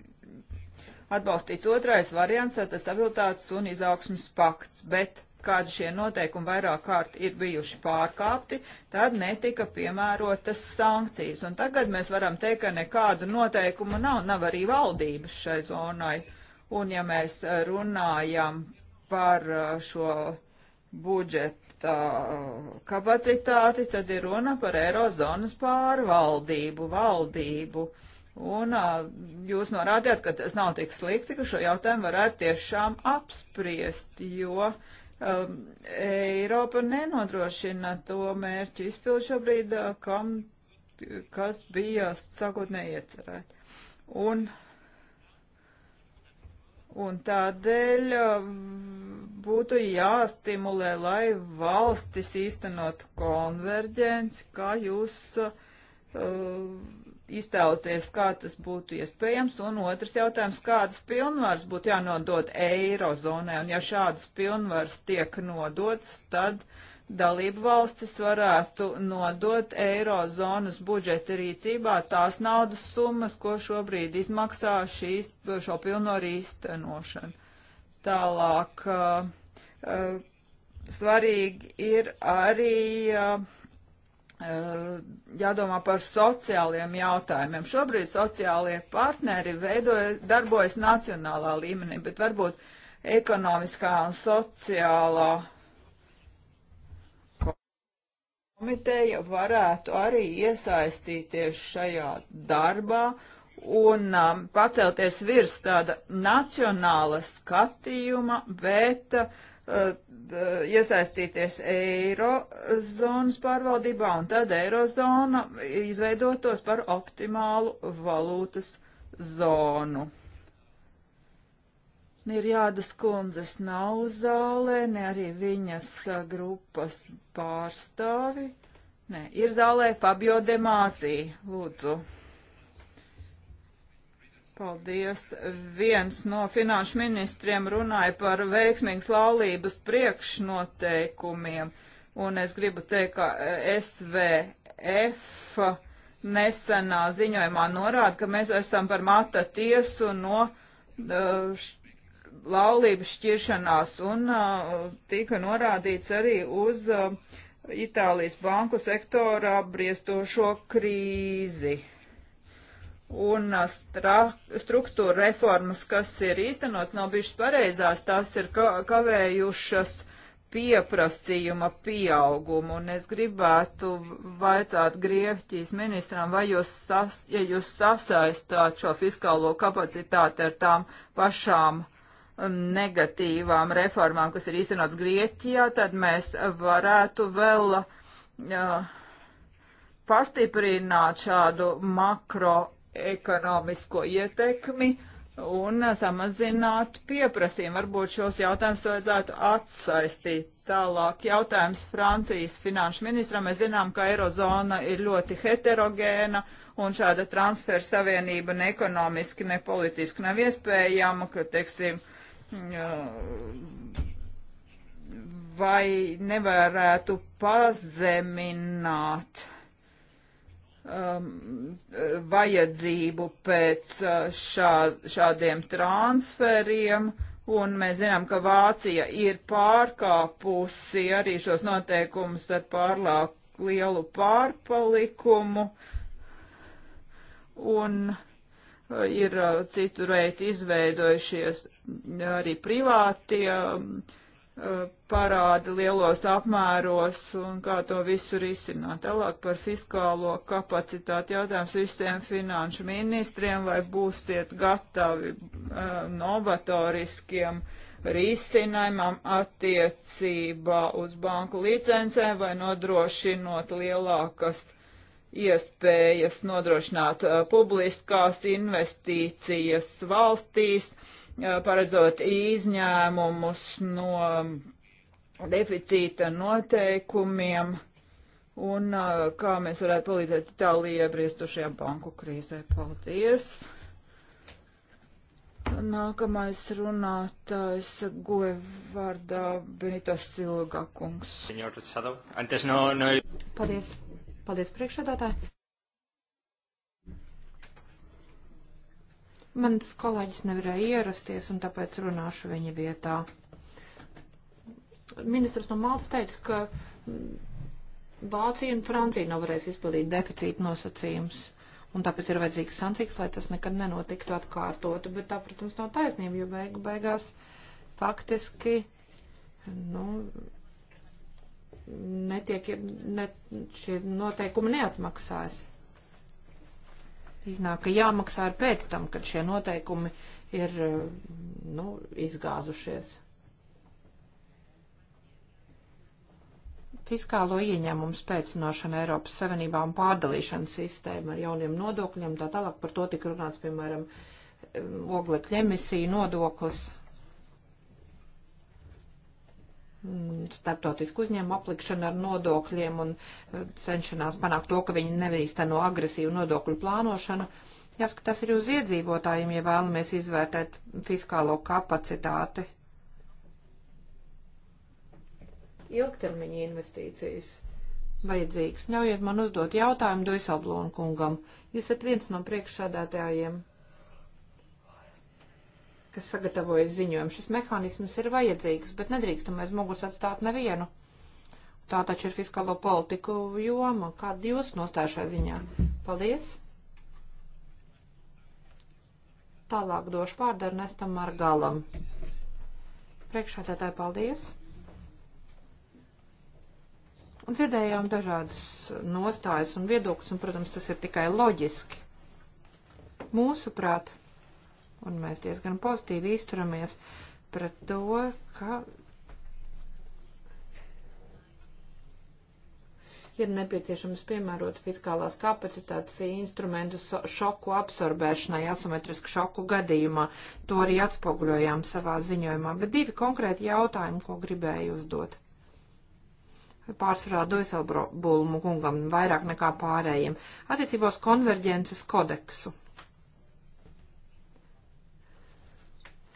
atbalstīts otrais variants, tas stabilitātes un izaugsmas pakts, bet kādi šie noteikumi vairāk kārt ir bijuši pārkāpti, tad netika piemērotas sankcijas. Un tagad mēs varam teikt, ka nekādu noteikumu nav, nav arī valdības šai zonai. Uh, Un ja mēs runājam par uh, šo budžeta uh, kapacitāti, tad ir runa par Eirozonas pārvaldību, valdību. Un uh, jūs norādījāt, ka tas nav tik slikti, ka šo jautājumu varētu tiešām apspriest, jo um, Eiropa nenodrošina to mērķu izpildu šobrīd, kam, kas bija sākotnēji iecerēt. Un uh, Un tādēļ um, būtu jāstimulē, lai valstis īstenotu konverģenci, kā jūs uh, iztēloties, kā tas būtu iespējams. Un otrs jautājums, kādas pilnvaras būtu jānodod eirozonai. Un ja šādas pilnvaras tiek nodotas, tad uh, dalību valstis varētu nodot eirozonas budžeta rīcībā tās naudas summas, ko šobrīd izmaksā šīs, šo pilnvaru īstenošanu. Tālāk uh, uh, svarīgi ir arī uh, uh, jādomā par sociāliem jautājumiem. Šobrīd sociālie partneri veidoja, darbojas nacionālā līmenī, bet varbūt ekonomiskā un sociālā komiteja varētu arī iesaistīties šajā darbā un um, pacelties virs tāda nacionāla skatījuma, bet uh, uh iesaistīties eirozonas pārvaldībā un tad eirozona izveidotos par optimālu valūtas zonu. Mirjādas kundzes nav zālē, ne arī viņas grupas pārstāvi. Nē, ir zālē Fabio de Māzī, lūdzu. Paldies. Viens no finanšu ministriem runāja par veiksmīgas laulības priekšnoteikumiem, un es gribu teikt, ka e, SVF nesenā ziņojumā norāda, ka mēs esam par mata tiesu no uh, laulības šķiršanās un tika norādīts arī uz Itālijas banku sektorā briestošo krīzi un struktūra reformas, kas ir īstenots, nav bijušas pareizās, tās ir kavējušas pieprasījuma pieaugumu, un es gribētu vaicāt Grieķijas ministram, vai jūs, sas, ja jūs sasaistāt šo fiskālo kapacitāti ar tām pašām negatīvām reformām, kas ir īstenots Grieķijā, tad mēs varētu vēl uh, pastiprināt šādu makroekonomisko ietekmi un samazināt pieprasījumu. Varbūt šos jautājumus vajadzētu atsaistīt tālāk. Jautājums Francijas finanšu ministram. Mēs zinām, ka Eirozona ir ļoti heterogēna un šāda transfer savienība ne ekonomiski, ne politiski nav iespējama, ka, teiksim, vai nevarētu pazemināt um, vajadzību pēc uh, šā, šādiem transferiem. Un mēs zinām, ka Vācija ir pārkāpusi arī šos noteikumus ar pārlāk lielu pārpalikumu. Un uh, ir uh, citu reitu izveidojušies arī privātie um, uh, parādi lielos apmēros un kā to visu risināt. Tālāk par fiskālo kapacitāti jautājums visiem finanšu ministriem, vai būsiet gatavi uh, novatoriskiem risinājumam attiecībā uz banku licencēm vai nodrošinot lielākas iespējas nodrošināt uh, publiskās investīcijas valstīs paredzot izņēmumus no deficīta noteikumiem un kā mēs varētu palīdzēt Itālijai briestušajā banku krīzē. Paldies! Nākamais runātājs goja vārdā Benito Silga kungs. Paldies! Paldies priekšādātāji! Mans kolēģis nevarēja ierasties, un tāpēc runāšu viņa vietā. Ministrs no Maltas teica, ka Vācija un Francija nav varēs izpildīt deficīta nosacījumus, un tāpēc ir vajadzīgs sancīgs, lai tas nekad nenotiktu atkārtotu, bet tā, protams, nav taisnība, jo beigu beigās faktiski, nu, netiek, ne, šie noteikumi neatmaksājas. Iznāk, ka jāmaksā ir pēc tam, kad šie noteikumi ir nu, izgāzušies. Fiskālo ieņēmumu spēcināšana Eiropas Savienībā un pārdalīšanas sistēma ar jauniem nodokļiem, tā tālāk par to tika runāts, piemēram, um, oglekļa emisiju nodoklis starptautisku uzņēmumu aplikšanu ar nodokļiem un e, cenšanās panākt to, ka viņi neīsteno agresīvu nodokļu plānošanu. Jāsaka, tas ir uz iedzīvotājiem, ja vēlamies izvērtēt fiskālo kapacitāti. Ilgtermiņa investīcijas vajadzīgs. Ļaujiet man uzdot jautājumu Doisalblūnkungam. Jūs esat viens no priekšsādātājiem kas sagatavojas ziņojumu. Šis mehānisms ir vajadzīgs, bet nedrīkstam aiz muguras atstāt nevienu. Tā taču ir fiskālo politiku joma. Kāda jūs nostāja šajā ziņā? Paldies! Tālāk došu vārdu Ernestam Margalam. Priekšādātāji, paldies! Un dzirdējām dažādas nostājas un viedokļus, un, protams, tas ir tikai loģiski. Mūsuprāt, un mēs diezgan pozitīvi izturamies pret to, ka ir nepieciešams piemērot fiskālās kapacitātes instrumentu šoku absorbēšanai asimetrisku šoku gadījumā. To arī atspoguļojām savā ziņojumā, bet divi konkrēti jautājumi, ko gribēju uzdot. Pārsvarā Doiselbulmu kungam vairāk nekā pārējiem. Attiecībos konverģences kodeksu.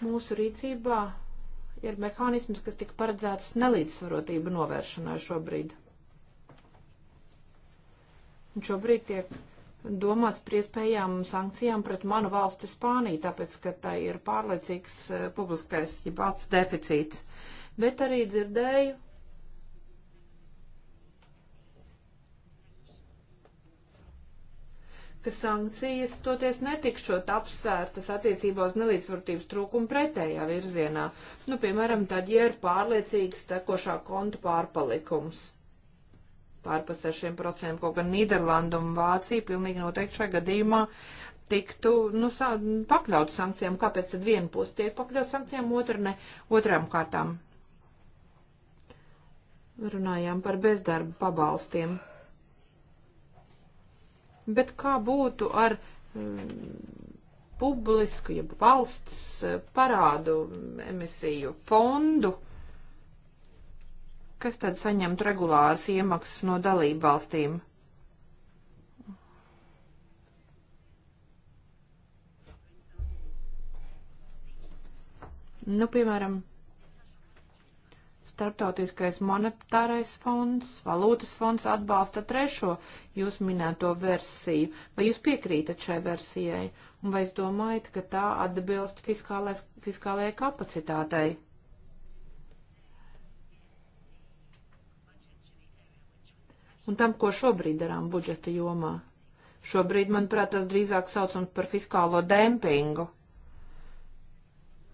Mūsu rīcībā ir mehānisms, kas tika paredzēts nelīdzsvarotību novēršanai šobrīd. Un šobrīd tiek domāts par iespējām sankcijām pret manu valsti Spāniju, tāpēc, ka tai ir pārliecīgs eh, publiskais jebāds deficīts. Bet arī dzirdēju, ka sankcijas toties netikšot apsvērtas attiecībā uz nelīdzvarotības trūkumu pretējā virzienā. Nu, piemēram, tad, ja ir pārliecīgs tekošā konta pārpalikums pārpa 6%, kaut gan Nīderlanda un Vācija pilnīgi noteikti šajā gadījumā tiktu nu, sā, pakļaut sankcijām. Kāpēc tad viena puse tiek pakļaut sankcijām, otra ne? Otrām kārtām runājām par bezdarba pabalstiem bet kā būtu ar eh, publisku, ja valsts eh, parādu emisiju fondu, kas tad saņemtu regulāras iemaksas no dalību valstīm? Nu, piemēram, Startautiskais monetārais fonds, valūtas fonds atbalsta trešo jūs minēto versiju. Vai jūs piekrītat šai versijai? Un vai es domājat, ka tā atbilst fiskālajai kapacitātei? Un tam, ko šobrīd darām budžeta jomā. Šobrīd, manuprāt, tas drīzāk saucams par fiskālo dempingu.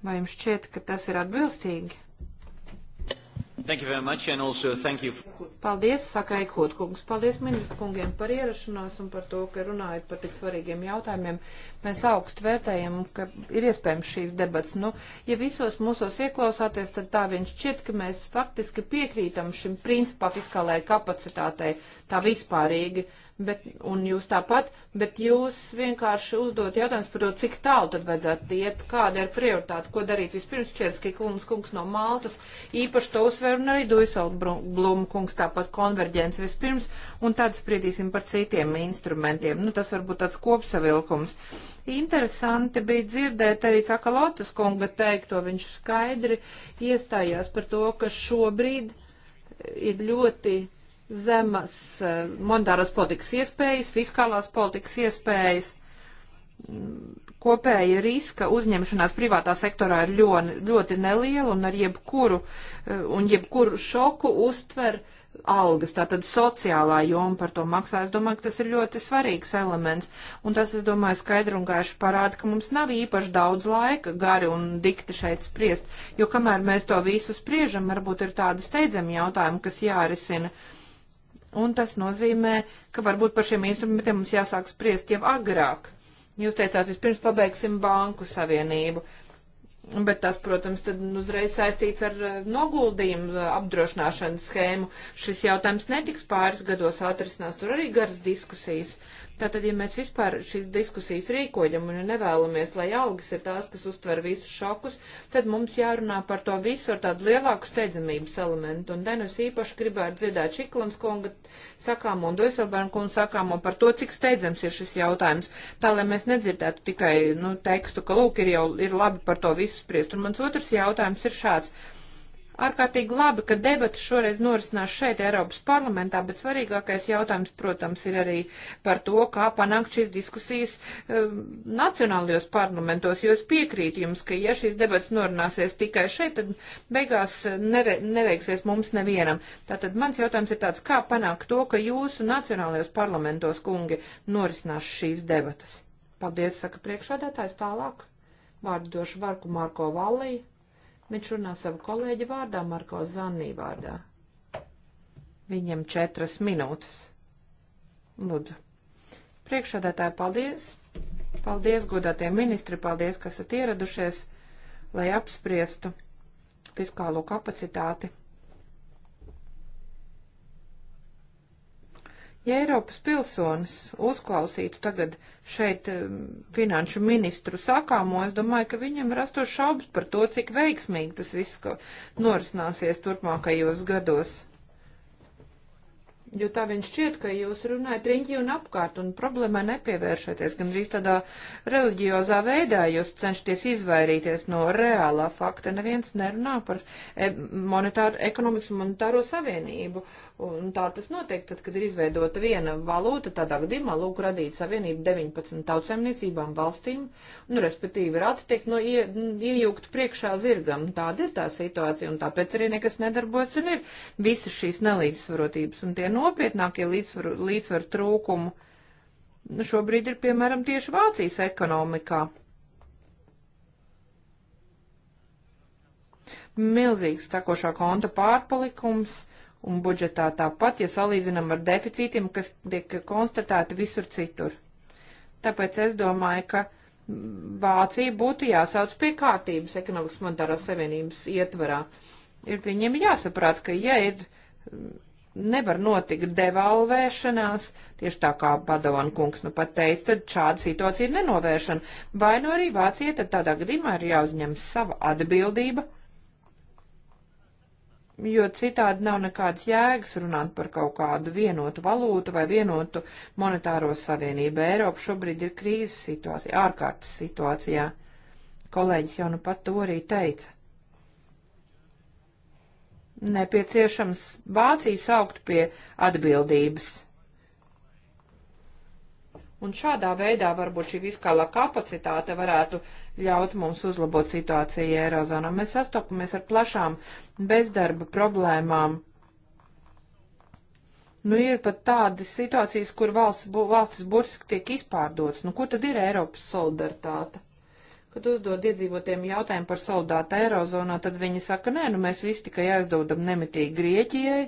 Vai jums šķiet, ka tas ir atbilstīgi? Much, for... Paldies, saka Eikot kungs. Paldies ministru kungiem par ierašanos un par to, ka runājat par tik svarīgiem jautājumiem. Mēs augstu vērtējam, ka ir iespējams šīs debats. Nu, ja visos mūsos ieklausāties, tad tā viņš šķiet, ka mēs faktiski piekrītam šim principā fiskālajai kapacitātei tā vispārīgi. Uh, bet, un jūs tāpat, bet jūs vienkārši uzdot jautājums par to, cik tālu tad vajadzētu iet, kāda ir prioritāte, ko darīt. Vispirms Čieski kungs, kungs no Maltas, īpaši to uzsver un arī Duiselt Blum kungs tāpat konverģents vispirms, un tad spriedīsim par citiem instrumentiem. Nu, tas varbūt tāds kopsavilkums. Interesanti bija dzirdēt arī Cakalotas kunga teikto, viņš skaidri iestājās par to, ka šobrīd ir ļoti zemas eh, monetāras politikas iespējas, fiskālās politikas iespējas, mm, kopēja riska uzņemšanās privātā sektorā ir ļoti, ļoti neliela un ar jebkuru, eh, un jebkuru šoku uztver algas, tātad sociālā joma par to maksā. Es domāju, ka tas ir ļoti svarīgs elements, un tas, es domāju, skaidri un gaiši parāda, ka mums nav īpaši daudz laika gari un dikti šeit spriest, jo kamēr mēs to visu spriežam, varbūt ir tādi steidzami jautājumi, kas jārisina. Uh, Un tas nozīmē, ka varbūt par šiem instrumentiem mums jāsāk spriest jau agrāk. Jūs teicāt, vispirms pabeigsim banku savienību. Bet tas, protams, tad uzreiz saistīts ar eh, noguldījumu eh, apdrošināšanas schēmu. Šis jautājums netiks pāris gados atrisinās, tur arī garas diskusijas. Uh, Tātad, ja mēs vispār šīs diskusijas rīkojam un nevēlamies, lai algas ir tās, kas uztver visus šokus, tad mums jārunā par to visu ar tādu lielāku steidzamības elementu. Un Denis īpaši gribētu dzirdēt Šiklans kunga sakām un Doiselbērnu kunga sakām un par to, cik steidzams ir šis jautājums. Tā, lai mēs nedzirdētu tikai nu, tekstu, ka lūk, ir jau ir labi par to visu spriest. Un mans otrs jautājums ir šāds. Ārkārtīgi labi, ka debata šoreiz norisinās šeit, Eiropas parlamentā, bet svarīgākais jautājums, protams, ir arī par to, kā panākt šīs diskusijas e, nacionālajos parlamentos, jo es piekrītu jums, ka ja šīs debatas norināsies tikai šeit, tad beigās uh, neve, neveiksies mums nevienam. Tātad mans jautājums ir tāds, kā panākt to, ka jūsu nacionālajos parlamentos, kungi, norisinās šīs debatas. Paldies, saka priekšādātājs tālāk. Vārdu došu Varku Marko Valliju. Viņš runā savu kolēģi vārdā, Marko Zanī vārdā. Viņam četras minūtes. Lūdzu. Priekšādātāji, paldies! Paldies, godātie ministri, paldies, kas esat ieradušies, lai apspriestu fiskālo kapacitāti Ja Eiropas pilsonis uzklausītu tagad šeit finanšu ministru sakāmo, es domāju, ka viņam rastos šaubas par to, cik veiksmīgi tas viss norisināsies turpmākajos gados. Jo tā viņš šķiet, ka jūs runājat riņķi un apkārt un problēmai nepievēršaties, gan arī tādā reliģiozā veidā jūs cenšaties izvairīties no reālā fakta. Neviens nerunā par monetāru, ekonomikas un monetāro savienību Un tā tas notiek, tad, kad ir izveidota viena valūta, tādā gadījumā lūk radīt savienību 19 tautsaimniecībām valstīm, un, nu, respektīvi, rati tiek no ie, iejūgt priekšā zirgam. Tāda ir tā situācija, un tāpēc arī nekas nedarbojas, un ir visas šīs nelīdzsvarotības, un tie nopietnākie līdzsvaru, līdzsvaru trūkumu nu, šobrīd ir, piemēram, tieši Vācijas ekonomikā. Milzīgs takošā konta pārpalikums un budžetā tāpat, ja salīdzinām ar deficītiem, kas tiek konstatēti visur citur. Tāpēc es domāju, ka Vācija būtu jāsauc pie kārtības ekonomikas monetārās savienības ietvarā. Ir viņiem jāsaprāt, ka ja ir nevar notikt devalvēšanās, tieši tā kā Padovan kungs nu pat teica, tad šāda situācija ir nenovēršana. Vai nu no arī Vācija tad tādā gadījumā ir jāuzņem sava atbildība jo citādi nav nekādas jēgas runāt par kaut kādu vienotu valūtu vai vienotu monetāro savienību. Eiropa šobrīd ir krīzes situācija, ārkārtas situācijā. Kolēģis jau nu pat to arī teica. Nepieciešams Vāciju saukt pie atbildības. Un šādā veidā varbūt šī fiskālā kapacitāte varētu uh, ļautu mums uzlabot situāciju Eirozonā. Mēs sastopamies ar plašām bezdarba problēmām. Nu, ir pat tādas situācijas, kur valsts, valsts burtiski tiek izpārdotas. Nu, ko tad ir Eiropas solidaritāte? Kad uzdod iedzīvotiem jautājumu par soldātu Eirozonā, tad viņi saka, nē, nu mēs visi tikai aizdodam nemitīgi Grieķijai,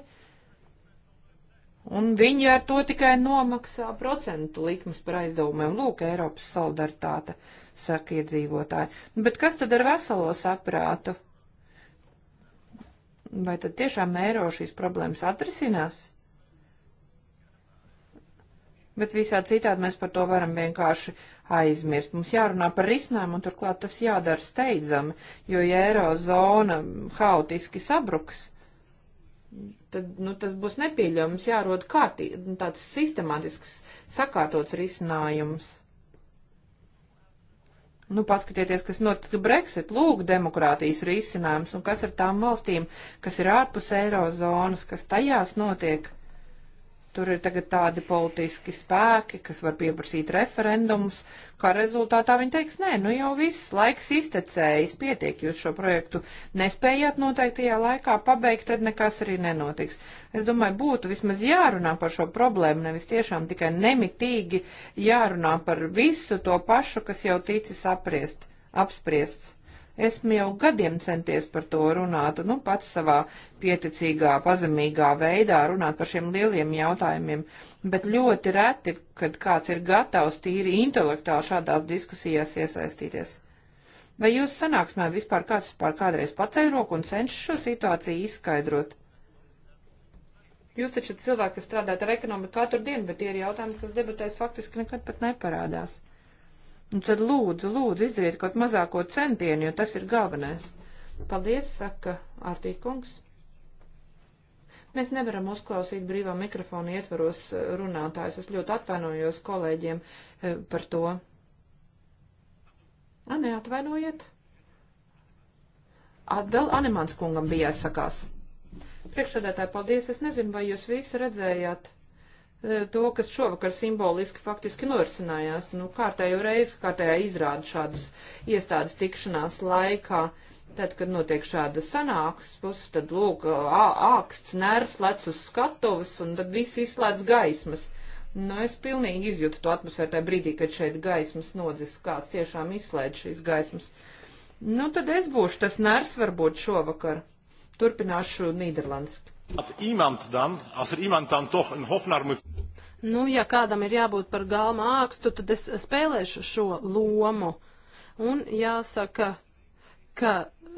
un viņi ar to tikai nomaksā procentu likmes par aizdevumiem. Lūk, Eiropas solidaritāte. Uh, saka iedzīvotāji. Nu, bet kas tad ar veselo saprātu? Vai tad tiešām eiro šīs problēmas atrisinās? Bet visā citādi mēs par to varam vienkārši aizmirst. Mums jārunā par risinājumu, un turklāt tas jādara steidzami, jo ja eirozona haotiski sabruks, tad nu, tas būs nepieļams, jārod kārtī, tāds sistemātisks, sakārtots risinājums. Nu, paskatieties, kas notika Brexit, lūk, demokrātijas risinājums, un kas ar tām valstīm, kas ir ārpus eirozonas, kas tajās notiek. Tur ir tagad tādi politiski spēki, kas var pieprasīt referendumus, kā rezultātā viņi teiks, nē, nu jau viss laiks iztecējis, pietiek, jūs šo projektu nespējāt noteiktajā laikā pabeigt, tad nekas arī nenotiks. Es domāju, būtu vismaz jārunā par šo problēmu, nevis tiešām tikai nemitīgi jārunā par visu to pašu, kas jau ticis apriest, apspriests. Esmu jau gadiem centies par to runāt, nu, pats savā pieticīgā, pazemīgā veidā runāt par šiem lieliem jautājumiem, bet ļoti reti, kad kāds ir gatavs tīri intelektuāli šādās diskusijās iesaistīties. Vai jūs sanāksmē vispār kāds vispār kādreiz paceļ roku un cenšas šo situāciju izskaidrot? Jūs taču esat cilvēki, kas strādājat ar ekonomiku katru dienu, bet tie ir jautājumi, kas debatēs faktiski nekad pat neparādās. Nu tad lūdzu, lūdzu, izdariet kaut mazāko centienu, jo tas ir galvenais. Paldies, saka Artīkungs. Mēs nevaram uzklausīt brīvā mikrofona ietvaros eh, runātājs. Es ļoti atvainojos kolēģiem eh, par to. A, neatvainojiet. Atvēl Anemans kungam bija jāsakās. Priekšsēdētāji, paldies. Es nezinu, vai jūs visi redzējāt to, kas šovakar simboliski faktiski norisinājās. Nu, kārtējo reizi, kārtējā izrāda šādas iestādes tikšanās laikā. Tad, kad notiek šāda sanāksmes, tad lūk, āksts nērs lec uz skatuves un tad viss izslēdz gaismas. Nu, es pilnīgi izjūtu to atmosfēru tajā brīdī, kad šeit gaismas nodzis, kāds tiešām izslēdz šīs gaismas. Nu, tad es būšu tas nērs varbūt šovakar. Turpināšu nīderlandiski. Dat iemand dan, als er iemand dan toch een hofnar moet. Nu, ja kādam ir jābūt par galma ākstu, tad es spēlēšu šo lomu. Un jāsaka, ka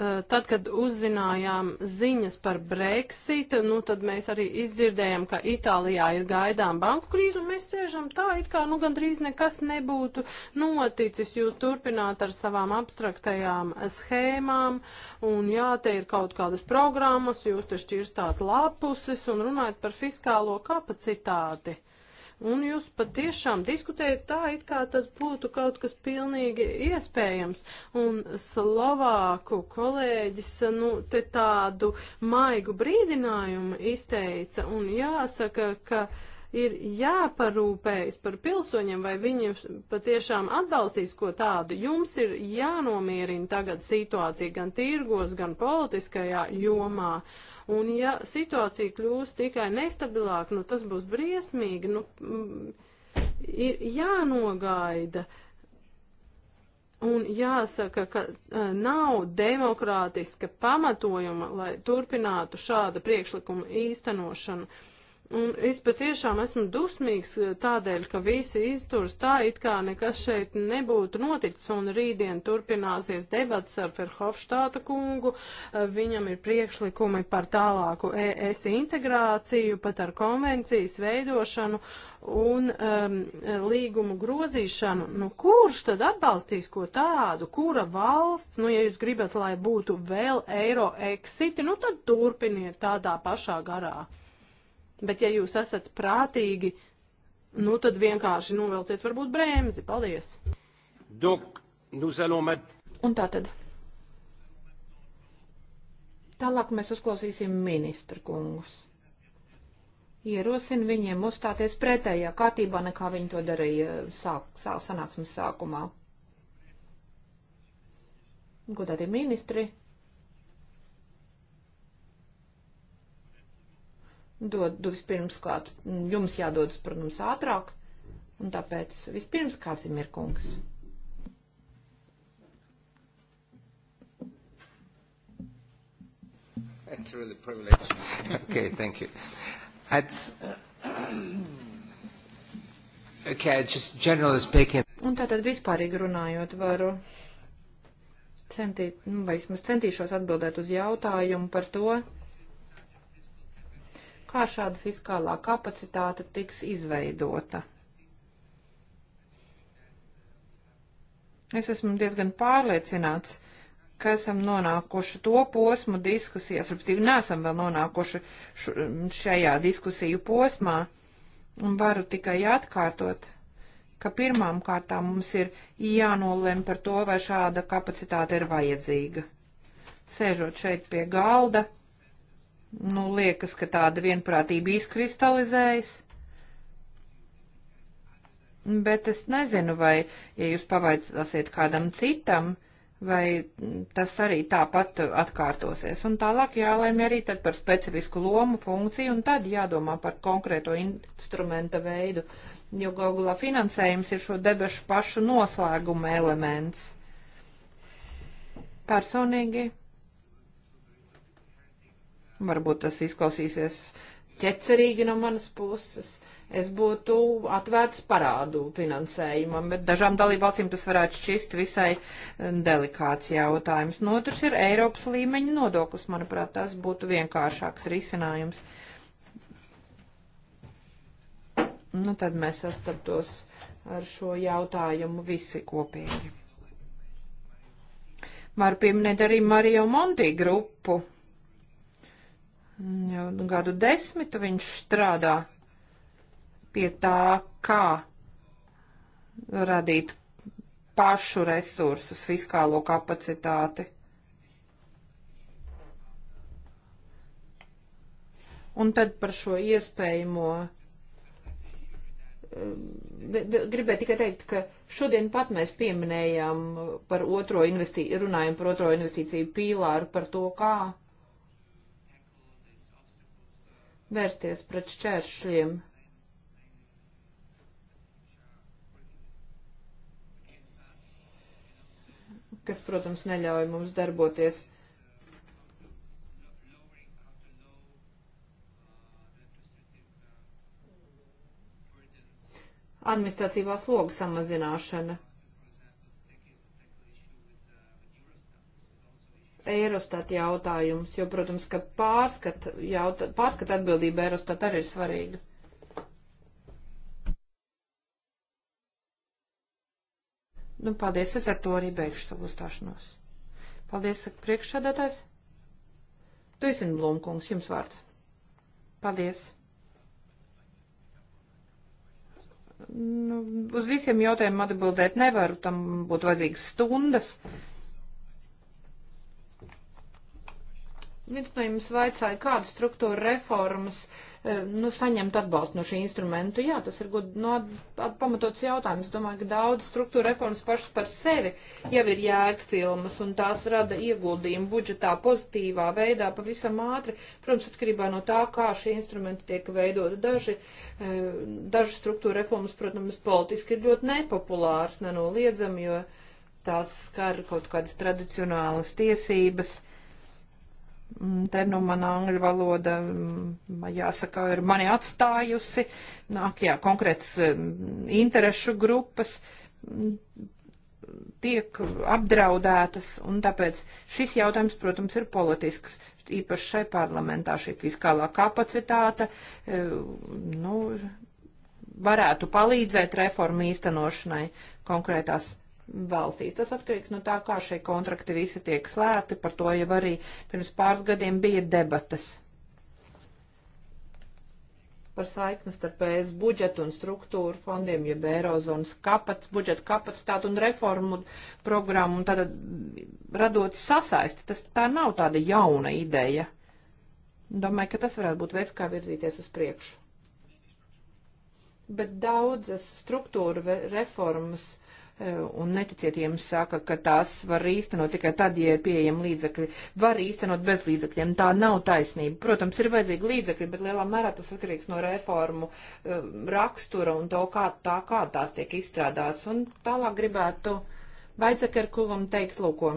Eh, tad, kad uzzinājām ziņas par Brexit, nu, tad mēs arī izdzirdējām, ka Itālijā ir gaidām banku krīze, un mēs sēžam tā, it kā, nu, gandrīz nekas nebūtu noticis. Jūs turpināt ar savām abstraktajām schēmām, un jā, te ir kaut kādas programmas, jūs te šķirstāt lapuses un runājat par fiskālo kapacitāti. Uh, un jūs patiešām diskutējat tā, it kā tas būtu kaut kas pilnīgi iespējams. Un Slovāku kolēģis, nu, te tādu maigu brīdinājumu izteica, un jāsaka, ka ir jāparūpējas par pilsoņiem, vai viņi patiešām atbalstīs ko tādu. Jums ir jānomierina tagad situācija gan tirgos, gan politiskajā jomā. Uh, Un ja situācija kļūs tikai nestabilāk, nu tas būs briesmīgi, nu mm, ir jānogaida. Un jāsaka, ka e, nav demokrātiska pamatojuma, lai turpinātu šāda priekšlikuma īstenošanu. Uh, Un es patiešām esmu dusmīgs eh, tādēļ, ka visi izturs tā, it kā nekas šeit nebūtu noticis, un rītdien turpināsies debats ar Ferhofštāta kungu. Eh, viņam ir priekšlikumi par tālāku ES integrāciju, pat ar konvencijas veidošanu un um, līgumu grozīšanu. Nu, kurš tad atbalstīs ko tādu? Kura valsts? Nu, ja jūs gribat, lai būtu vēl eiro eksiti, nu tad turpiniet tādā pašā garā. Bet ja jūs esat prātīgi, nu tad vienkārši novelciet varbūt brēmzi. Paldies! Donc, nous allons mat... Un tā tad. Tālāk mēs uzklausīsim ministru kungus. Ierosinu viņiem uzstāties pretējā kārtībā, nekā viņi to darīja sāk, sā, sanāksmes sākumā. Godātie ministri, dod vispirms klāt, jums jādodas, protams, ātrāk, un tāpēc vispirms kāds ir kungs. It's really a privilege. okay, thank you. That's, okay, just generally speaking. Un tātad vispārīgi runājot varu centīt, nu, vai vismaz centīšos atbildēt uz jautājumu par to, kā šāda fiskālā kapacitāte tiks izveidota. Es esmu diezgan pārliecināts, ka esam nonākuši to posmu diskusijas, respektīvi nesam vēl nonākuši šajā diskusiju posmā, un varu tikai atkārtot, ka pirmām kārtām mums ir jānolem par to, vai šāda kapacitāte ir vajadzīga. Sēžot šeit pie galda, Nu, liekas, ka tāda vienprātība izkristalizējas. Bet es nezinu, vai, ja jūs pavaicāsiet kādam citam, vai tas arī tāpat atkārtosies. Un tālāk jālēm arī tad par specifisku lomu, funkciju, un tad jādomā par konkrēto instrumenta veidu, jo gaugulā finansējums ir šo debešu pašu noslēguma elements. Personīgi Varbūt tas izklausīsies ķecerīgi no manas puses. Es būtu atvērts parādu finansējumam, bet dažām dalībvalstīm tas varētu šķist visai eh, delikāts jautājums. No otrs ir Eiropas līmeņa nodoklis, manuprāt, tas būtu vienkāršāks risinājums. Nu, tad mēs sastaptos ar šo jautājumu visi kopīgi. Var pieminēt arī Mario Monti grupu Jau gadu desmitu viņš strādā pie tā, kā radīt pašu resursus, fiskālo kapacitāti. Un tad par šo iespējamo. Um, gribēju tikai teikt, ka šodien pat mēs pieminējām par otro investīciju, runājam par otro investīciju pīlāru, par to, kā vērsties pret šķēršļiem. kas, protams, neļauj mums darboties. Administratīvā sloga samazināšana. Eirostat jautājums, jo, protams, ka pārskat, jautā, pārskat atbildība Eirostat arī ir svarīga. Nu, paldies, es ar to arī beigšu savu uzstāšanos. Paldies, saka priekšsādātājs. Tu esi Blomkungs, jums vārds. Paldies. Nu, uz visiem jautājumiem atbildēt nevaru, tam būtu vajadzīgas stundas. Viens no jums vaicāja, kāda struktūra reformas e, nu, saņemt atbalstu no šī instrumenta. Jā, tas ir god, no, nu, pamatots jautājums. Es domāju, ka daudz struktūra reformas pašas par sevi jau ir jēgfilmas, un tās rada ieguldījumu budžetā pozitīvā veidā pavisam ātri. Protams, atkarībā no tā, kā šie instrumenti tiek veidoti. Daži, e, daži struktūra reformas, protams, politiski ir ļoti nepopulārs, nenoliedzami, jo tās skar kaut kādas tradicionālas tiesības. Uh, Mm, te nu mana angļu valoda, mm, jāsaka, ir mani atstājusi. Nāk, jā, konkrēts mm, interešu grupas tiek apdraudētas, un tāpēc šis jautājums, protams, ir politisks. Īpaši šai parlamentā šī fiskālā kapacitāte, e, nu, varētu palīdzēt reformu īstenošanai konkrētās valstīs. Tas atkarīgs no tā, kā šie kontrakti visi tiek slēgti. Par to jau arī pirms pāris gadiem bija debatas. Par saikni starp ES budžetu un struktūru fondiem, jeb Eirozonas kapats, budžeta kapacitātu un reformu programmu, un tad radot sasaisti. Tas tā nav tāda jauna ideja. Domāju, ka tas varētu būt veids, kā virzīties uz priekšu. Bet daudzas struktūra reformas un neticiet, ja jums saka, ka tās var īstenot tikai tad, ja ir pieejami līdzekļi. Var īstenot bez līdzekļiem. Tā nav taisnība. Protams, ir vajadzīgi līdzekļi, bet lielā mērā tas atkarīgs no reformu eh, rakstura un to, kā, tā, kā tās tiek izstrādāts. Un tālāk gribētu Vaidzekerkulam teikt, lūko.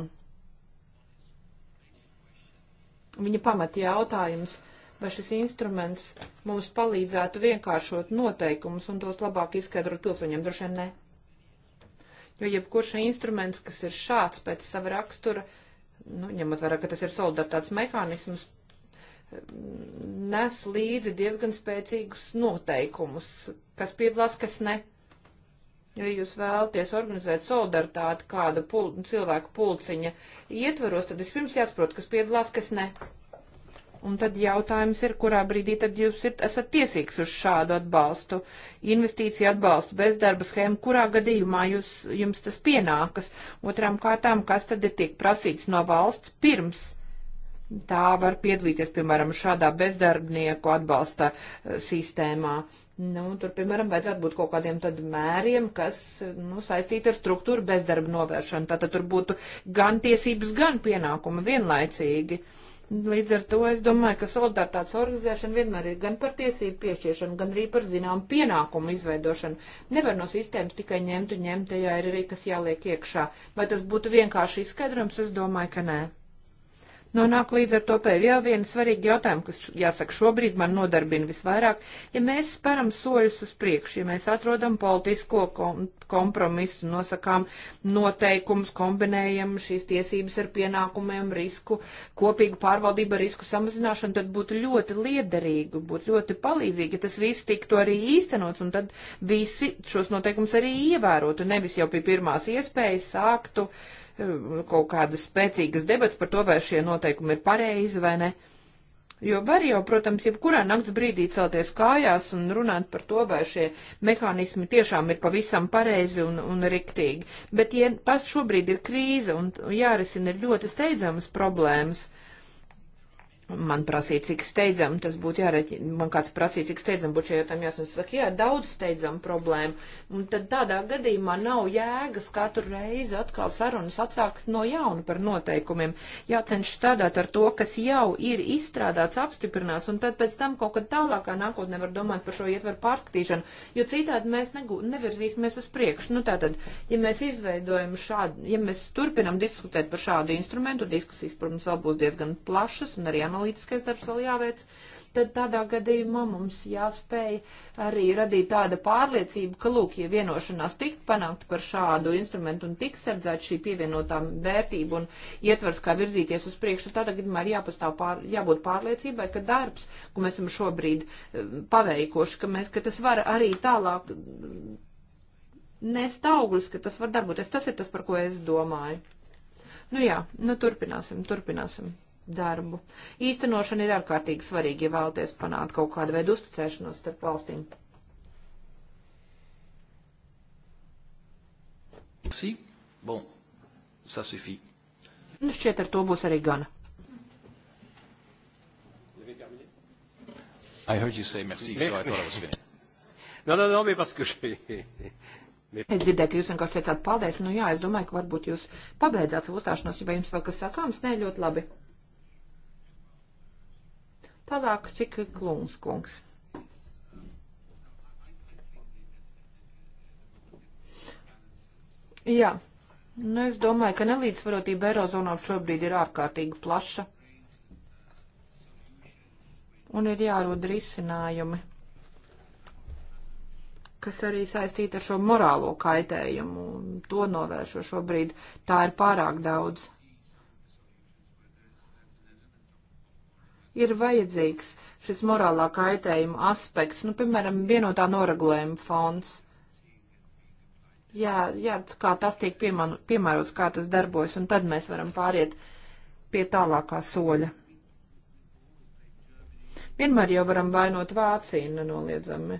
Viņa pamata jautājums vai šis instruments mums palīdzētu vienkāršot noteikumus un tos labāk izskaidrot pilsoņiem? Droši vien ne jo jebkurš instruments, kas ir šāds pēc sava rakstura, nu, ņemot vērā, ka tas ir solidaritātes mehānisms, nes līdzi diezgan spēcīgus noteikumus, kas piedalās, kas ne. Jo, ja jūs vēlaties organizēt solidaritāti kāda pul cilvēku pulciņa ietvaros, tad vispirms jāsaprot, kas piedalās, kas ne. Un tad jautājums ir, kurā brīdī tad jūs ir, esat tiesīgs uz šādu atbalstu, investīciju atbalstu, bezdarba schēmu, kurā gadījumā jūs, jums tas pienākas. Otrām kārtām, kas tad ir tiek prasīts no valsts pirms tā var piedalīties, piemēram, šādā bezdarbnieku atbalsta eh, sistēmā. Nu, tur, piemēram, vajadzētu būt kaut kādiem tad mēriem, kas nu, saistīti ar struktūru bezdarba novēršanu. Tātad tur būtu gan tiesības, gan pienākumi vienlaicīgi. Uh, Līdz ar to es domāju, ka solidaritātes organizēšana vienmēr ir gan par tiesību piešķiešanu, gan arī par zinām pienākumu izveidošanu. Nevar no sistēmas tikai ņemt un ņemt, tajā ir arī kas jāliek iekšā. Vai tas būtu vienkārši izskaidrojums? Es domāju, ka nē. Nonāk līdz ar to pie vēl viena svarīga jautājuma, kas, jāsaka, šobrīd man nodarbina visvairāk. Ja mēs sparam soļus uz priekšu, ja mēs atrodam politisko kompromisu, nosakām noteikumus, kombinējam šīs tiesības ar pienākumiem, risku, kopīgu pārvaldību ar risku samazināšanu, tad būtu ļoti liederīgi, būtu ļoti palīdzīgi, ja tas viss tiktu arī īstenots, un tad visi šos noteikumus arī ievērotu, nevis jau pie pirmās iespējas sāktu uh, kaut kādas spēcīgas debats par to, vai šie noteikumi ir pareizi vai ne. Jo var jau, protams, jebkurā nakts brīdī celties kājās un runāt par to, vai šie mehānismi tiešām ir pavisam pareizi un, un riktīgi. Bet, ja pats šobrīd ir krīze un jārisina ir ļoti steidzamas problēmas, man prasīja, cik steidzam tas būtu jāreķina, man kāds prasīja, cik steidzam būtu šajā tam jāsaka, saka, jā, daudz steidzam problēmu, un tad tādā gadījumā nav jēgas katru reizi atkal sarunas atsākt no jauna par noteikumiem, jācenš strādāt ar to, kas jau ir izstrādāts, apstiprināts, un tad pēc tam kaut kad tālākā nākotnē var domāt par šo ietveru pārskatīšanu, jo citādi mēs negu, nevirzīsimies uz priekšu. Nu tātad, ja mēs izveidojam šādu, ja mēs turpinam diskutēt par šādu instrumentu, diskusijas, protams, vēl būs diezgan plašas un arī analizētas, analītiskais darbs vēl jāveic, tad tādā gadījumā mums jāspēj arī radīt tāda pārliecība, ka, lūk, ja vienošanās tikt panākt par šādu instrumentu un tiks sardzēt šī pievienotā vērtība un ietvers, kā virzīties uz priekšu, tad tagad ir jāpastāv pār, jābūt pārliecībai, ka darbs, ko mēs esam šobrīd eh, paveikoši, ka, mēs, ka tas var arī tālāk nest augļus, ka tas var darboties. Tas ir tas, par ko es domāju. Nu jā, nu turpināsim, turpināsim darbu. Īstenošana ir ārkārtīgi svarīga, ja vēlaties panākt kaut kādu veidu uzticēšanos starp valstīm. Si? Bon, ça suffit. Nu, šķiet, ar to būs arī gana. I heard you say merci, so I thought I was finished. Non, [laughs] non, non, mais parce que j'ai... Es dzirdēju, ka jūs vienkārši teicāt paldies. Nu jā, es domāju, ka varbūt jūs pabeidzāt savu uzstāšanos, ja jums vēl kas sakāms. Nē, ļoti labi. Tālāk Čika Klūns kungs. Jā, nu es domāju, ka nelīdzvarotība Eirozonā šobrīd ir ārkārtīgi plaša. Un ir jārod risinājumi, kas arī saistīti ar šo morālo kaitējumu. To novēršo šobrīd. Tā ir pārāk daudz. ir vajadzīgs šis morālā kaitējuma aspekts, nu, piemēram, vienotā noregulējuma fonds. Jā, jā, kā tas tiek piemanu, piemērots, kā tas darbojas, un tad mēs varam pāriet pie tālākā soļa. Vienmēr jau varam vainot Vāciju nenoliedzami.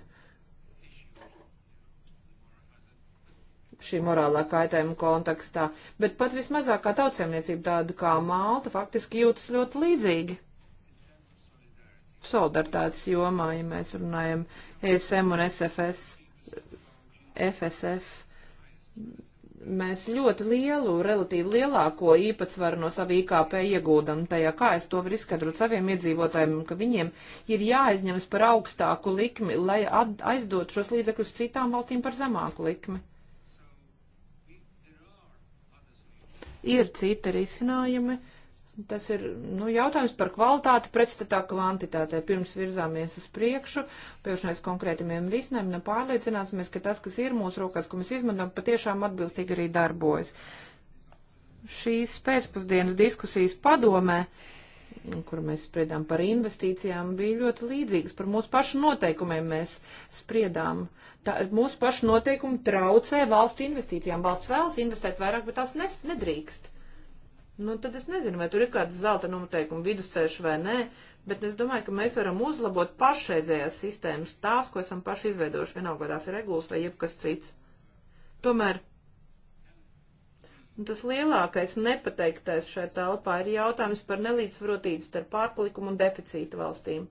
šī morālā kaitējuma kontekstā, bet pat vismazākā tautsēmniecība tāda kā Malta faktiski jūtas ļoti līdzīgi solidaritātes jomā, ja mēs runājam ESM un SFS, FSF. Mēs ļoti lielu, relatīvi lielāko īpatsvaru no sava IKP iegūdam tajā, kā es to varu izskatrot saviem iedzīvotājiem, ka viņiem ir jāaizņemas par augstāku likmi, lai aizdot šos līdzekļus citām valstīm par zemāku likmi. Ir citi risinājumi. Uh, Tas ir nu, jautājums par kvalitāti pretstatā kvantitātē. Pirms virzāmies uz priekšu, pievēršamies konkrētiem risinājumiem, nu pārliecināsimies, ka tas, kas ir mūsu rokās, ko mēs izmantojam, patiešām atbilstīgi arī darbojas. Šīs pēcpusdienas diskusijas padomē kur mēs spriedām par investīcijām, bija ļoti līdzīgas. Par mūsu pašu noteikumiem mēs spriedām. Tā, mūsu pašu noteikumi traucē valstu investīcijām. Valsts vēlas investēt vairāk, bet tās nes, nedrīkst. Nu, tad es nezinu, vai tur ir kāda zelta noteikuma vidusceļš vai nē, bet es domāju, ka mēs varam uzlabot pašreizējās sistēmas, tās, ko esam paši izveidojuši, vienalga tās ir regulas vai jebkas cits. Tomēr un tas lielākais nepateiktais šai telpā ir jautājums par nelīdzsvarotību starp pārpalikumu un deficītu valstīm.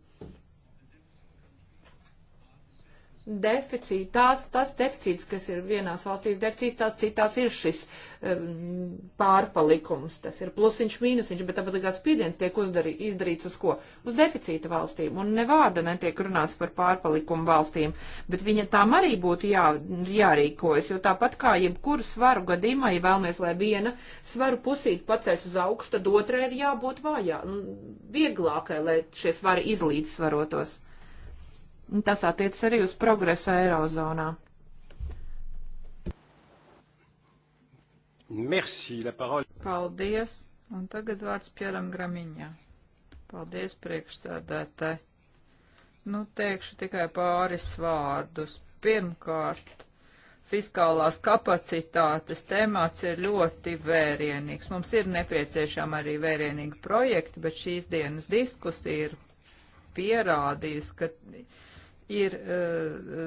deficīti, tās, tās deficīts, kas ir vienās valstīs deficīts, tās citās ir šis um, pārpalikums, tas ir plusiņš, mīnusiņš, bet tāpat kā spiediens tiek uzdarī, izdarīts uz ko? Uz deficīta valstīm, un ne vārda netiek runāts par pārpalikumu valstīm, bet viņa tām arī būtu jā, jārīkojas, jo tāpat kā jebkuru svaru gadījumā, ja vēlamies, lai viena svaru pusīt pacēs uz augšu, tad otrai ir jābūt vājā, nu, vieglākai, lai šie svari izlīdzsvarotos. Tas attiecas arī uz progresu Eirozonā. Merci, la parole. Paldies. Un tagad vārds Pieram Gramiņā. Paldies, priekšsēdētāji. Nu, teikšu tikai pāris vārdus. Pirmkārt, fiskālās kapacitātes temats ir ļoti vērienīgs. Mums ir nepieciešama arī vērienīga projekta, bet šīs dienas diskusija ir pierādījusi, ka ir uh,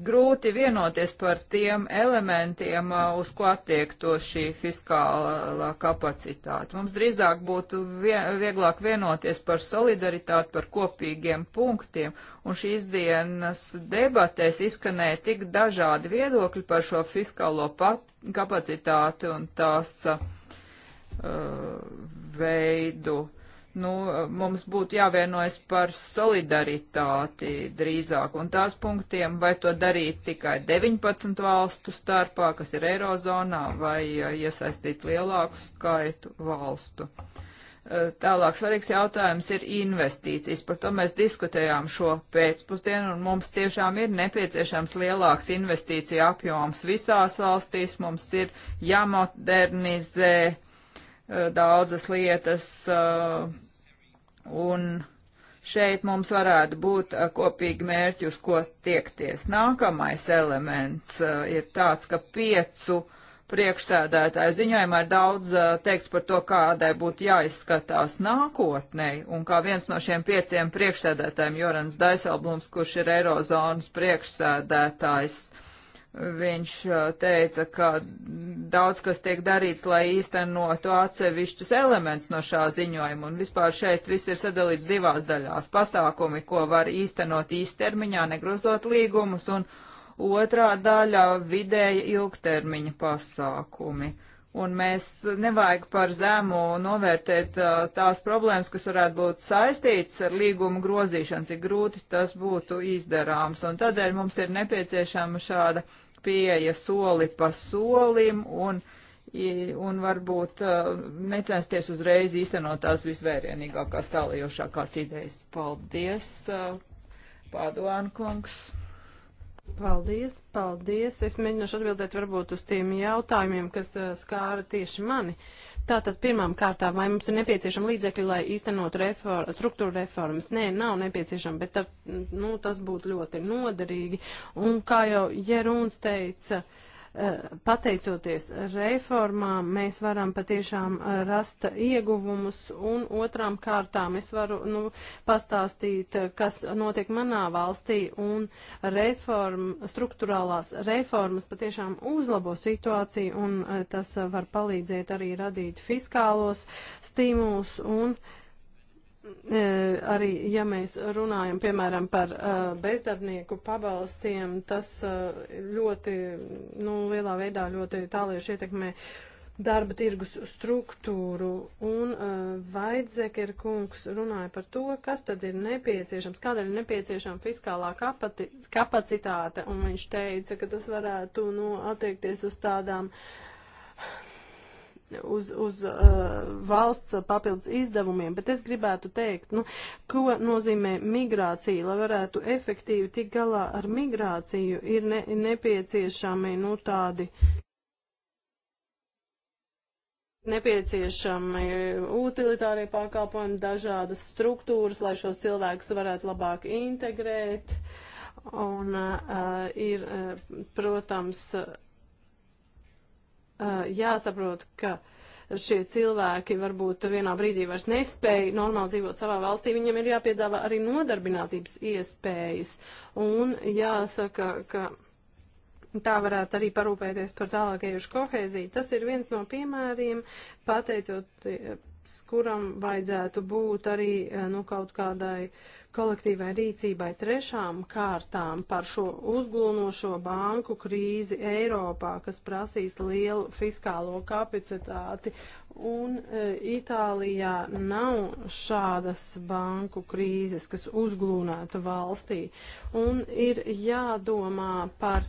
grūti vienoties par tiem elementiem, uh, uz ko attiekto šī fiskālā kapacitāte. Mums drīzāk būtu vien, vieglāk vienoties par solidaritāti, par kopīgiem punktiem, un šīs dienas debatēs izskanēja tik dažādi viedokļi par šo fiskālo pat, kapacitāti un tās uh, veidu. Uh, nu, mums būtu jāvienojas par solidaritāti drīzāk, un tās punktiem vai to darīt tikai 19 valstu starpā, kas ir Eirozonā, vai iesaistīt lielāku skaitu valstu. E, tālāk svarīgs jautājums ir investīcijas. Par to mēs diskutējām šo pēcpusdienu, un mums tiešām ir nepieciešams lielāks investīciju apjoms visās valstīs. Mums ir jāmodernizē Eh, daudzas lietas, eh, un šeit mums varētu būt eh, kopīgi mērķi, uz ko tiekties. Nākamais elements ir tāds, ka piecu priekšsēdētāju ziņojumā ir daudz teiks par to, kādai būtu jāizskatās nākotnē, un kā viens no šiem pieciem priekšsēdētājiem, Jorans Daiselblums, kurš ir Eirozonas priekšsēdētājs, uh, Viņš teica, ka daudz kas tiek darīts, lai īstenotu atsevišķus elementus no šā ziņojuma, un vispār šeit viss ir sadalīts divās daļās - pasākumi, ko var īstenot īstermiņā, negrozot līgumus, un otrā daļā - vidēja ilgtermiņa pasākumi. Uh, Un mēs nevajag par zemu novērtēt uh, tās problēmas, kas varētu būt saistītas ar līgumu grozīšanu, cik grūti tas būtu izdarāms. Un tādēļ mums ir nepieciešama šāda pieeja soli pa solim un, un varbūt uh, necensties uzreiz īstenot tās visvērienīgākās tālajošākās idejas. Paldies, uh, Pāduānkungs! Paldies, paldies. Es mēģināšu atbildēt varbūt uz tiem jautājumiem, kas eh, skāra tieši mani. Tātad pirmām kārtām, vai mums ir nepieciešama līdzekļi, lai īstenot reform, struktūra reformas? Nē, nav nepieciešama, bet tad, mm, nu, tas būtu ļoti noderīgi. Un kā jau Jeruns teica, uh, Eh, pateicoties reformām, mēs varam patiešām eh, rast ieguvumus, un otrām kārtām es varu nu, pastāstīt, eh, kas notiek manā valstī, un reform, struktūrālās reformas patiešām uzlabo situāciju, un tas var palīdzēt arī radīt fiskālos stimulus un uh, E, arī, ja mēs runājam, piemēram, par e, bezdarbnieku pabalstiem, tas e, ļoti, nu, lielā veidā ļoti tālieši ietekmē darba tirgus struktūru, un uh, Vaidzekera kungs runāja par to, kas tad ir nepieciešams, kādēļ ir nepieciešama fiskālā kapati, kapacitāte, un viņš teica, ka tas varētu, nu, attiekties uz tādām uh, uz, uz uh, valsts papildus izdevumiem, bet es gribētu teikt, nu, ko nozīmē migrācija, lai varētu efektīvi tik galā ar migrāciju, ir ne, nepieciešami, nu, tādi nepieciešami utilitārie pakalpojumi, dažādas struktūras, lai šos cilvēkus varētu labāk integrēt. Un uh, ir, uh, protams, uh, jāsaprot, ka šie cilvēki varbūt vienā brīdī vairs nespēja normāli dzīvot savā valstī, viņam ir jāpiedāvā arī nodarbinātības iespējas. Un jāsaka, ka tā varētu arī parūpēties par tālākajušu kohēziju. Tas ir viens no piemēriem, pateicot, kuram vajadzētu būt arī nu, kaut kādai uh, kolektīvai rīcībai trešām kārtām par šo uzglūnošo banku krīzi Eiropā, kas prasīs lielu fiskālo kapacitāti. Un e, Itālijā nav šādas banku krīzes, kas uzglūnētu valstī. Un ir jādomā par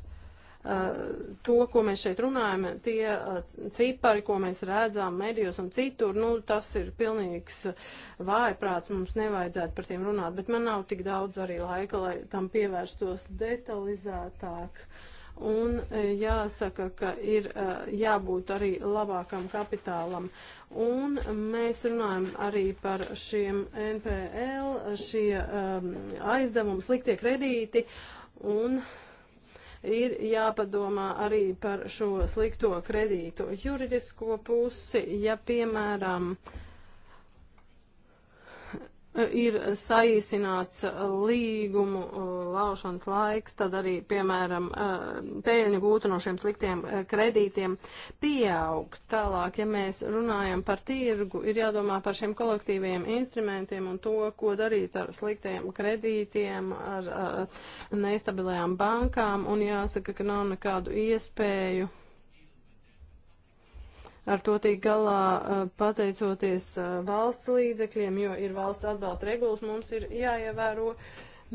Eh, to, ko mēs šeit runājam, tie eh, cipari, ko mēs redzam medijos un citur, nu, tas ir pilnīgs vājprāts, mums nevajadzētu par tiem runāt, bet man nav tik daudz arī laika, lai tam pievērstos detalizētāk. Un eh, jāsaka, ka ir jābūt arī labākam kapitālam. Un mēs runājam arī par šiem NPL, šie um, aizdevumi, sliktie kredīti. Un uh, ir jāpadomā arī par šo slikto kredītu juridisko pusi, ja piemēram uh, ir saīsināts uh, līgumu uh, laušanas laiks, tad arī, piemēram, uh, pēļņu gūta no šiem sliktiem kredītiem pieaug. Tālāk, ja mēs runājam par tirgu, ir jādomā par šiem kolektīviem instrumentiem un to, ko darīt ar sliktiem kredītiem, ar, ar nestabilajām bankām, un jāsaka, ka nav nekādu iespēju Ar to tiek galā pateicoties valsts līdzekļiem, jo ir valsts atbalsta regulas, mums ir jāievēro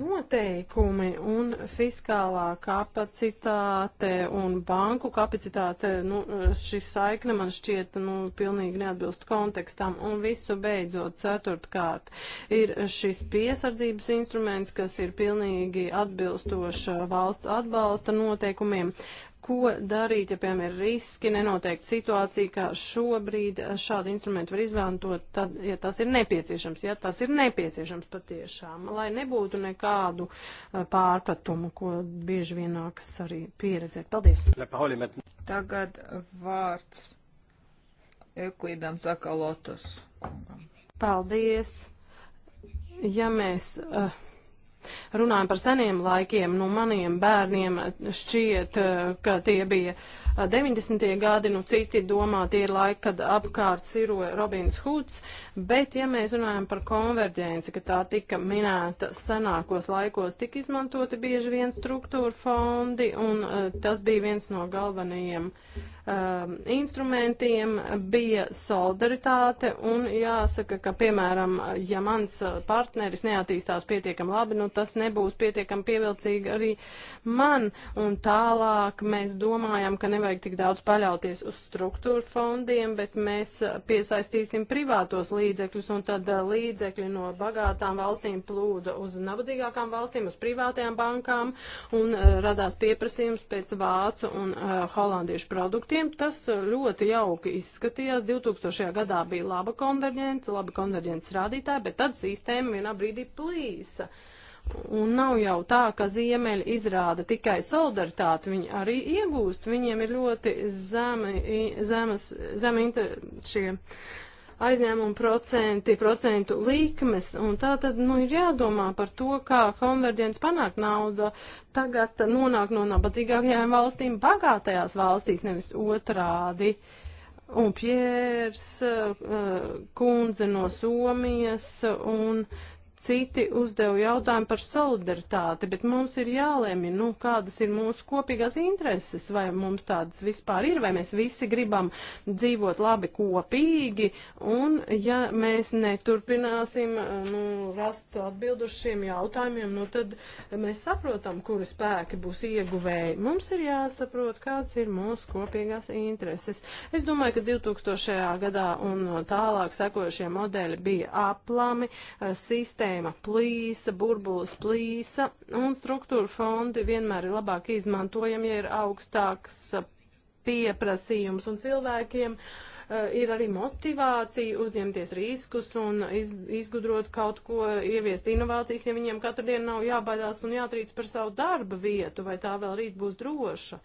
noteikumi un fiskālā kapacitāte un banku kapacitāte. Nu, šī saikne man šķiet nu, pilnīgi neatbilst kontekstam. Un visu beidzot, ceturtkārt, ir šis piesardzības instruments, kas ir pilnīgi atbilstošs valsts atbalsta noteikumiem ko darīt, ja, piemēram, ir riski, nenoteikti situācija, kā šobrīd šādu instrumentu var izmantot, tad, ja tas ir nepieciešams, ja tas ir nepieciešams patiešām, lai nebūtu nekādu eh, pārpratumu, ko bieži vienākas arī pieredzēt. Paldies! Tagad vārds Euklīdam Zakalotus. Paldies! Ja mēs. Uh, Runājam par seniem laikiem, nu maniem bērniem šķiet, eh, ka tie bija 90. Eh, gadi, nu citi domā, tie ir laiki, kad apkārt siroja Robins Hoods, bet ja mēs runājam par konverģenci, ka tā tika minēta senākos laikos, tika izmantoti bieži vien struktūra fondi, un eh, tas bija viens no galvenajiem uh, um, instrumentiem bija solidaritāte un jāsaka, ka, piemēram, ja mans partneris neattīstās pietiekam labi, nu tas nebūs pietiekam pievilcīgi arī man. Un tālāk mēs domājam, ka nevajag tik daudz paļauties uz struktūru fondiem, bet mēs piesaistīsim privātos līdzekļus un tad uh, līdzekļi no bagātām valstīm plūda uz nabadzīgākām valstīm, uz privātajām bankām un uh, radās pieprasījums pēc vācu un uh, holandiešu produktiem Tiem tas eh, ļoti jauki izskatījās. 2000. gadā bija laba konverģence, labi konverģences rādītāji, bet tad sistēma vienā brīdī plīsa. Un nav jau tā, ka ziemeļi izrāda tikai solidaritāti, viņi arī iegūst, viņiem ir ļoti zemi, zemes, zemi inter, šie aizņēmumu procenti, procentu likmes, un tā tad, nu, ir jādomā par to, kā konverģents panākt nauda tagad nonāk no nabadzīgākajām valstīm bagātajās valstīs, nevis otrādi. Un Piers, eh, kundze no Somijas, un citi uzdeva jautājumu par solidaritāti, bet mums ir jālēmj, nu, kādas ir mūsu kopīgās intereses, vai mums tādas vispār ir, vai mēs visi gribam dzīvot labi kopīgi, un ja mēs neturpināsim, nu, rast atbildu uz šiem jautājumiem, nu, tad mēs saprotam, kuri spēki būs ieguvēji. Mums ir jāsaprot, kāds ir mūsu kopīgās intereses. Es domāju, ka 2000. gadā un tālāk sekojošie modeļi bija aplami, sistēma, sistēma plīsa, burbulis plīsa, un struktūra fondi vienmēr ir labāk izmantojami, ja ir augstāks uh, pieprasījums un cilvēkiem. Uh, ir arī motivācija uzņemties riskus un iz, izgudrot kaut ko, ieviest inovācijas, ja viņiem katru dienu nav jābaidās un jātrīc par savu darba vietu, vai tā vēl rīt būs droša.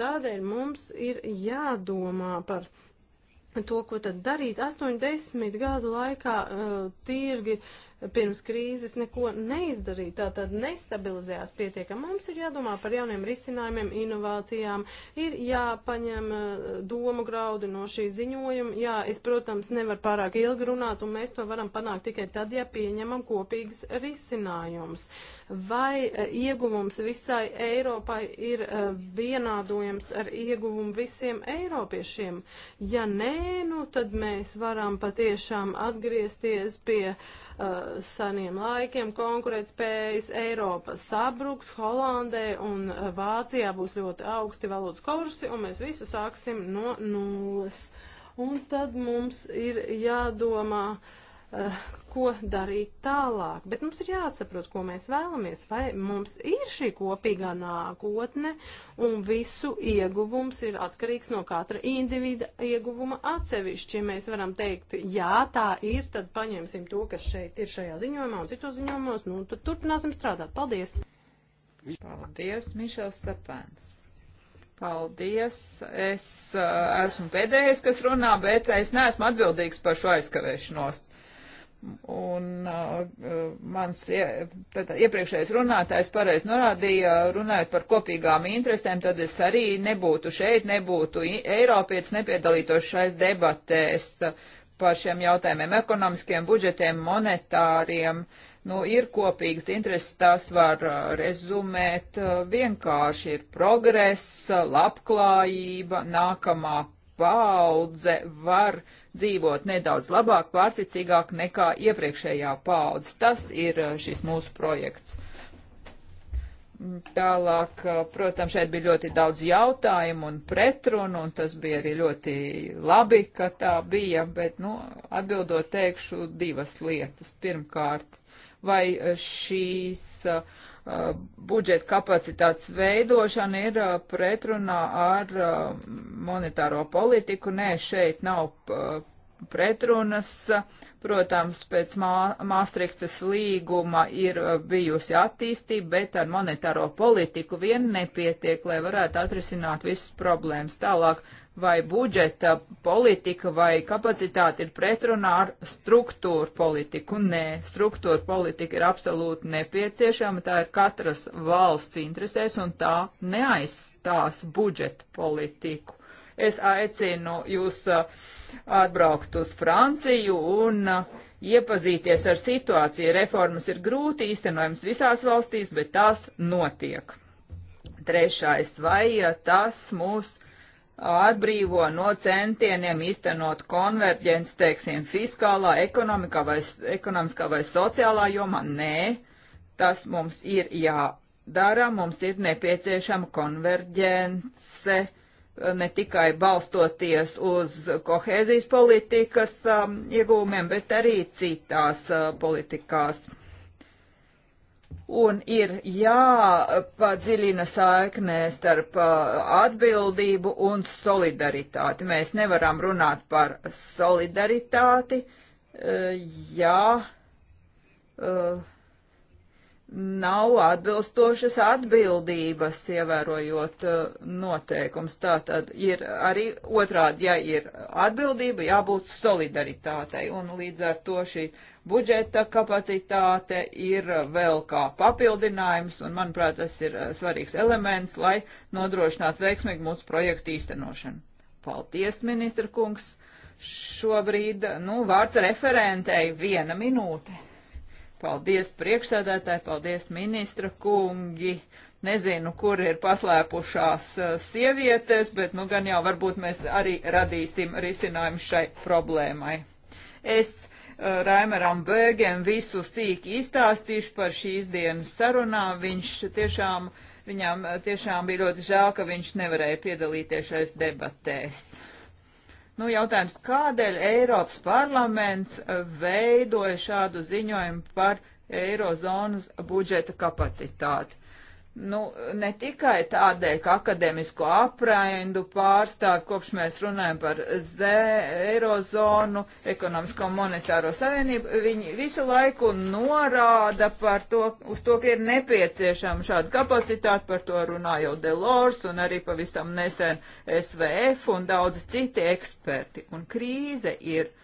Tādēļ mums ir jādomā par to, ko tad darīt. 80 gadu laikā uh, tirgi pirms krīzes neko neizdarīja, tā tad nestabilizējās pietiekam. Mums ir jādomā par jauniem risinājumiem, inovācijām, ir jāpaņem eh, domu graudi no šī ziņojuma. Jā, es, protams, nevaru pārāk ilgi runāt, un mēs to varam panākt tikai tad, ja pieņemam kopīgus risinājumus. Uh, vai e, ieguvums visai Eiropai ir e, vienādojams ar ieguvumu visiem eiropiešiem. Ja nē, nu tad mēs varam patiešām atgriezties pie uh, e, saniem laikiem, konkurētspējas Eiropa sabruks, Holandē un Vācijā būs ļoti augsti valodas kursi, un mēs visu sāksim no nulles. Un tad mums ir jādomā, uh, ko darīt tālāk. Bet mums ir jāsaprot, ko mēs vēlamies, vai mums ir šī kopīgā nākotne, un visu ieguvums ir atkarīgs no katra individa ieguvuma atsevišķi. Ja mēs varam teikt, jā, tā ir, tad paņemsim to, kas šeit ir šajā ziņojumā un citos ziņojumos, nu, tad turpināsim strādāt. Paldies! Paldies, Mišels Sapēns! Paldies. Es uh, esmu pēdējais, kas runā, bet es neesmu atbildīgs par šo aizkavēšanos. Un uh, mans ie, tad, iepriekšējais runātājs pareizi norādīja, runājot par kopīgām interesēm, tad es arī nebūtu šeit, nebūtu Eiropietis, nepiedalītos šais debatēs par šiem jautājumiem - ekonomiskiem, budžetiem, monetāriem. Nu, ir kopīgas intereses, tās var uh, rezumēt. Uh, vienkārši ir progress, uh, labklājība, nākamā paudze var dzīvot nedaudz labāk, pārticīgāk nekā iepriekšējā paudze. Tas ir eh, šis mūsu projekts. Tālāk, eh, protams, šeit bija ļoti daudz jautājumu un pretrunu, un tas bija arī ļoti labi, ka tā bija, bet, nu, atbildot teikšu divas lietas. Pirmkārt, vai eh, šīs uh, Uh, budžeta kapacitātes veidošana ir uh, pretrunā ar uh, monetāro politiku. Nē, šeit nav pretrunas. Protams, pēc Māstriktas līguma ir bijusi attīstība, bet ar monetāro politiku vien nepietiek, lai varētu atrisināt visas problēmas. Tālāk vai budžeta politika vai kapacitāte ir pretrunā ar struktūru politiku. Nē, struktūra politika ir absolūti nepieciešama, tā ir katras valsts interesēs un tā neaizstās budžeta politiku. Es aicinu jūs atbraukt uz Franciju un iepazīties ar situāciju. Reformas ir grūti īstenojams visās valstīs, bet tās notiek. Trešais, vai tas mūs atbrīvo no centieniem iztenot konverģents, teiksim, fiskālā, ekonomikā vai, ekonomiskā vai sociālā jomā. Nē, tas mums ir jādara, mums ir nepieciešama konverģence ne tikai balstoties uz kohēzijas politikas um, iegūmiem, bet arī citās uh, politikās. Un ir jāpadziļina saiknē starp uh, atbildību un solidaritāti. Mēs nevaram runāt par solidaritāti, uh, ja uh, nav atbilstošas atbildības, ievērojot uh, noteikums. Tātad ir arī otrādi, ja ir atbildība, jābūt solidaritātei, un līdz ar to šī budžeta kapacitāte ir vēl kā papildinājums, un manuprāt, tas ir uh, svarīgs elements, lai nodrošinātu veiksmīgu mūsu projektu īstenošanu. Paldies, ministra kungs! Šobrīd, nu, vārds referentei viena minūte. Paldies priekšsēdētāji, paldies ministra kungi. Nezinu, kur ir paslēpušās eh, sievietes, bet nu gan jau varbūt mēs arī radīsim risinājumu šai problēmai. Es eh, Raimaram Bēgiem visu sīki izstāstīšu par šīs dienas sarunām. Viņš tiešām, viņām eh, tiešām bija ļoti žēl, ka viņš nevarēja piedalīties šais debatēs. Nu, jautājums, kādēļ Eiropas parlaments eh, veidoja šādu ziņojumu par eirozonas budžeta kapacitāti? Nu, ne tikai tādēļ, ka akadēmisko aprindu pārstāvi, kopš mēs runājam par Z, Eirozonu, ekonomisko un monetāro savienību, viņi visu laiku norāda par to, uz to, ka ir nepieciešama šāda kapacitāte, par to runā jau Delors un arī pavisam nesen SVF un daudzi citi eksperti. Un krīze ir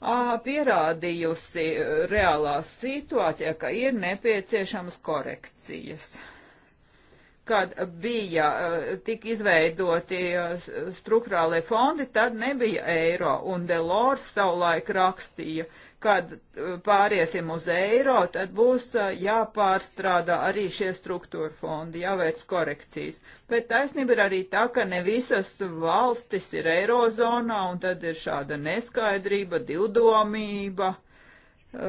ā, pierādījusi reālā situācijā, ka ir nepieciešamas korekcijas kad bija eh, tik izveidoti eh, struktūrālie fondi, tad nebija eiro, un Delors savulaik rakstīja, kad eh, pāriesim uz eiro, tad būs jāpārstrādā arī šie struktūra fondi, jāveic korekcijas. Bet taisnība ir arī tā, ka ne visas valstis ir eirozonā, un tad ir šāda neskaidrība, divdomība, uh,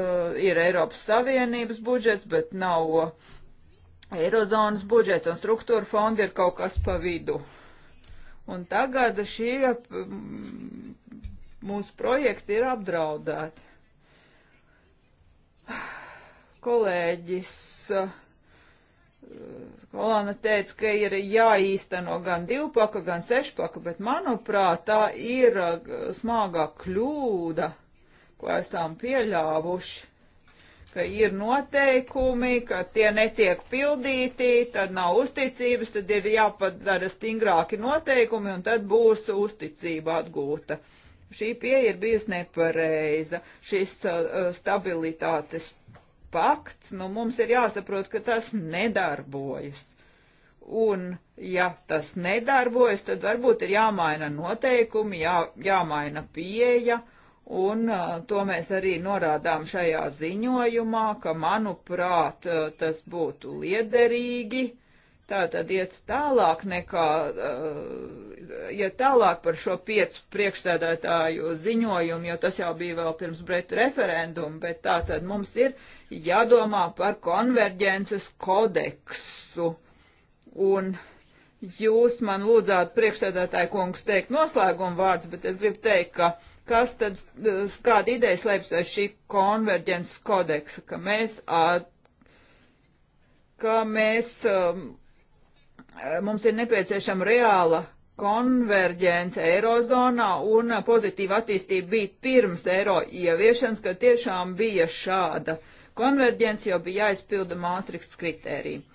ir Eiropas Savienības budžets, bet nav uh, Eirozonas budžets un struktūra fondi ir kaut kas pa vidu. Un tagad šie mūsu projekti ir apdraudēti. Kolēģis Kolāna teica, ka ir jāīsteno gan divpaka, gan sešpaka, bet manuprāt tā ir smagā kļūda, ko esam pieļāvuši ka ir noteikumi, ka tie netiek pildīti, tad nav uzticības, tad ir jāpadara stingrāki noteikumi un tad būs uzticība atgūta. Šī pieeja ir bijusi nepareiza. Šis uh, stabilitātes pakts, nu mums ir jāsaprot, ka tas nedarbojas. Un, ja tas nedarbojas, tad varbūt ir jāmaina noteikumi, jā, jāmaina pieeja, Un to mēs arī norādām šajā ziņojumā, ka, manuprāt, tas būtu liederīgi. Tā tad iet tālāk nekā, iet tālāk par šo piecu priekšsēdētāju ziņojumu, jo tas jau bija vēl pirms Bretu referendumu, bet tā tad mums ir jādomā par konverģences kodeksu. Un jūs man lūdzāt priekšsēdētāju kungs teikt noslēgumu vārds, bet es gribu teikt, ka Kas tad, kāda ideja slēpjas aiz šī konverģences kodeksa, ka mēs, at, ka mēs, um, mums ir nepieciešama reāla konverģence eirozonā un pozitīva attīstība bija pirms eiro ieviešanas, ka tiešām bija šāda konverģence, jo bija jāizpilda Māstrikts kritērija.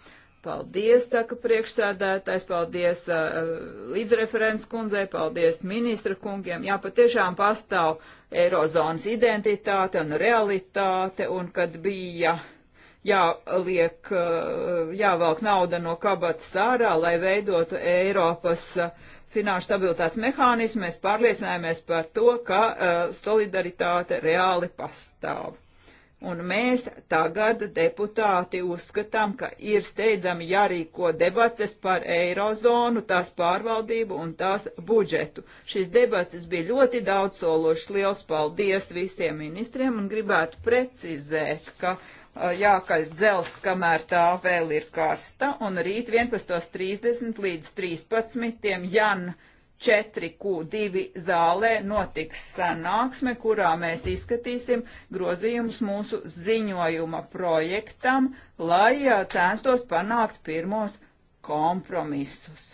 Paldies, saka priekšsēdētājs, paldies uh, līdzreferents kundzei, paldies ministra kungiem. Jā, patiešām pastāv Eirozonas identitāte un realitāte, un kad bija jāliek, uh, jāvelk nauda no kabatas ārā, lai veidotu Eiropas uh, finanšu stabilitātes mehānismu, mēs pārliecinājāmies par to, ka uh, solidaritāte reāli pastāv. Un mēs tagad, deputāti, uzskatām, ka ir steidzami jārīko debates par eirozonu, tās pārvaldību un tās budžetu. Šīs debates bija ļoti daudzsološas. Liels paldies visiem ministriem un gribētu precizēt, ka jākaļ dzels, kamēr tā vēl ir karsta, un rīt 11.30 līdz 13. jan 4Q2 zālē notiks sanāksme, kurā mēs izskatīsim grozījumus mūsu ziņojuma projektam, lai censtos panākt pirmos kompromisus.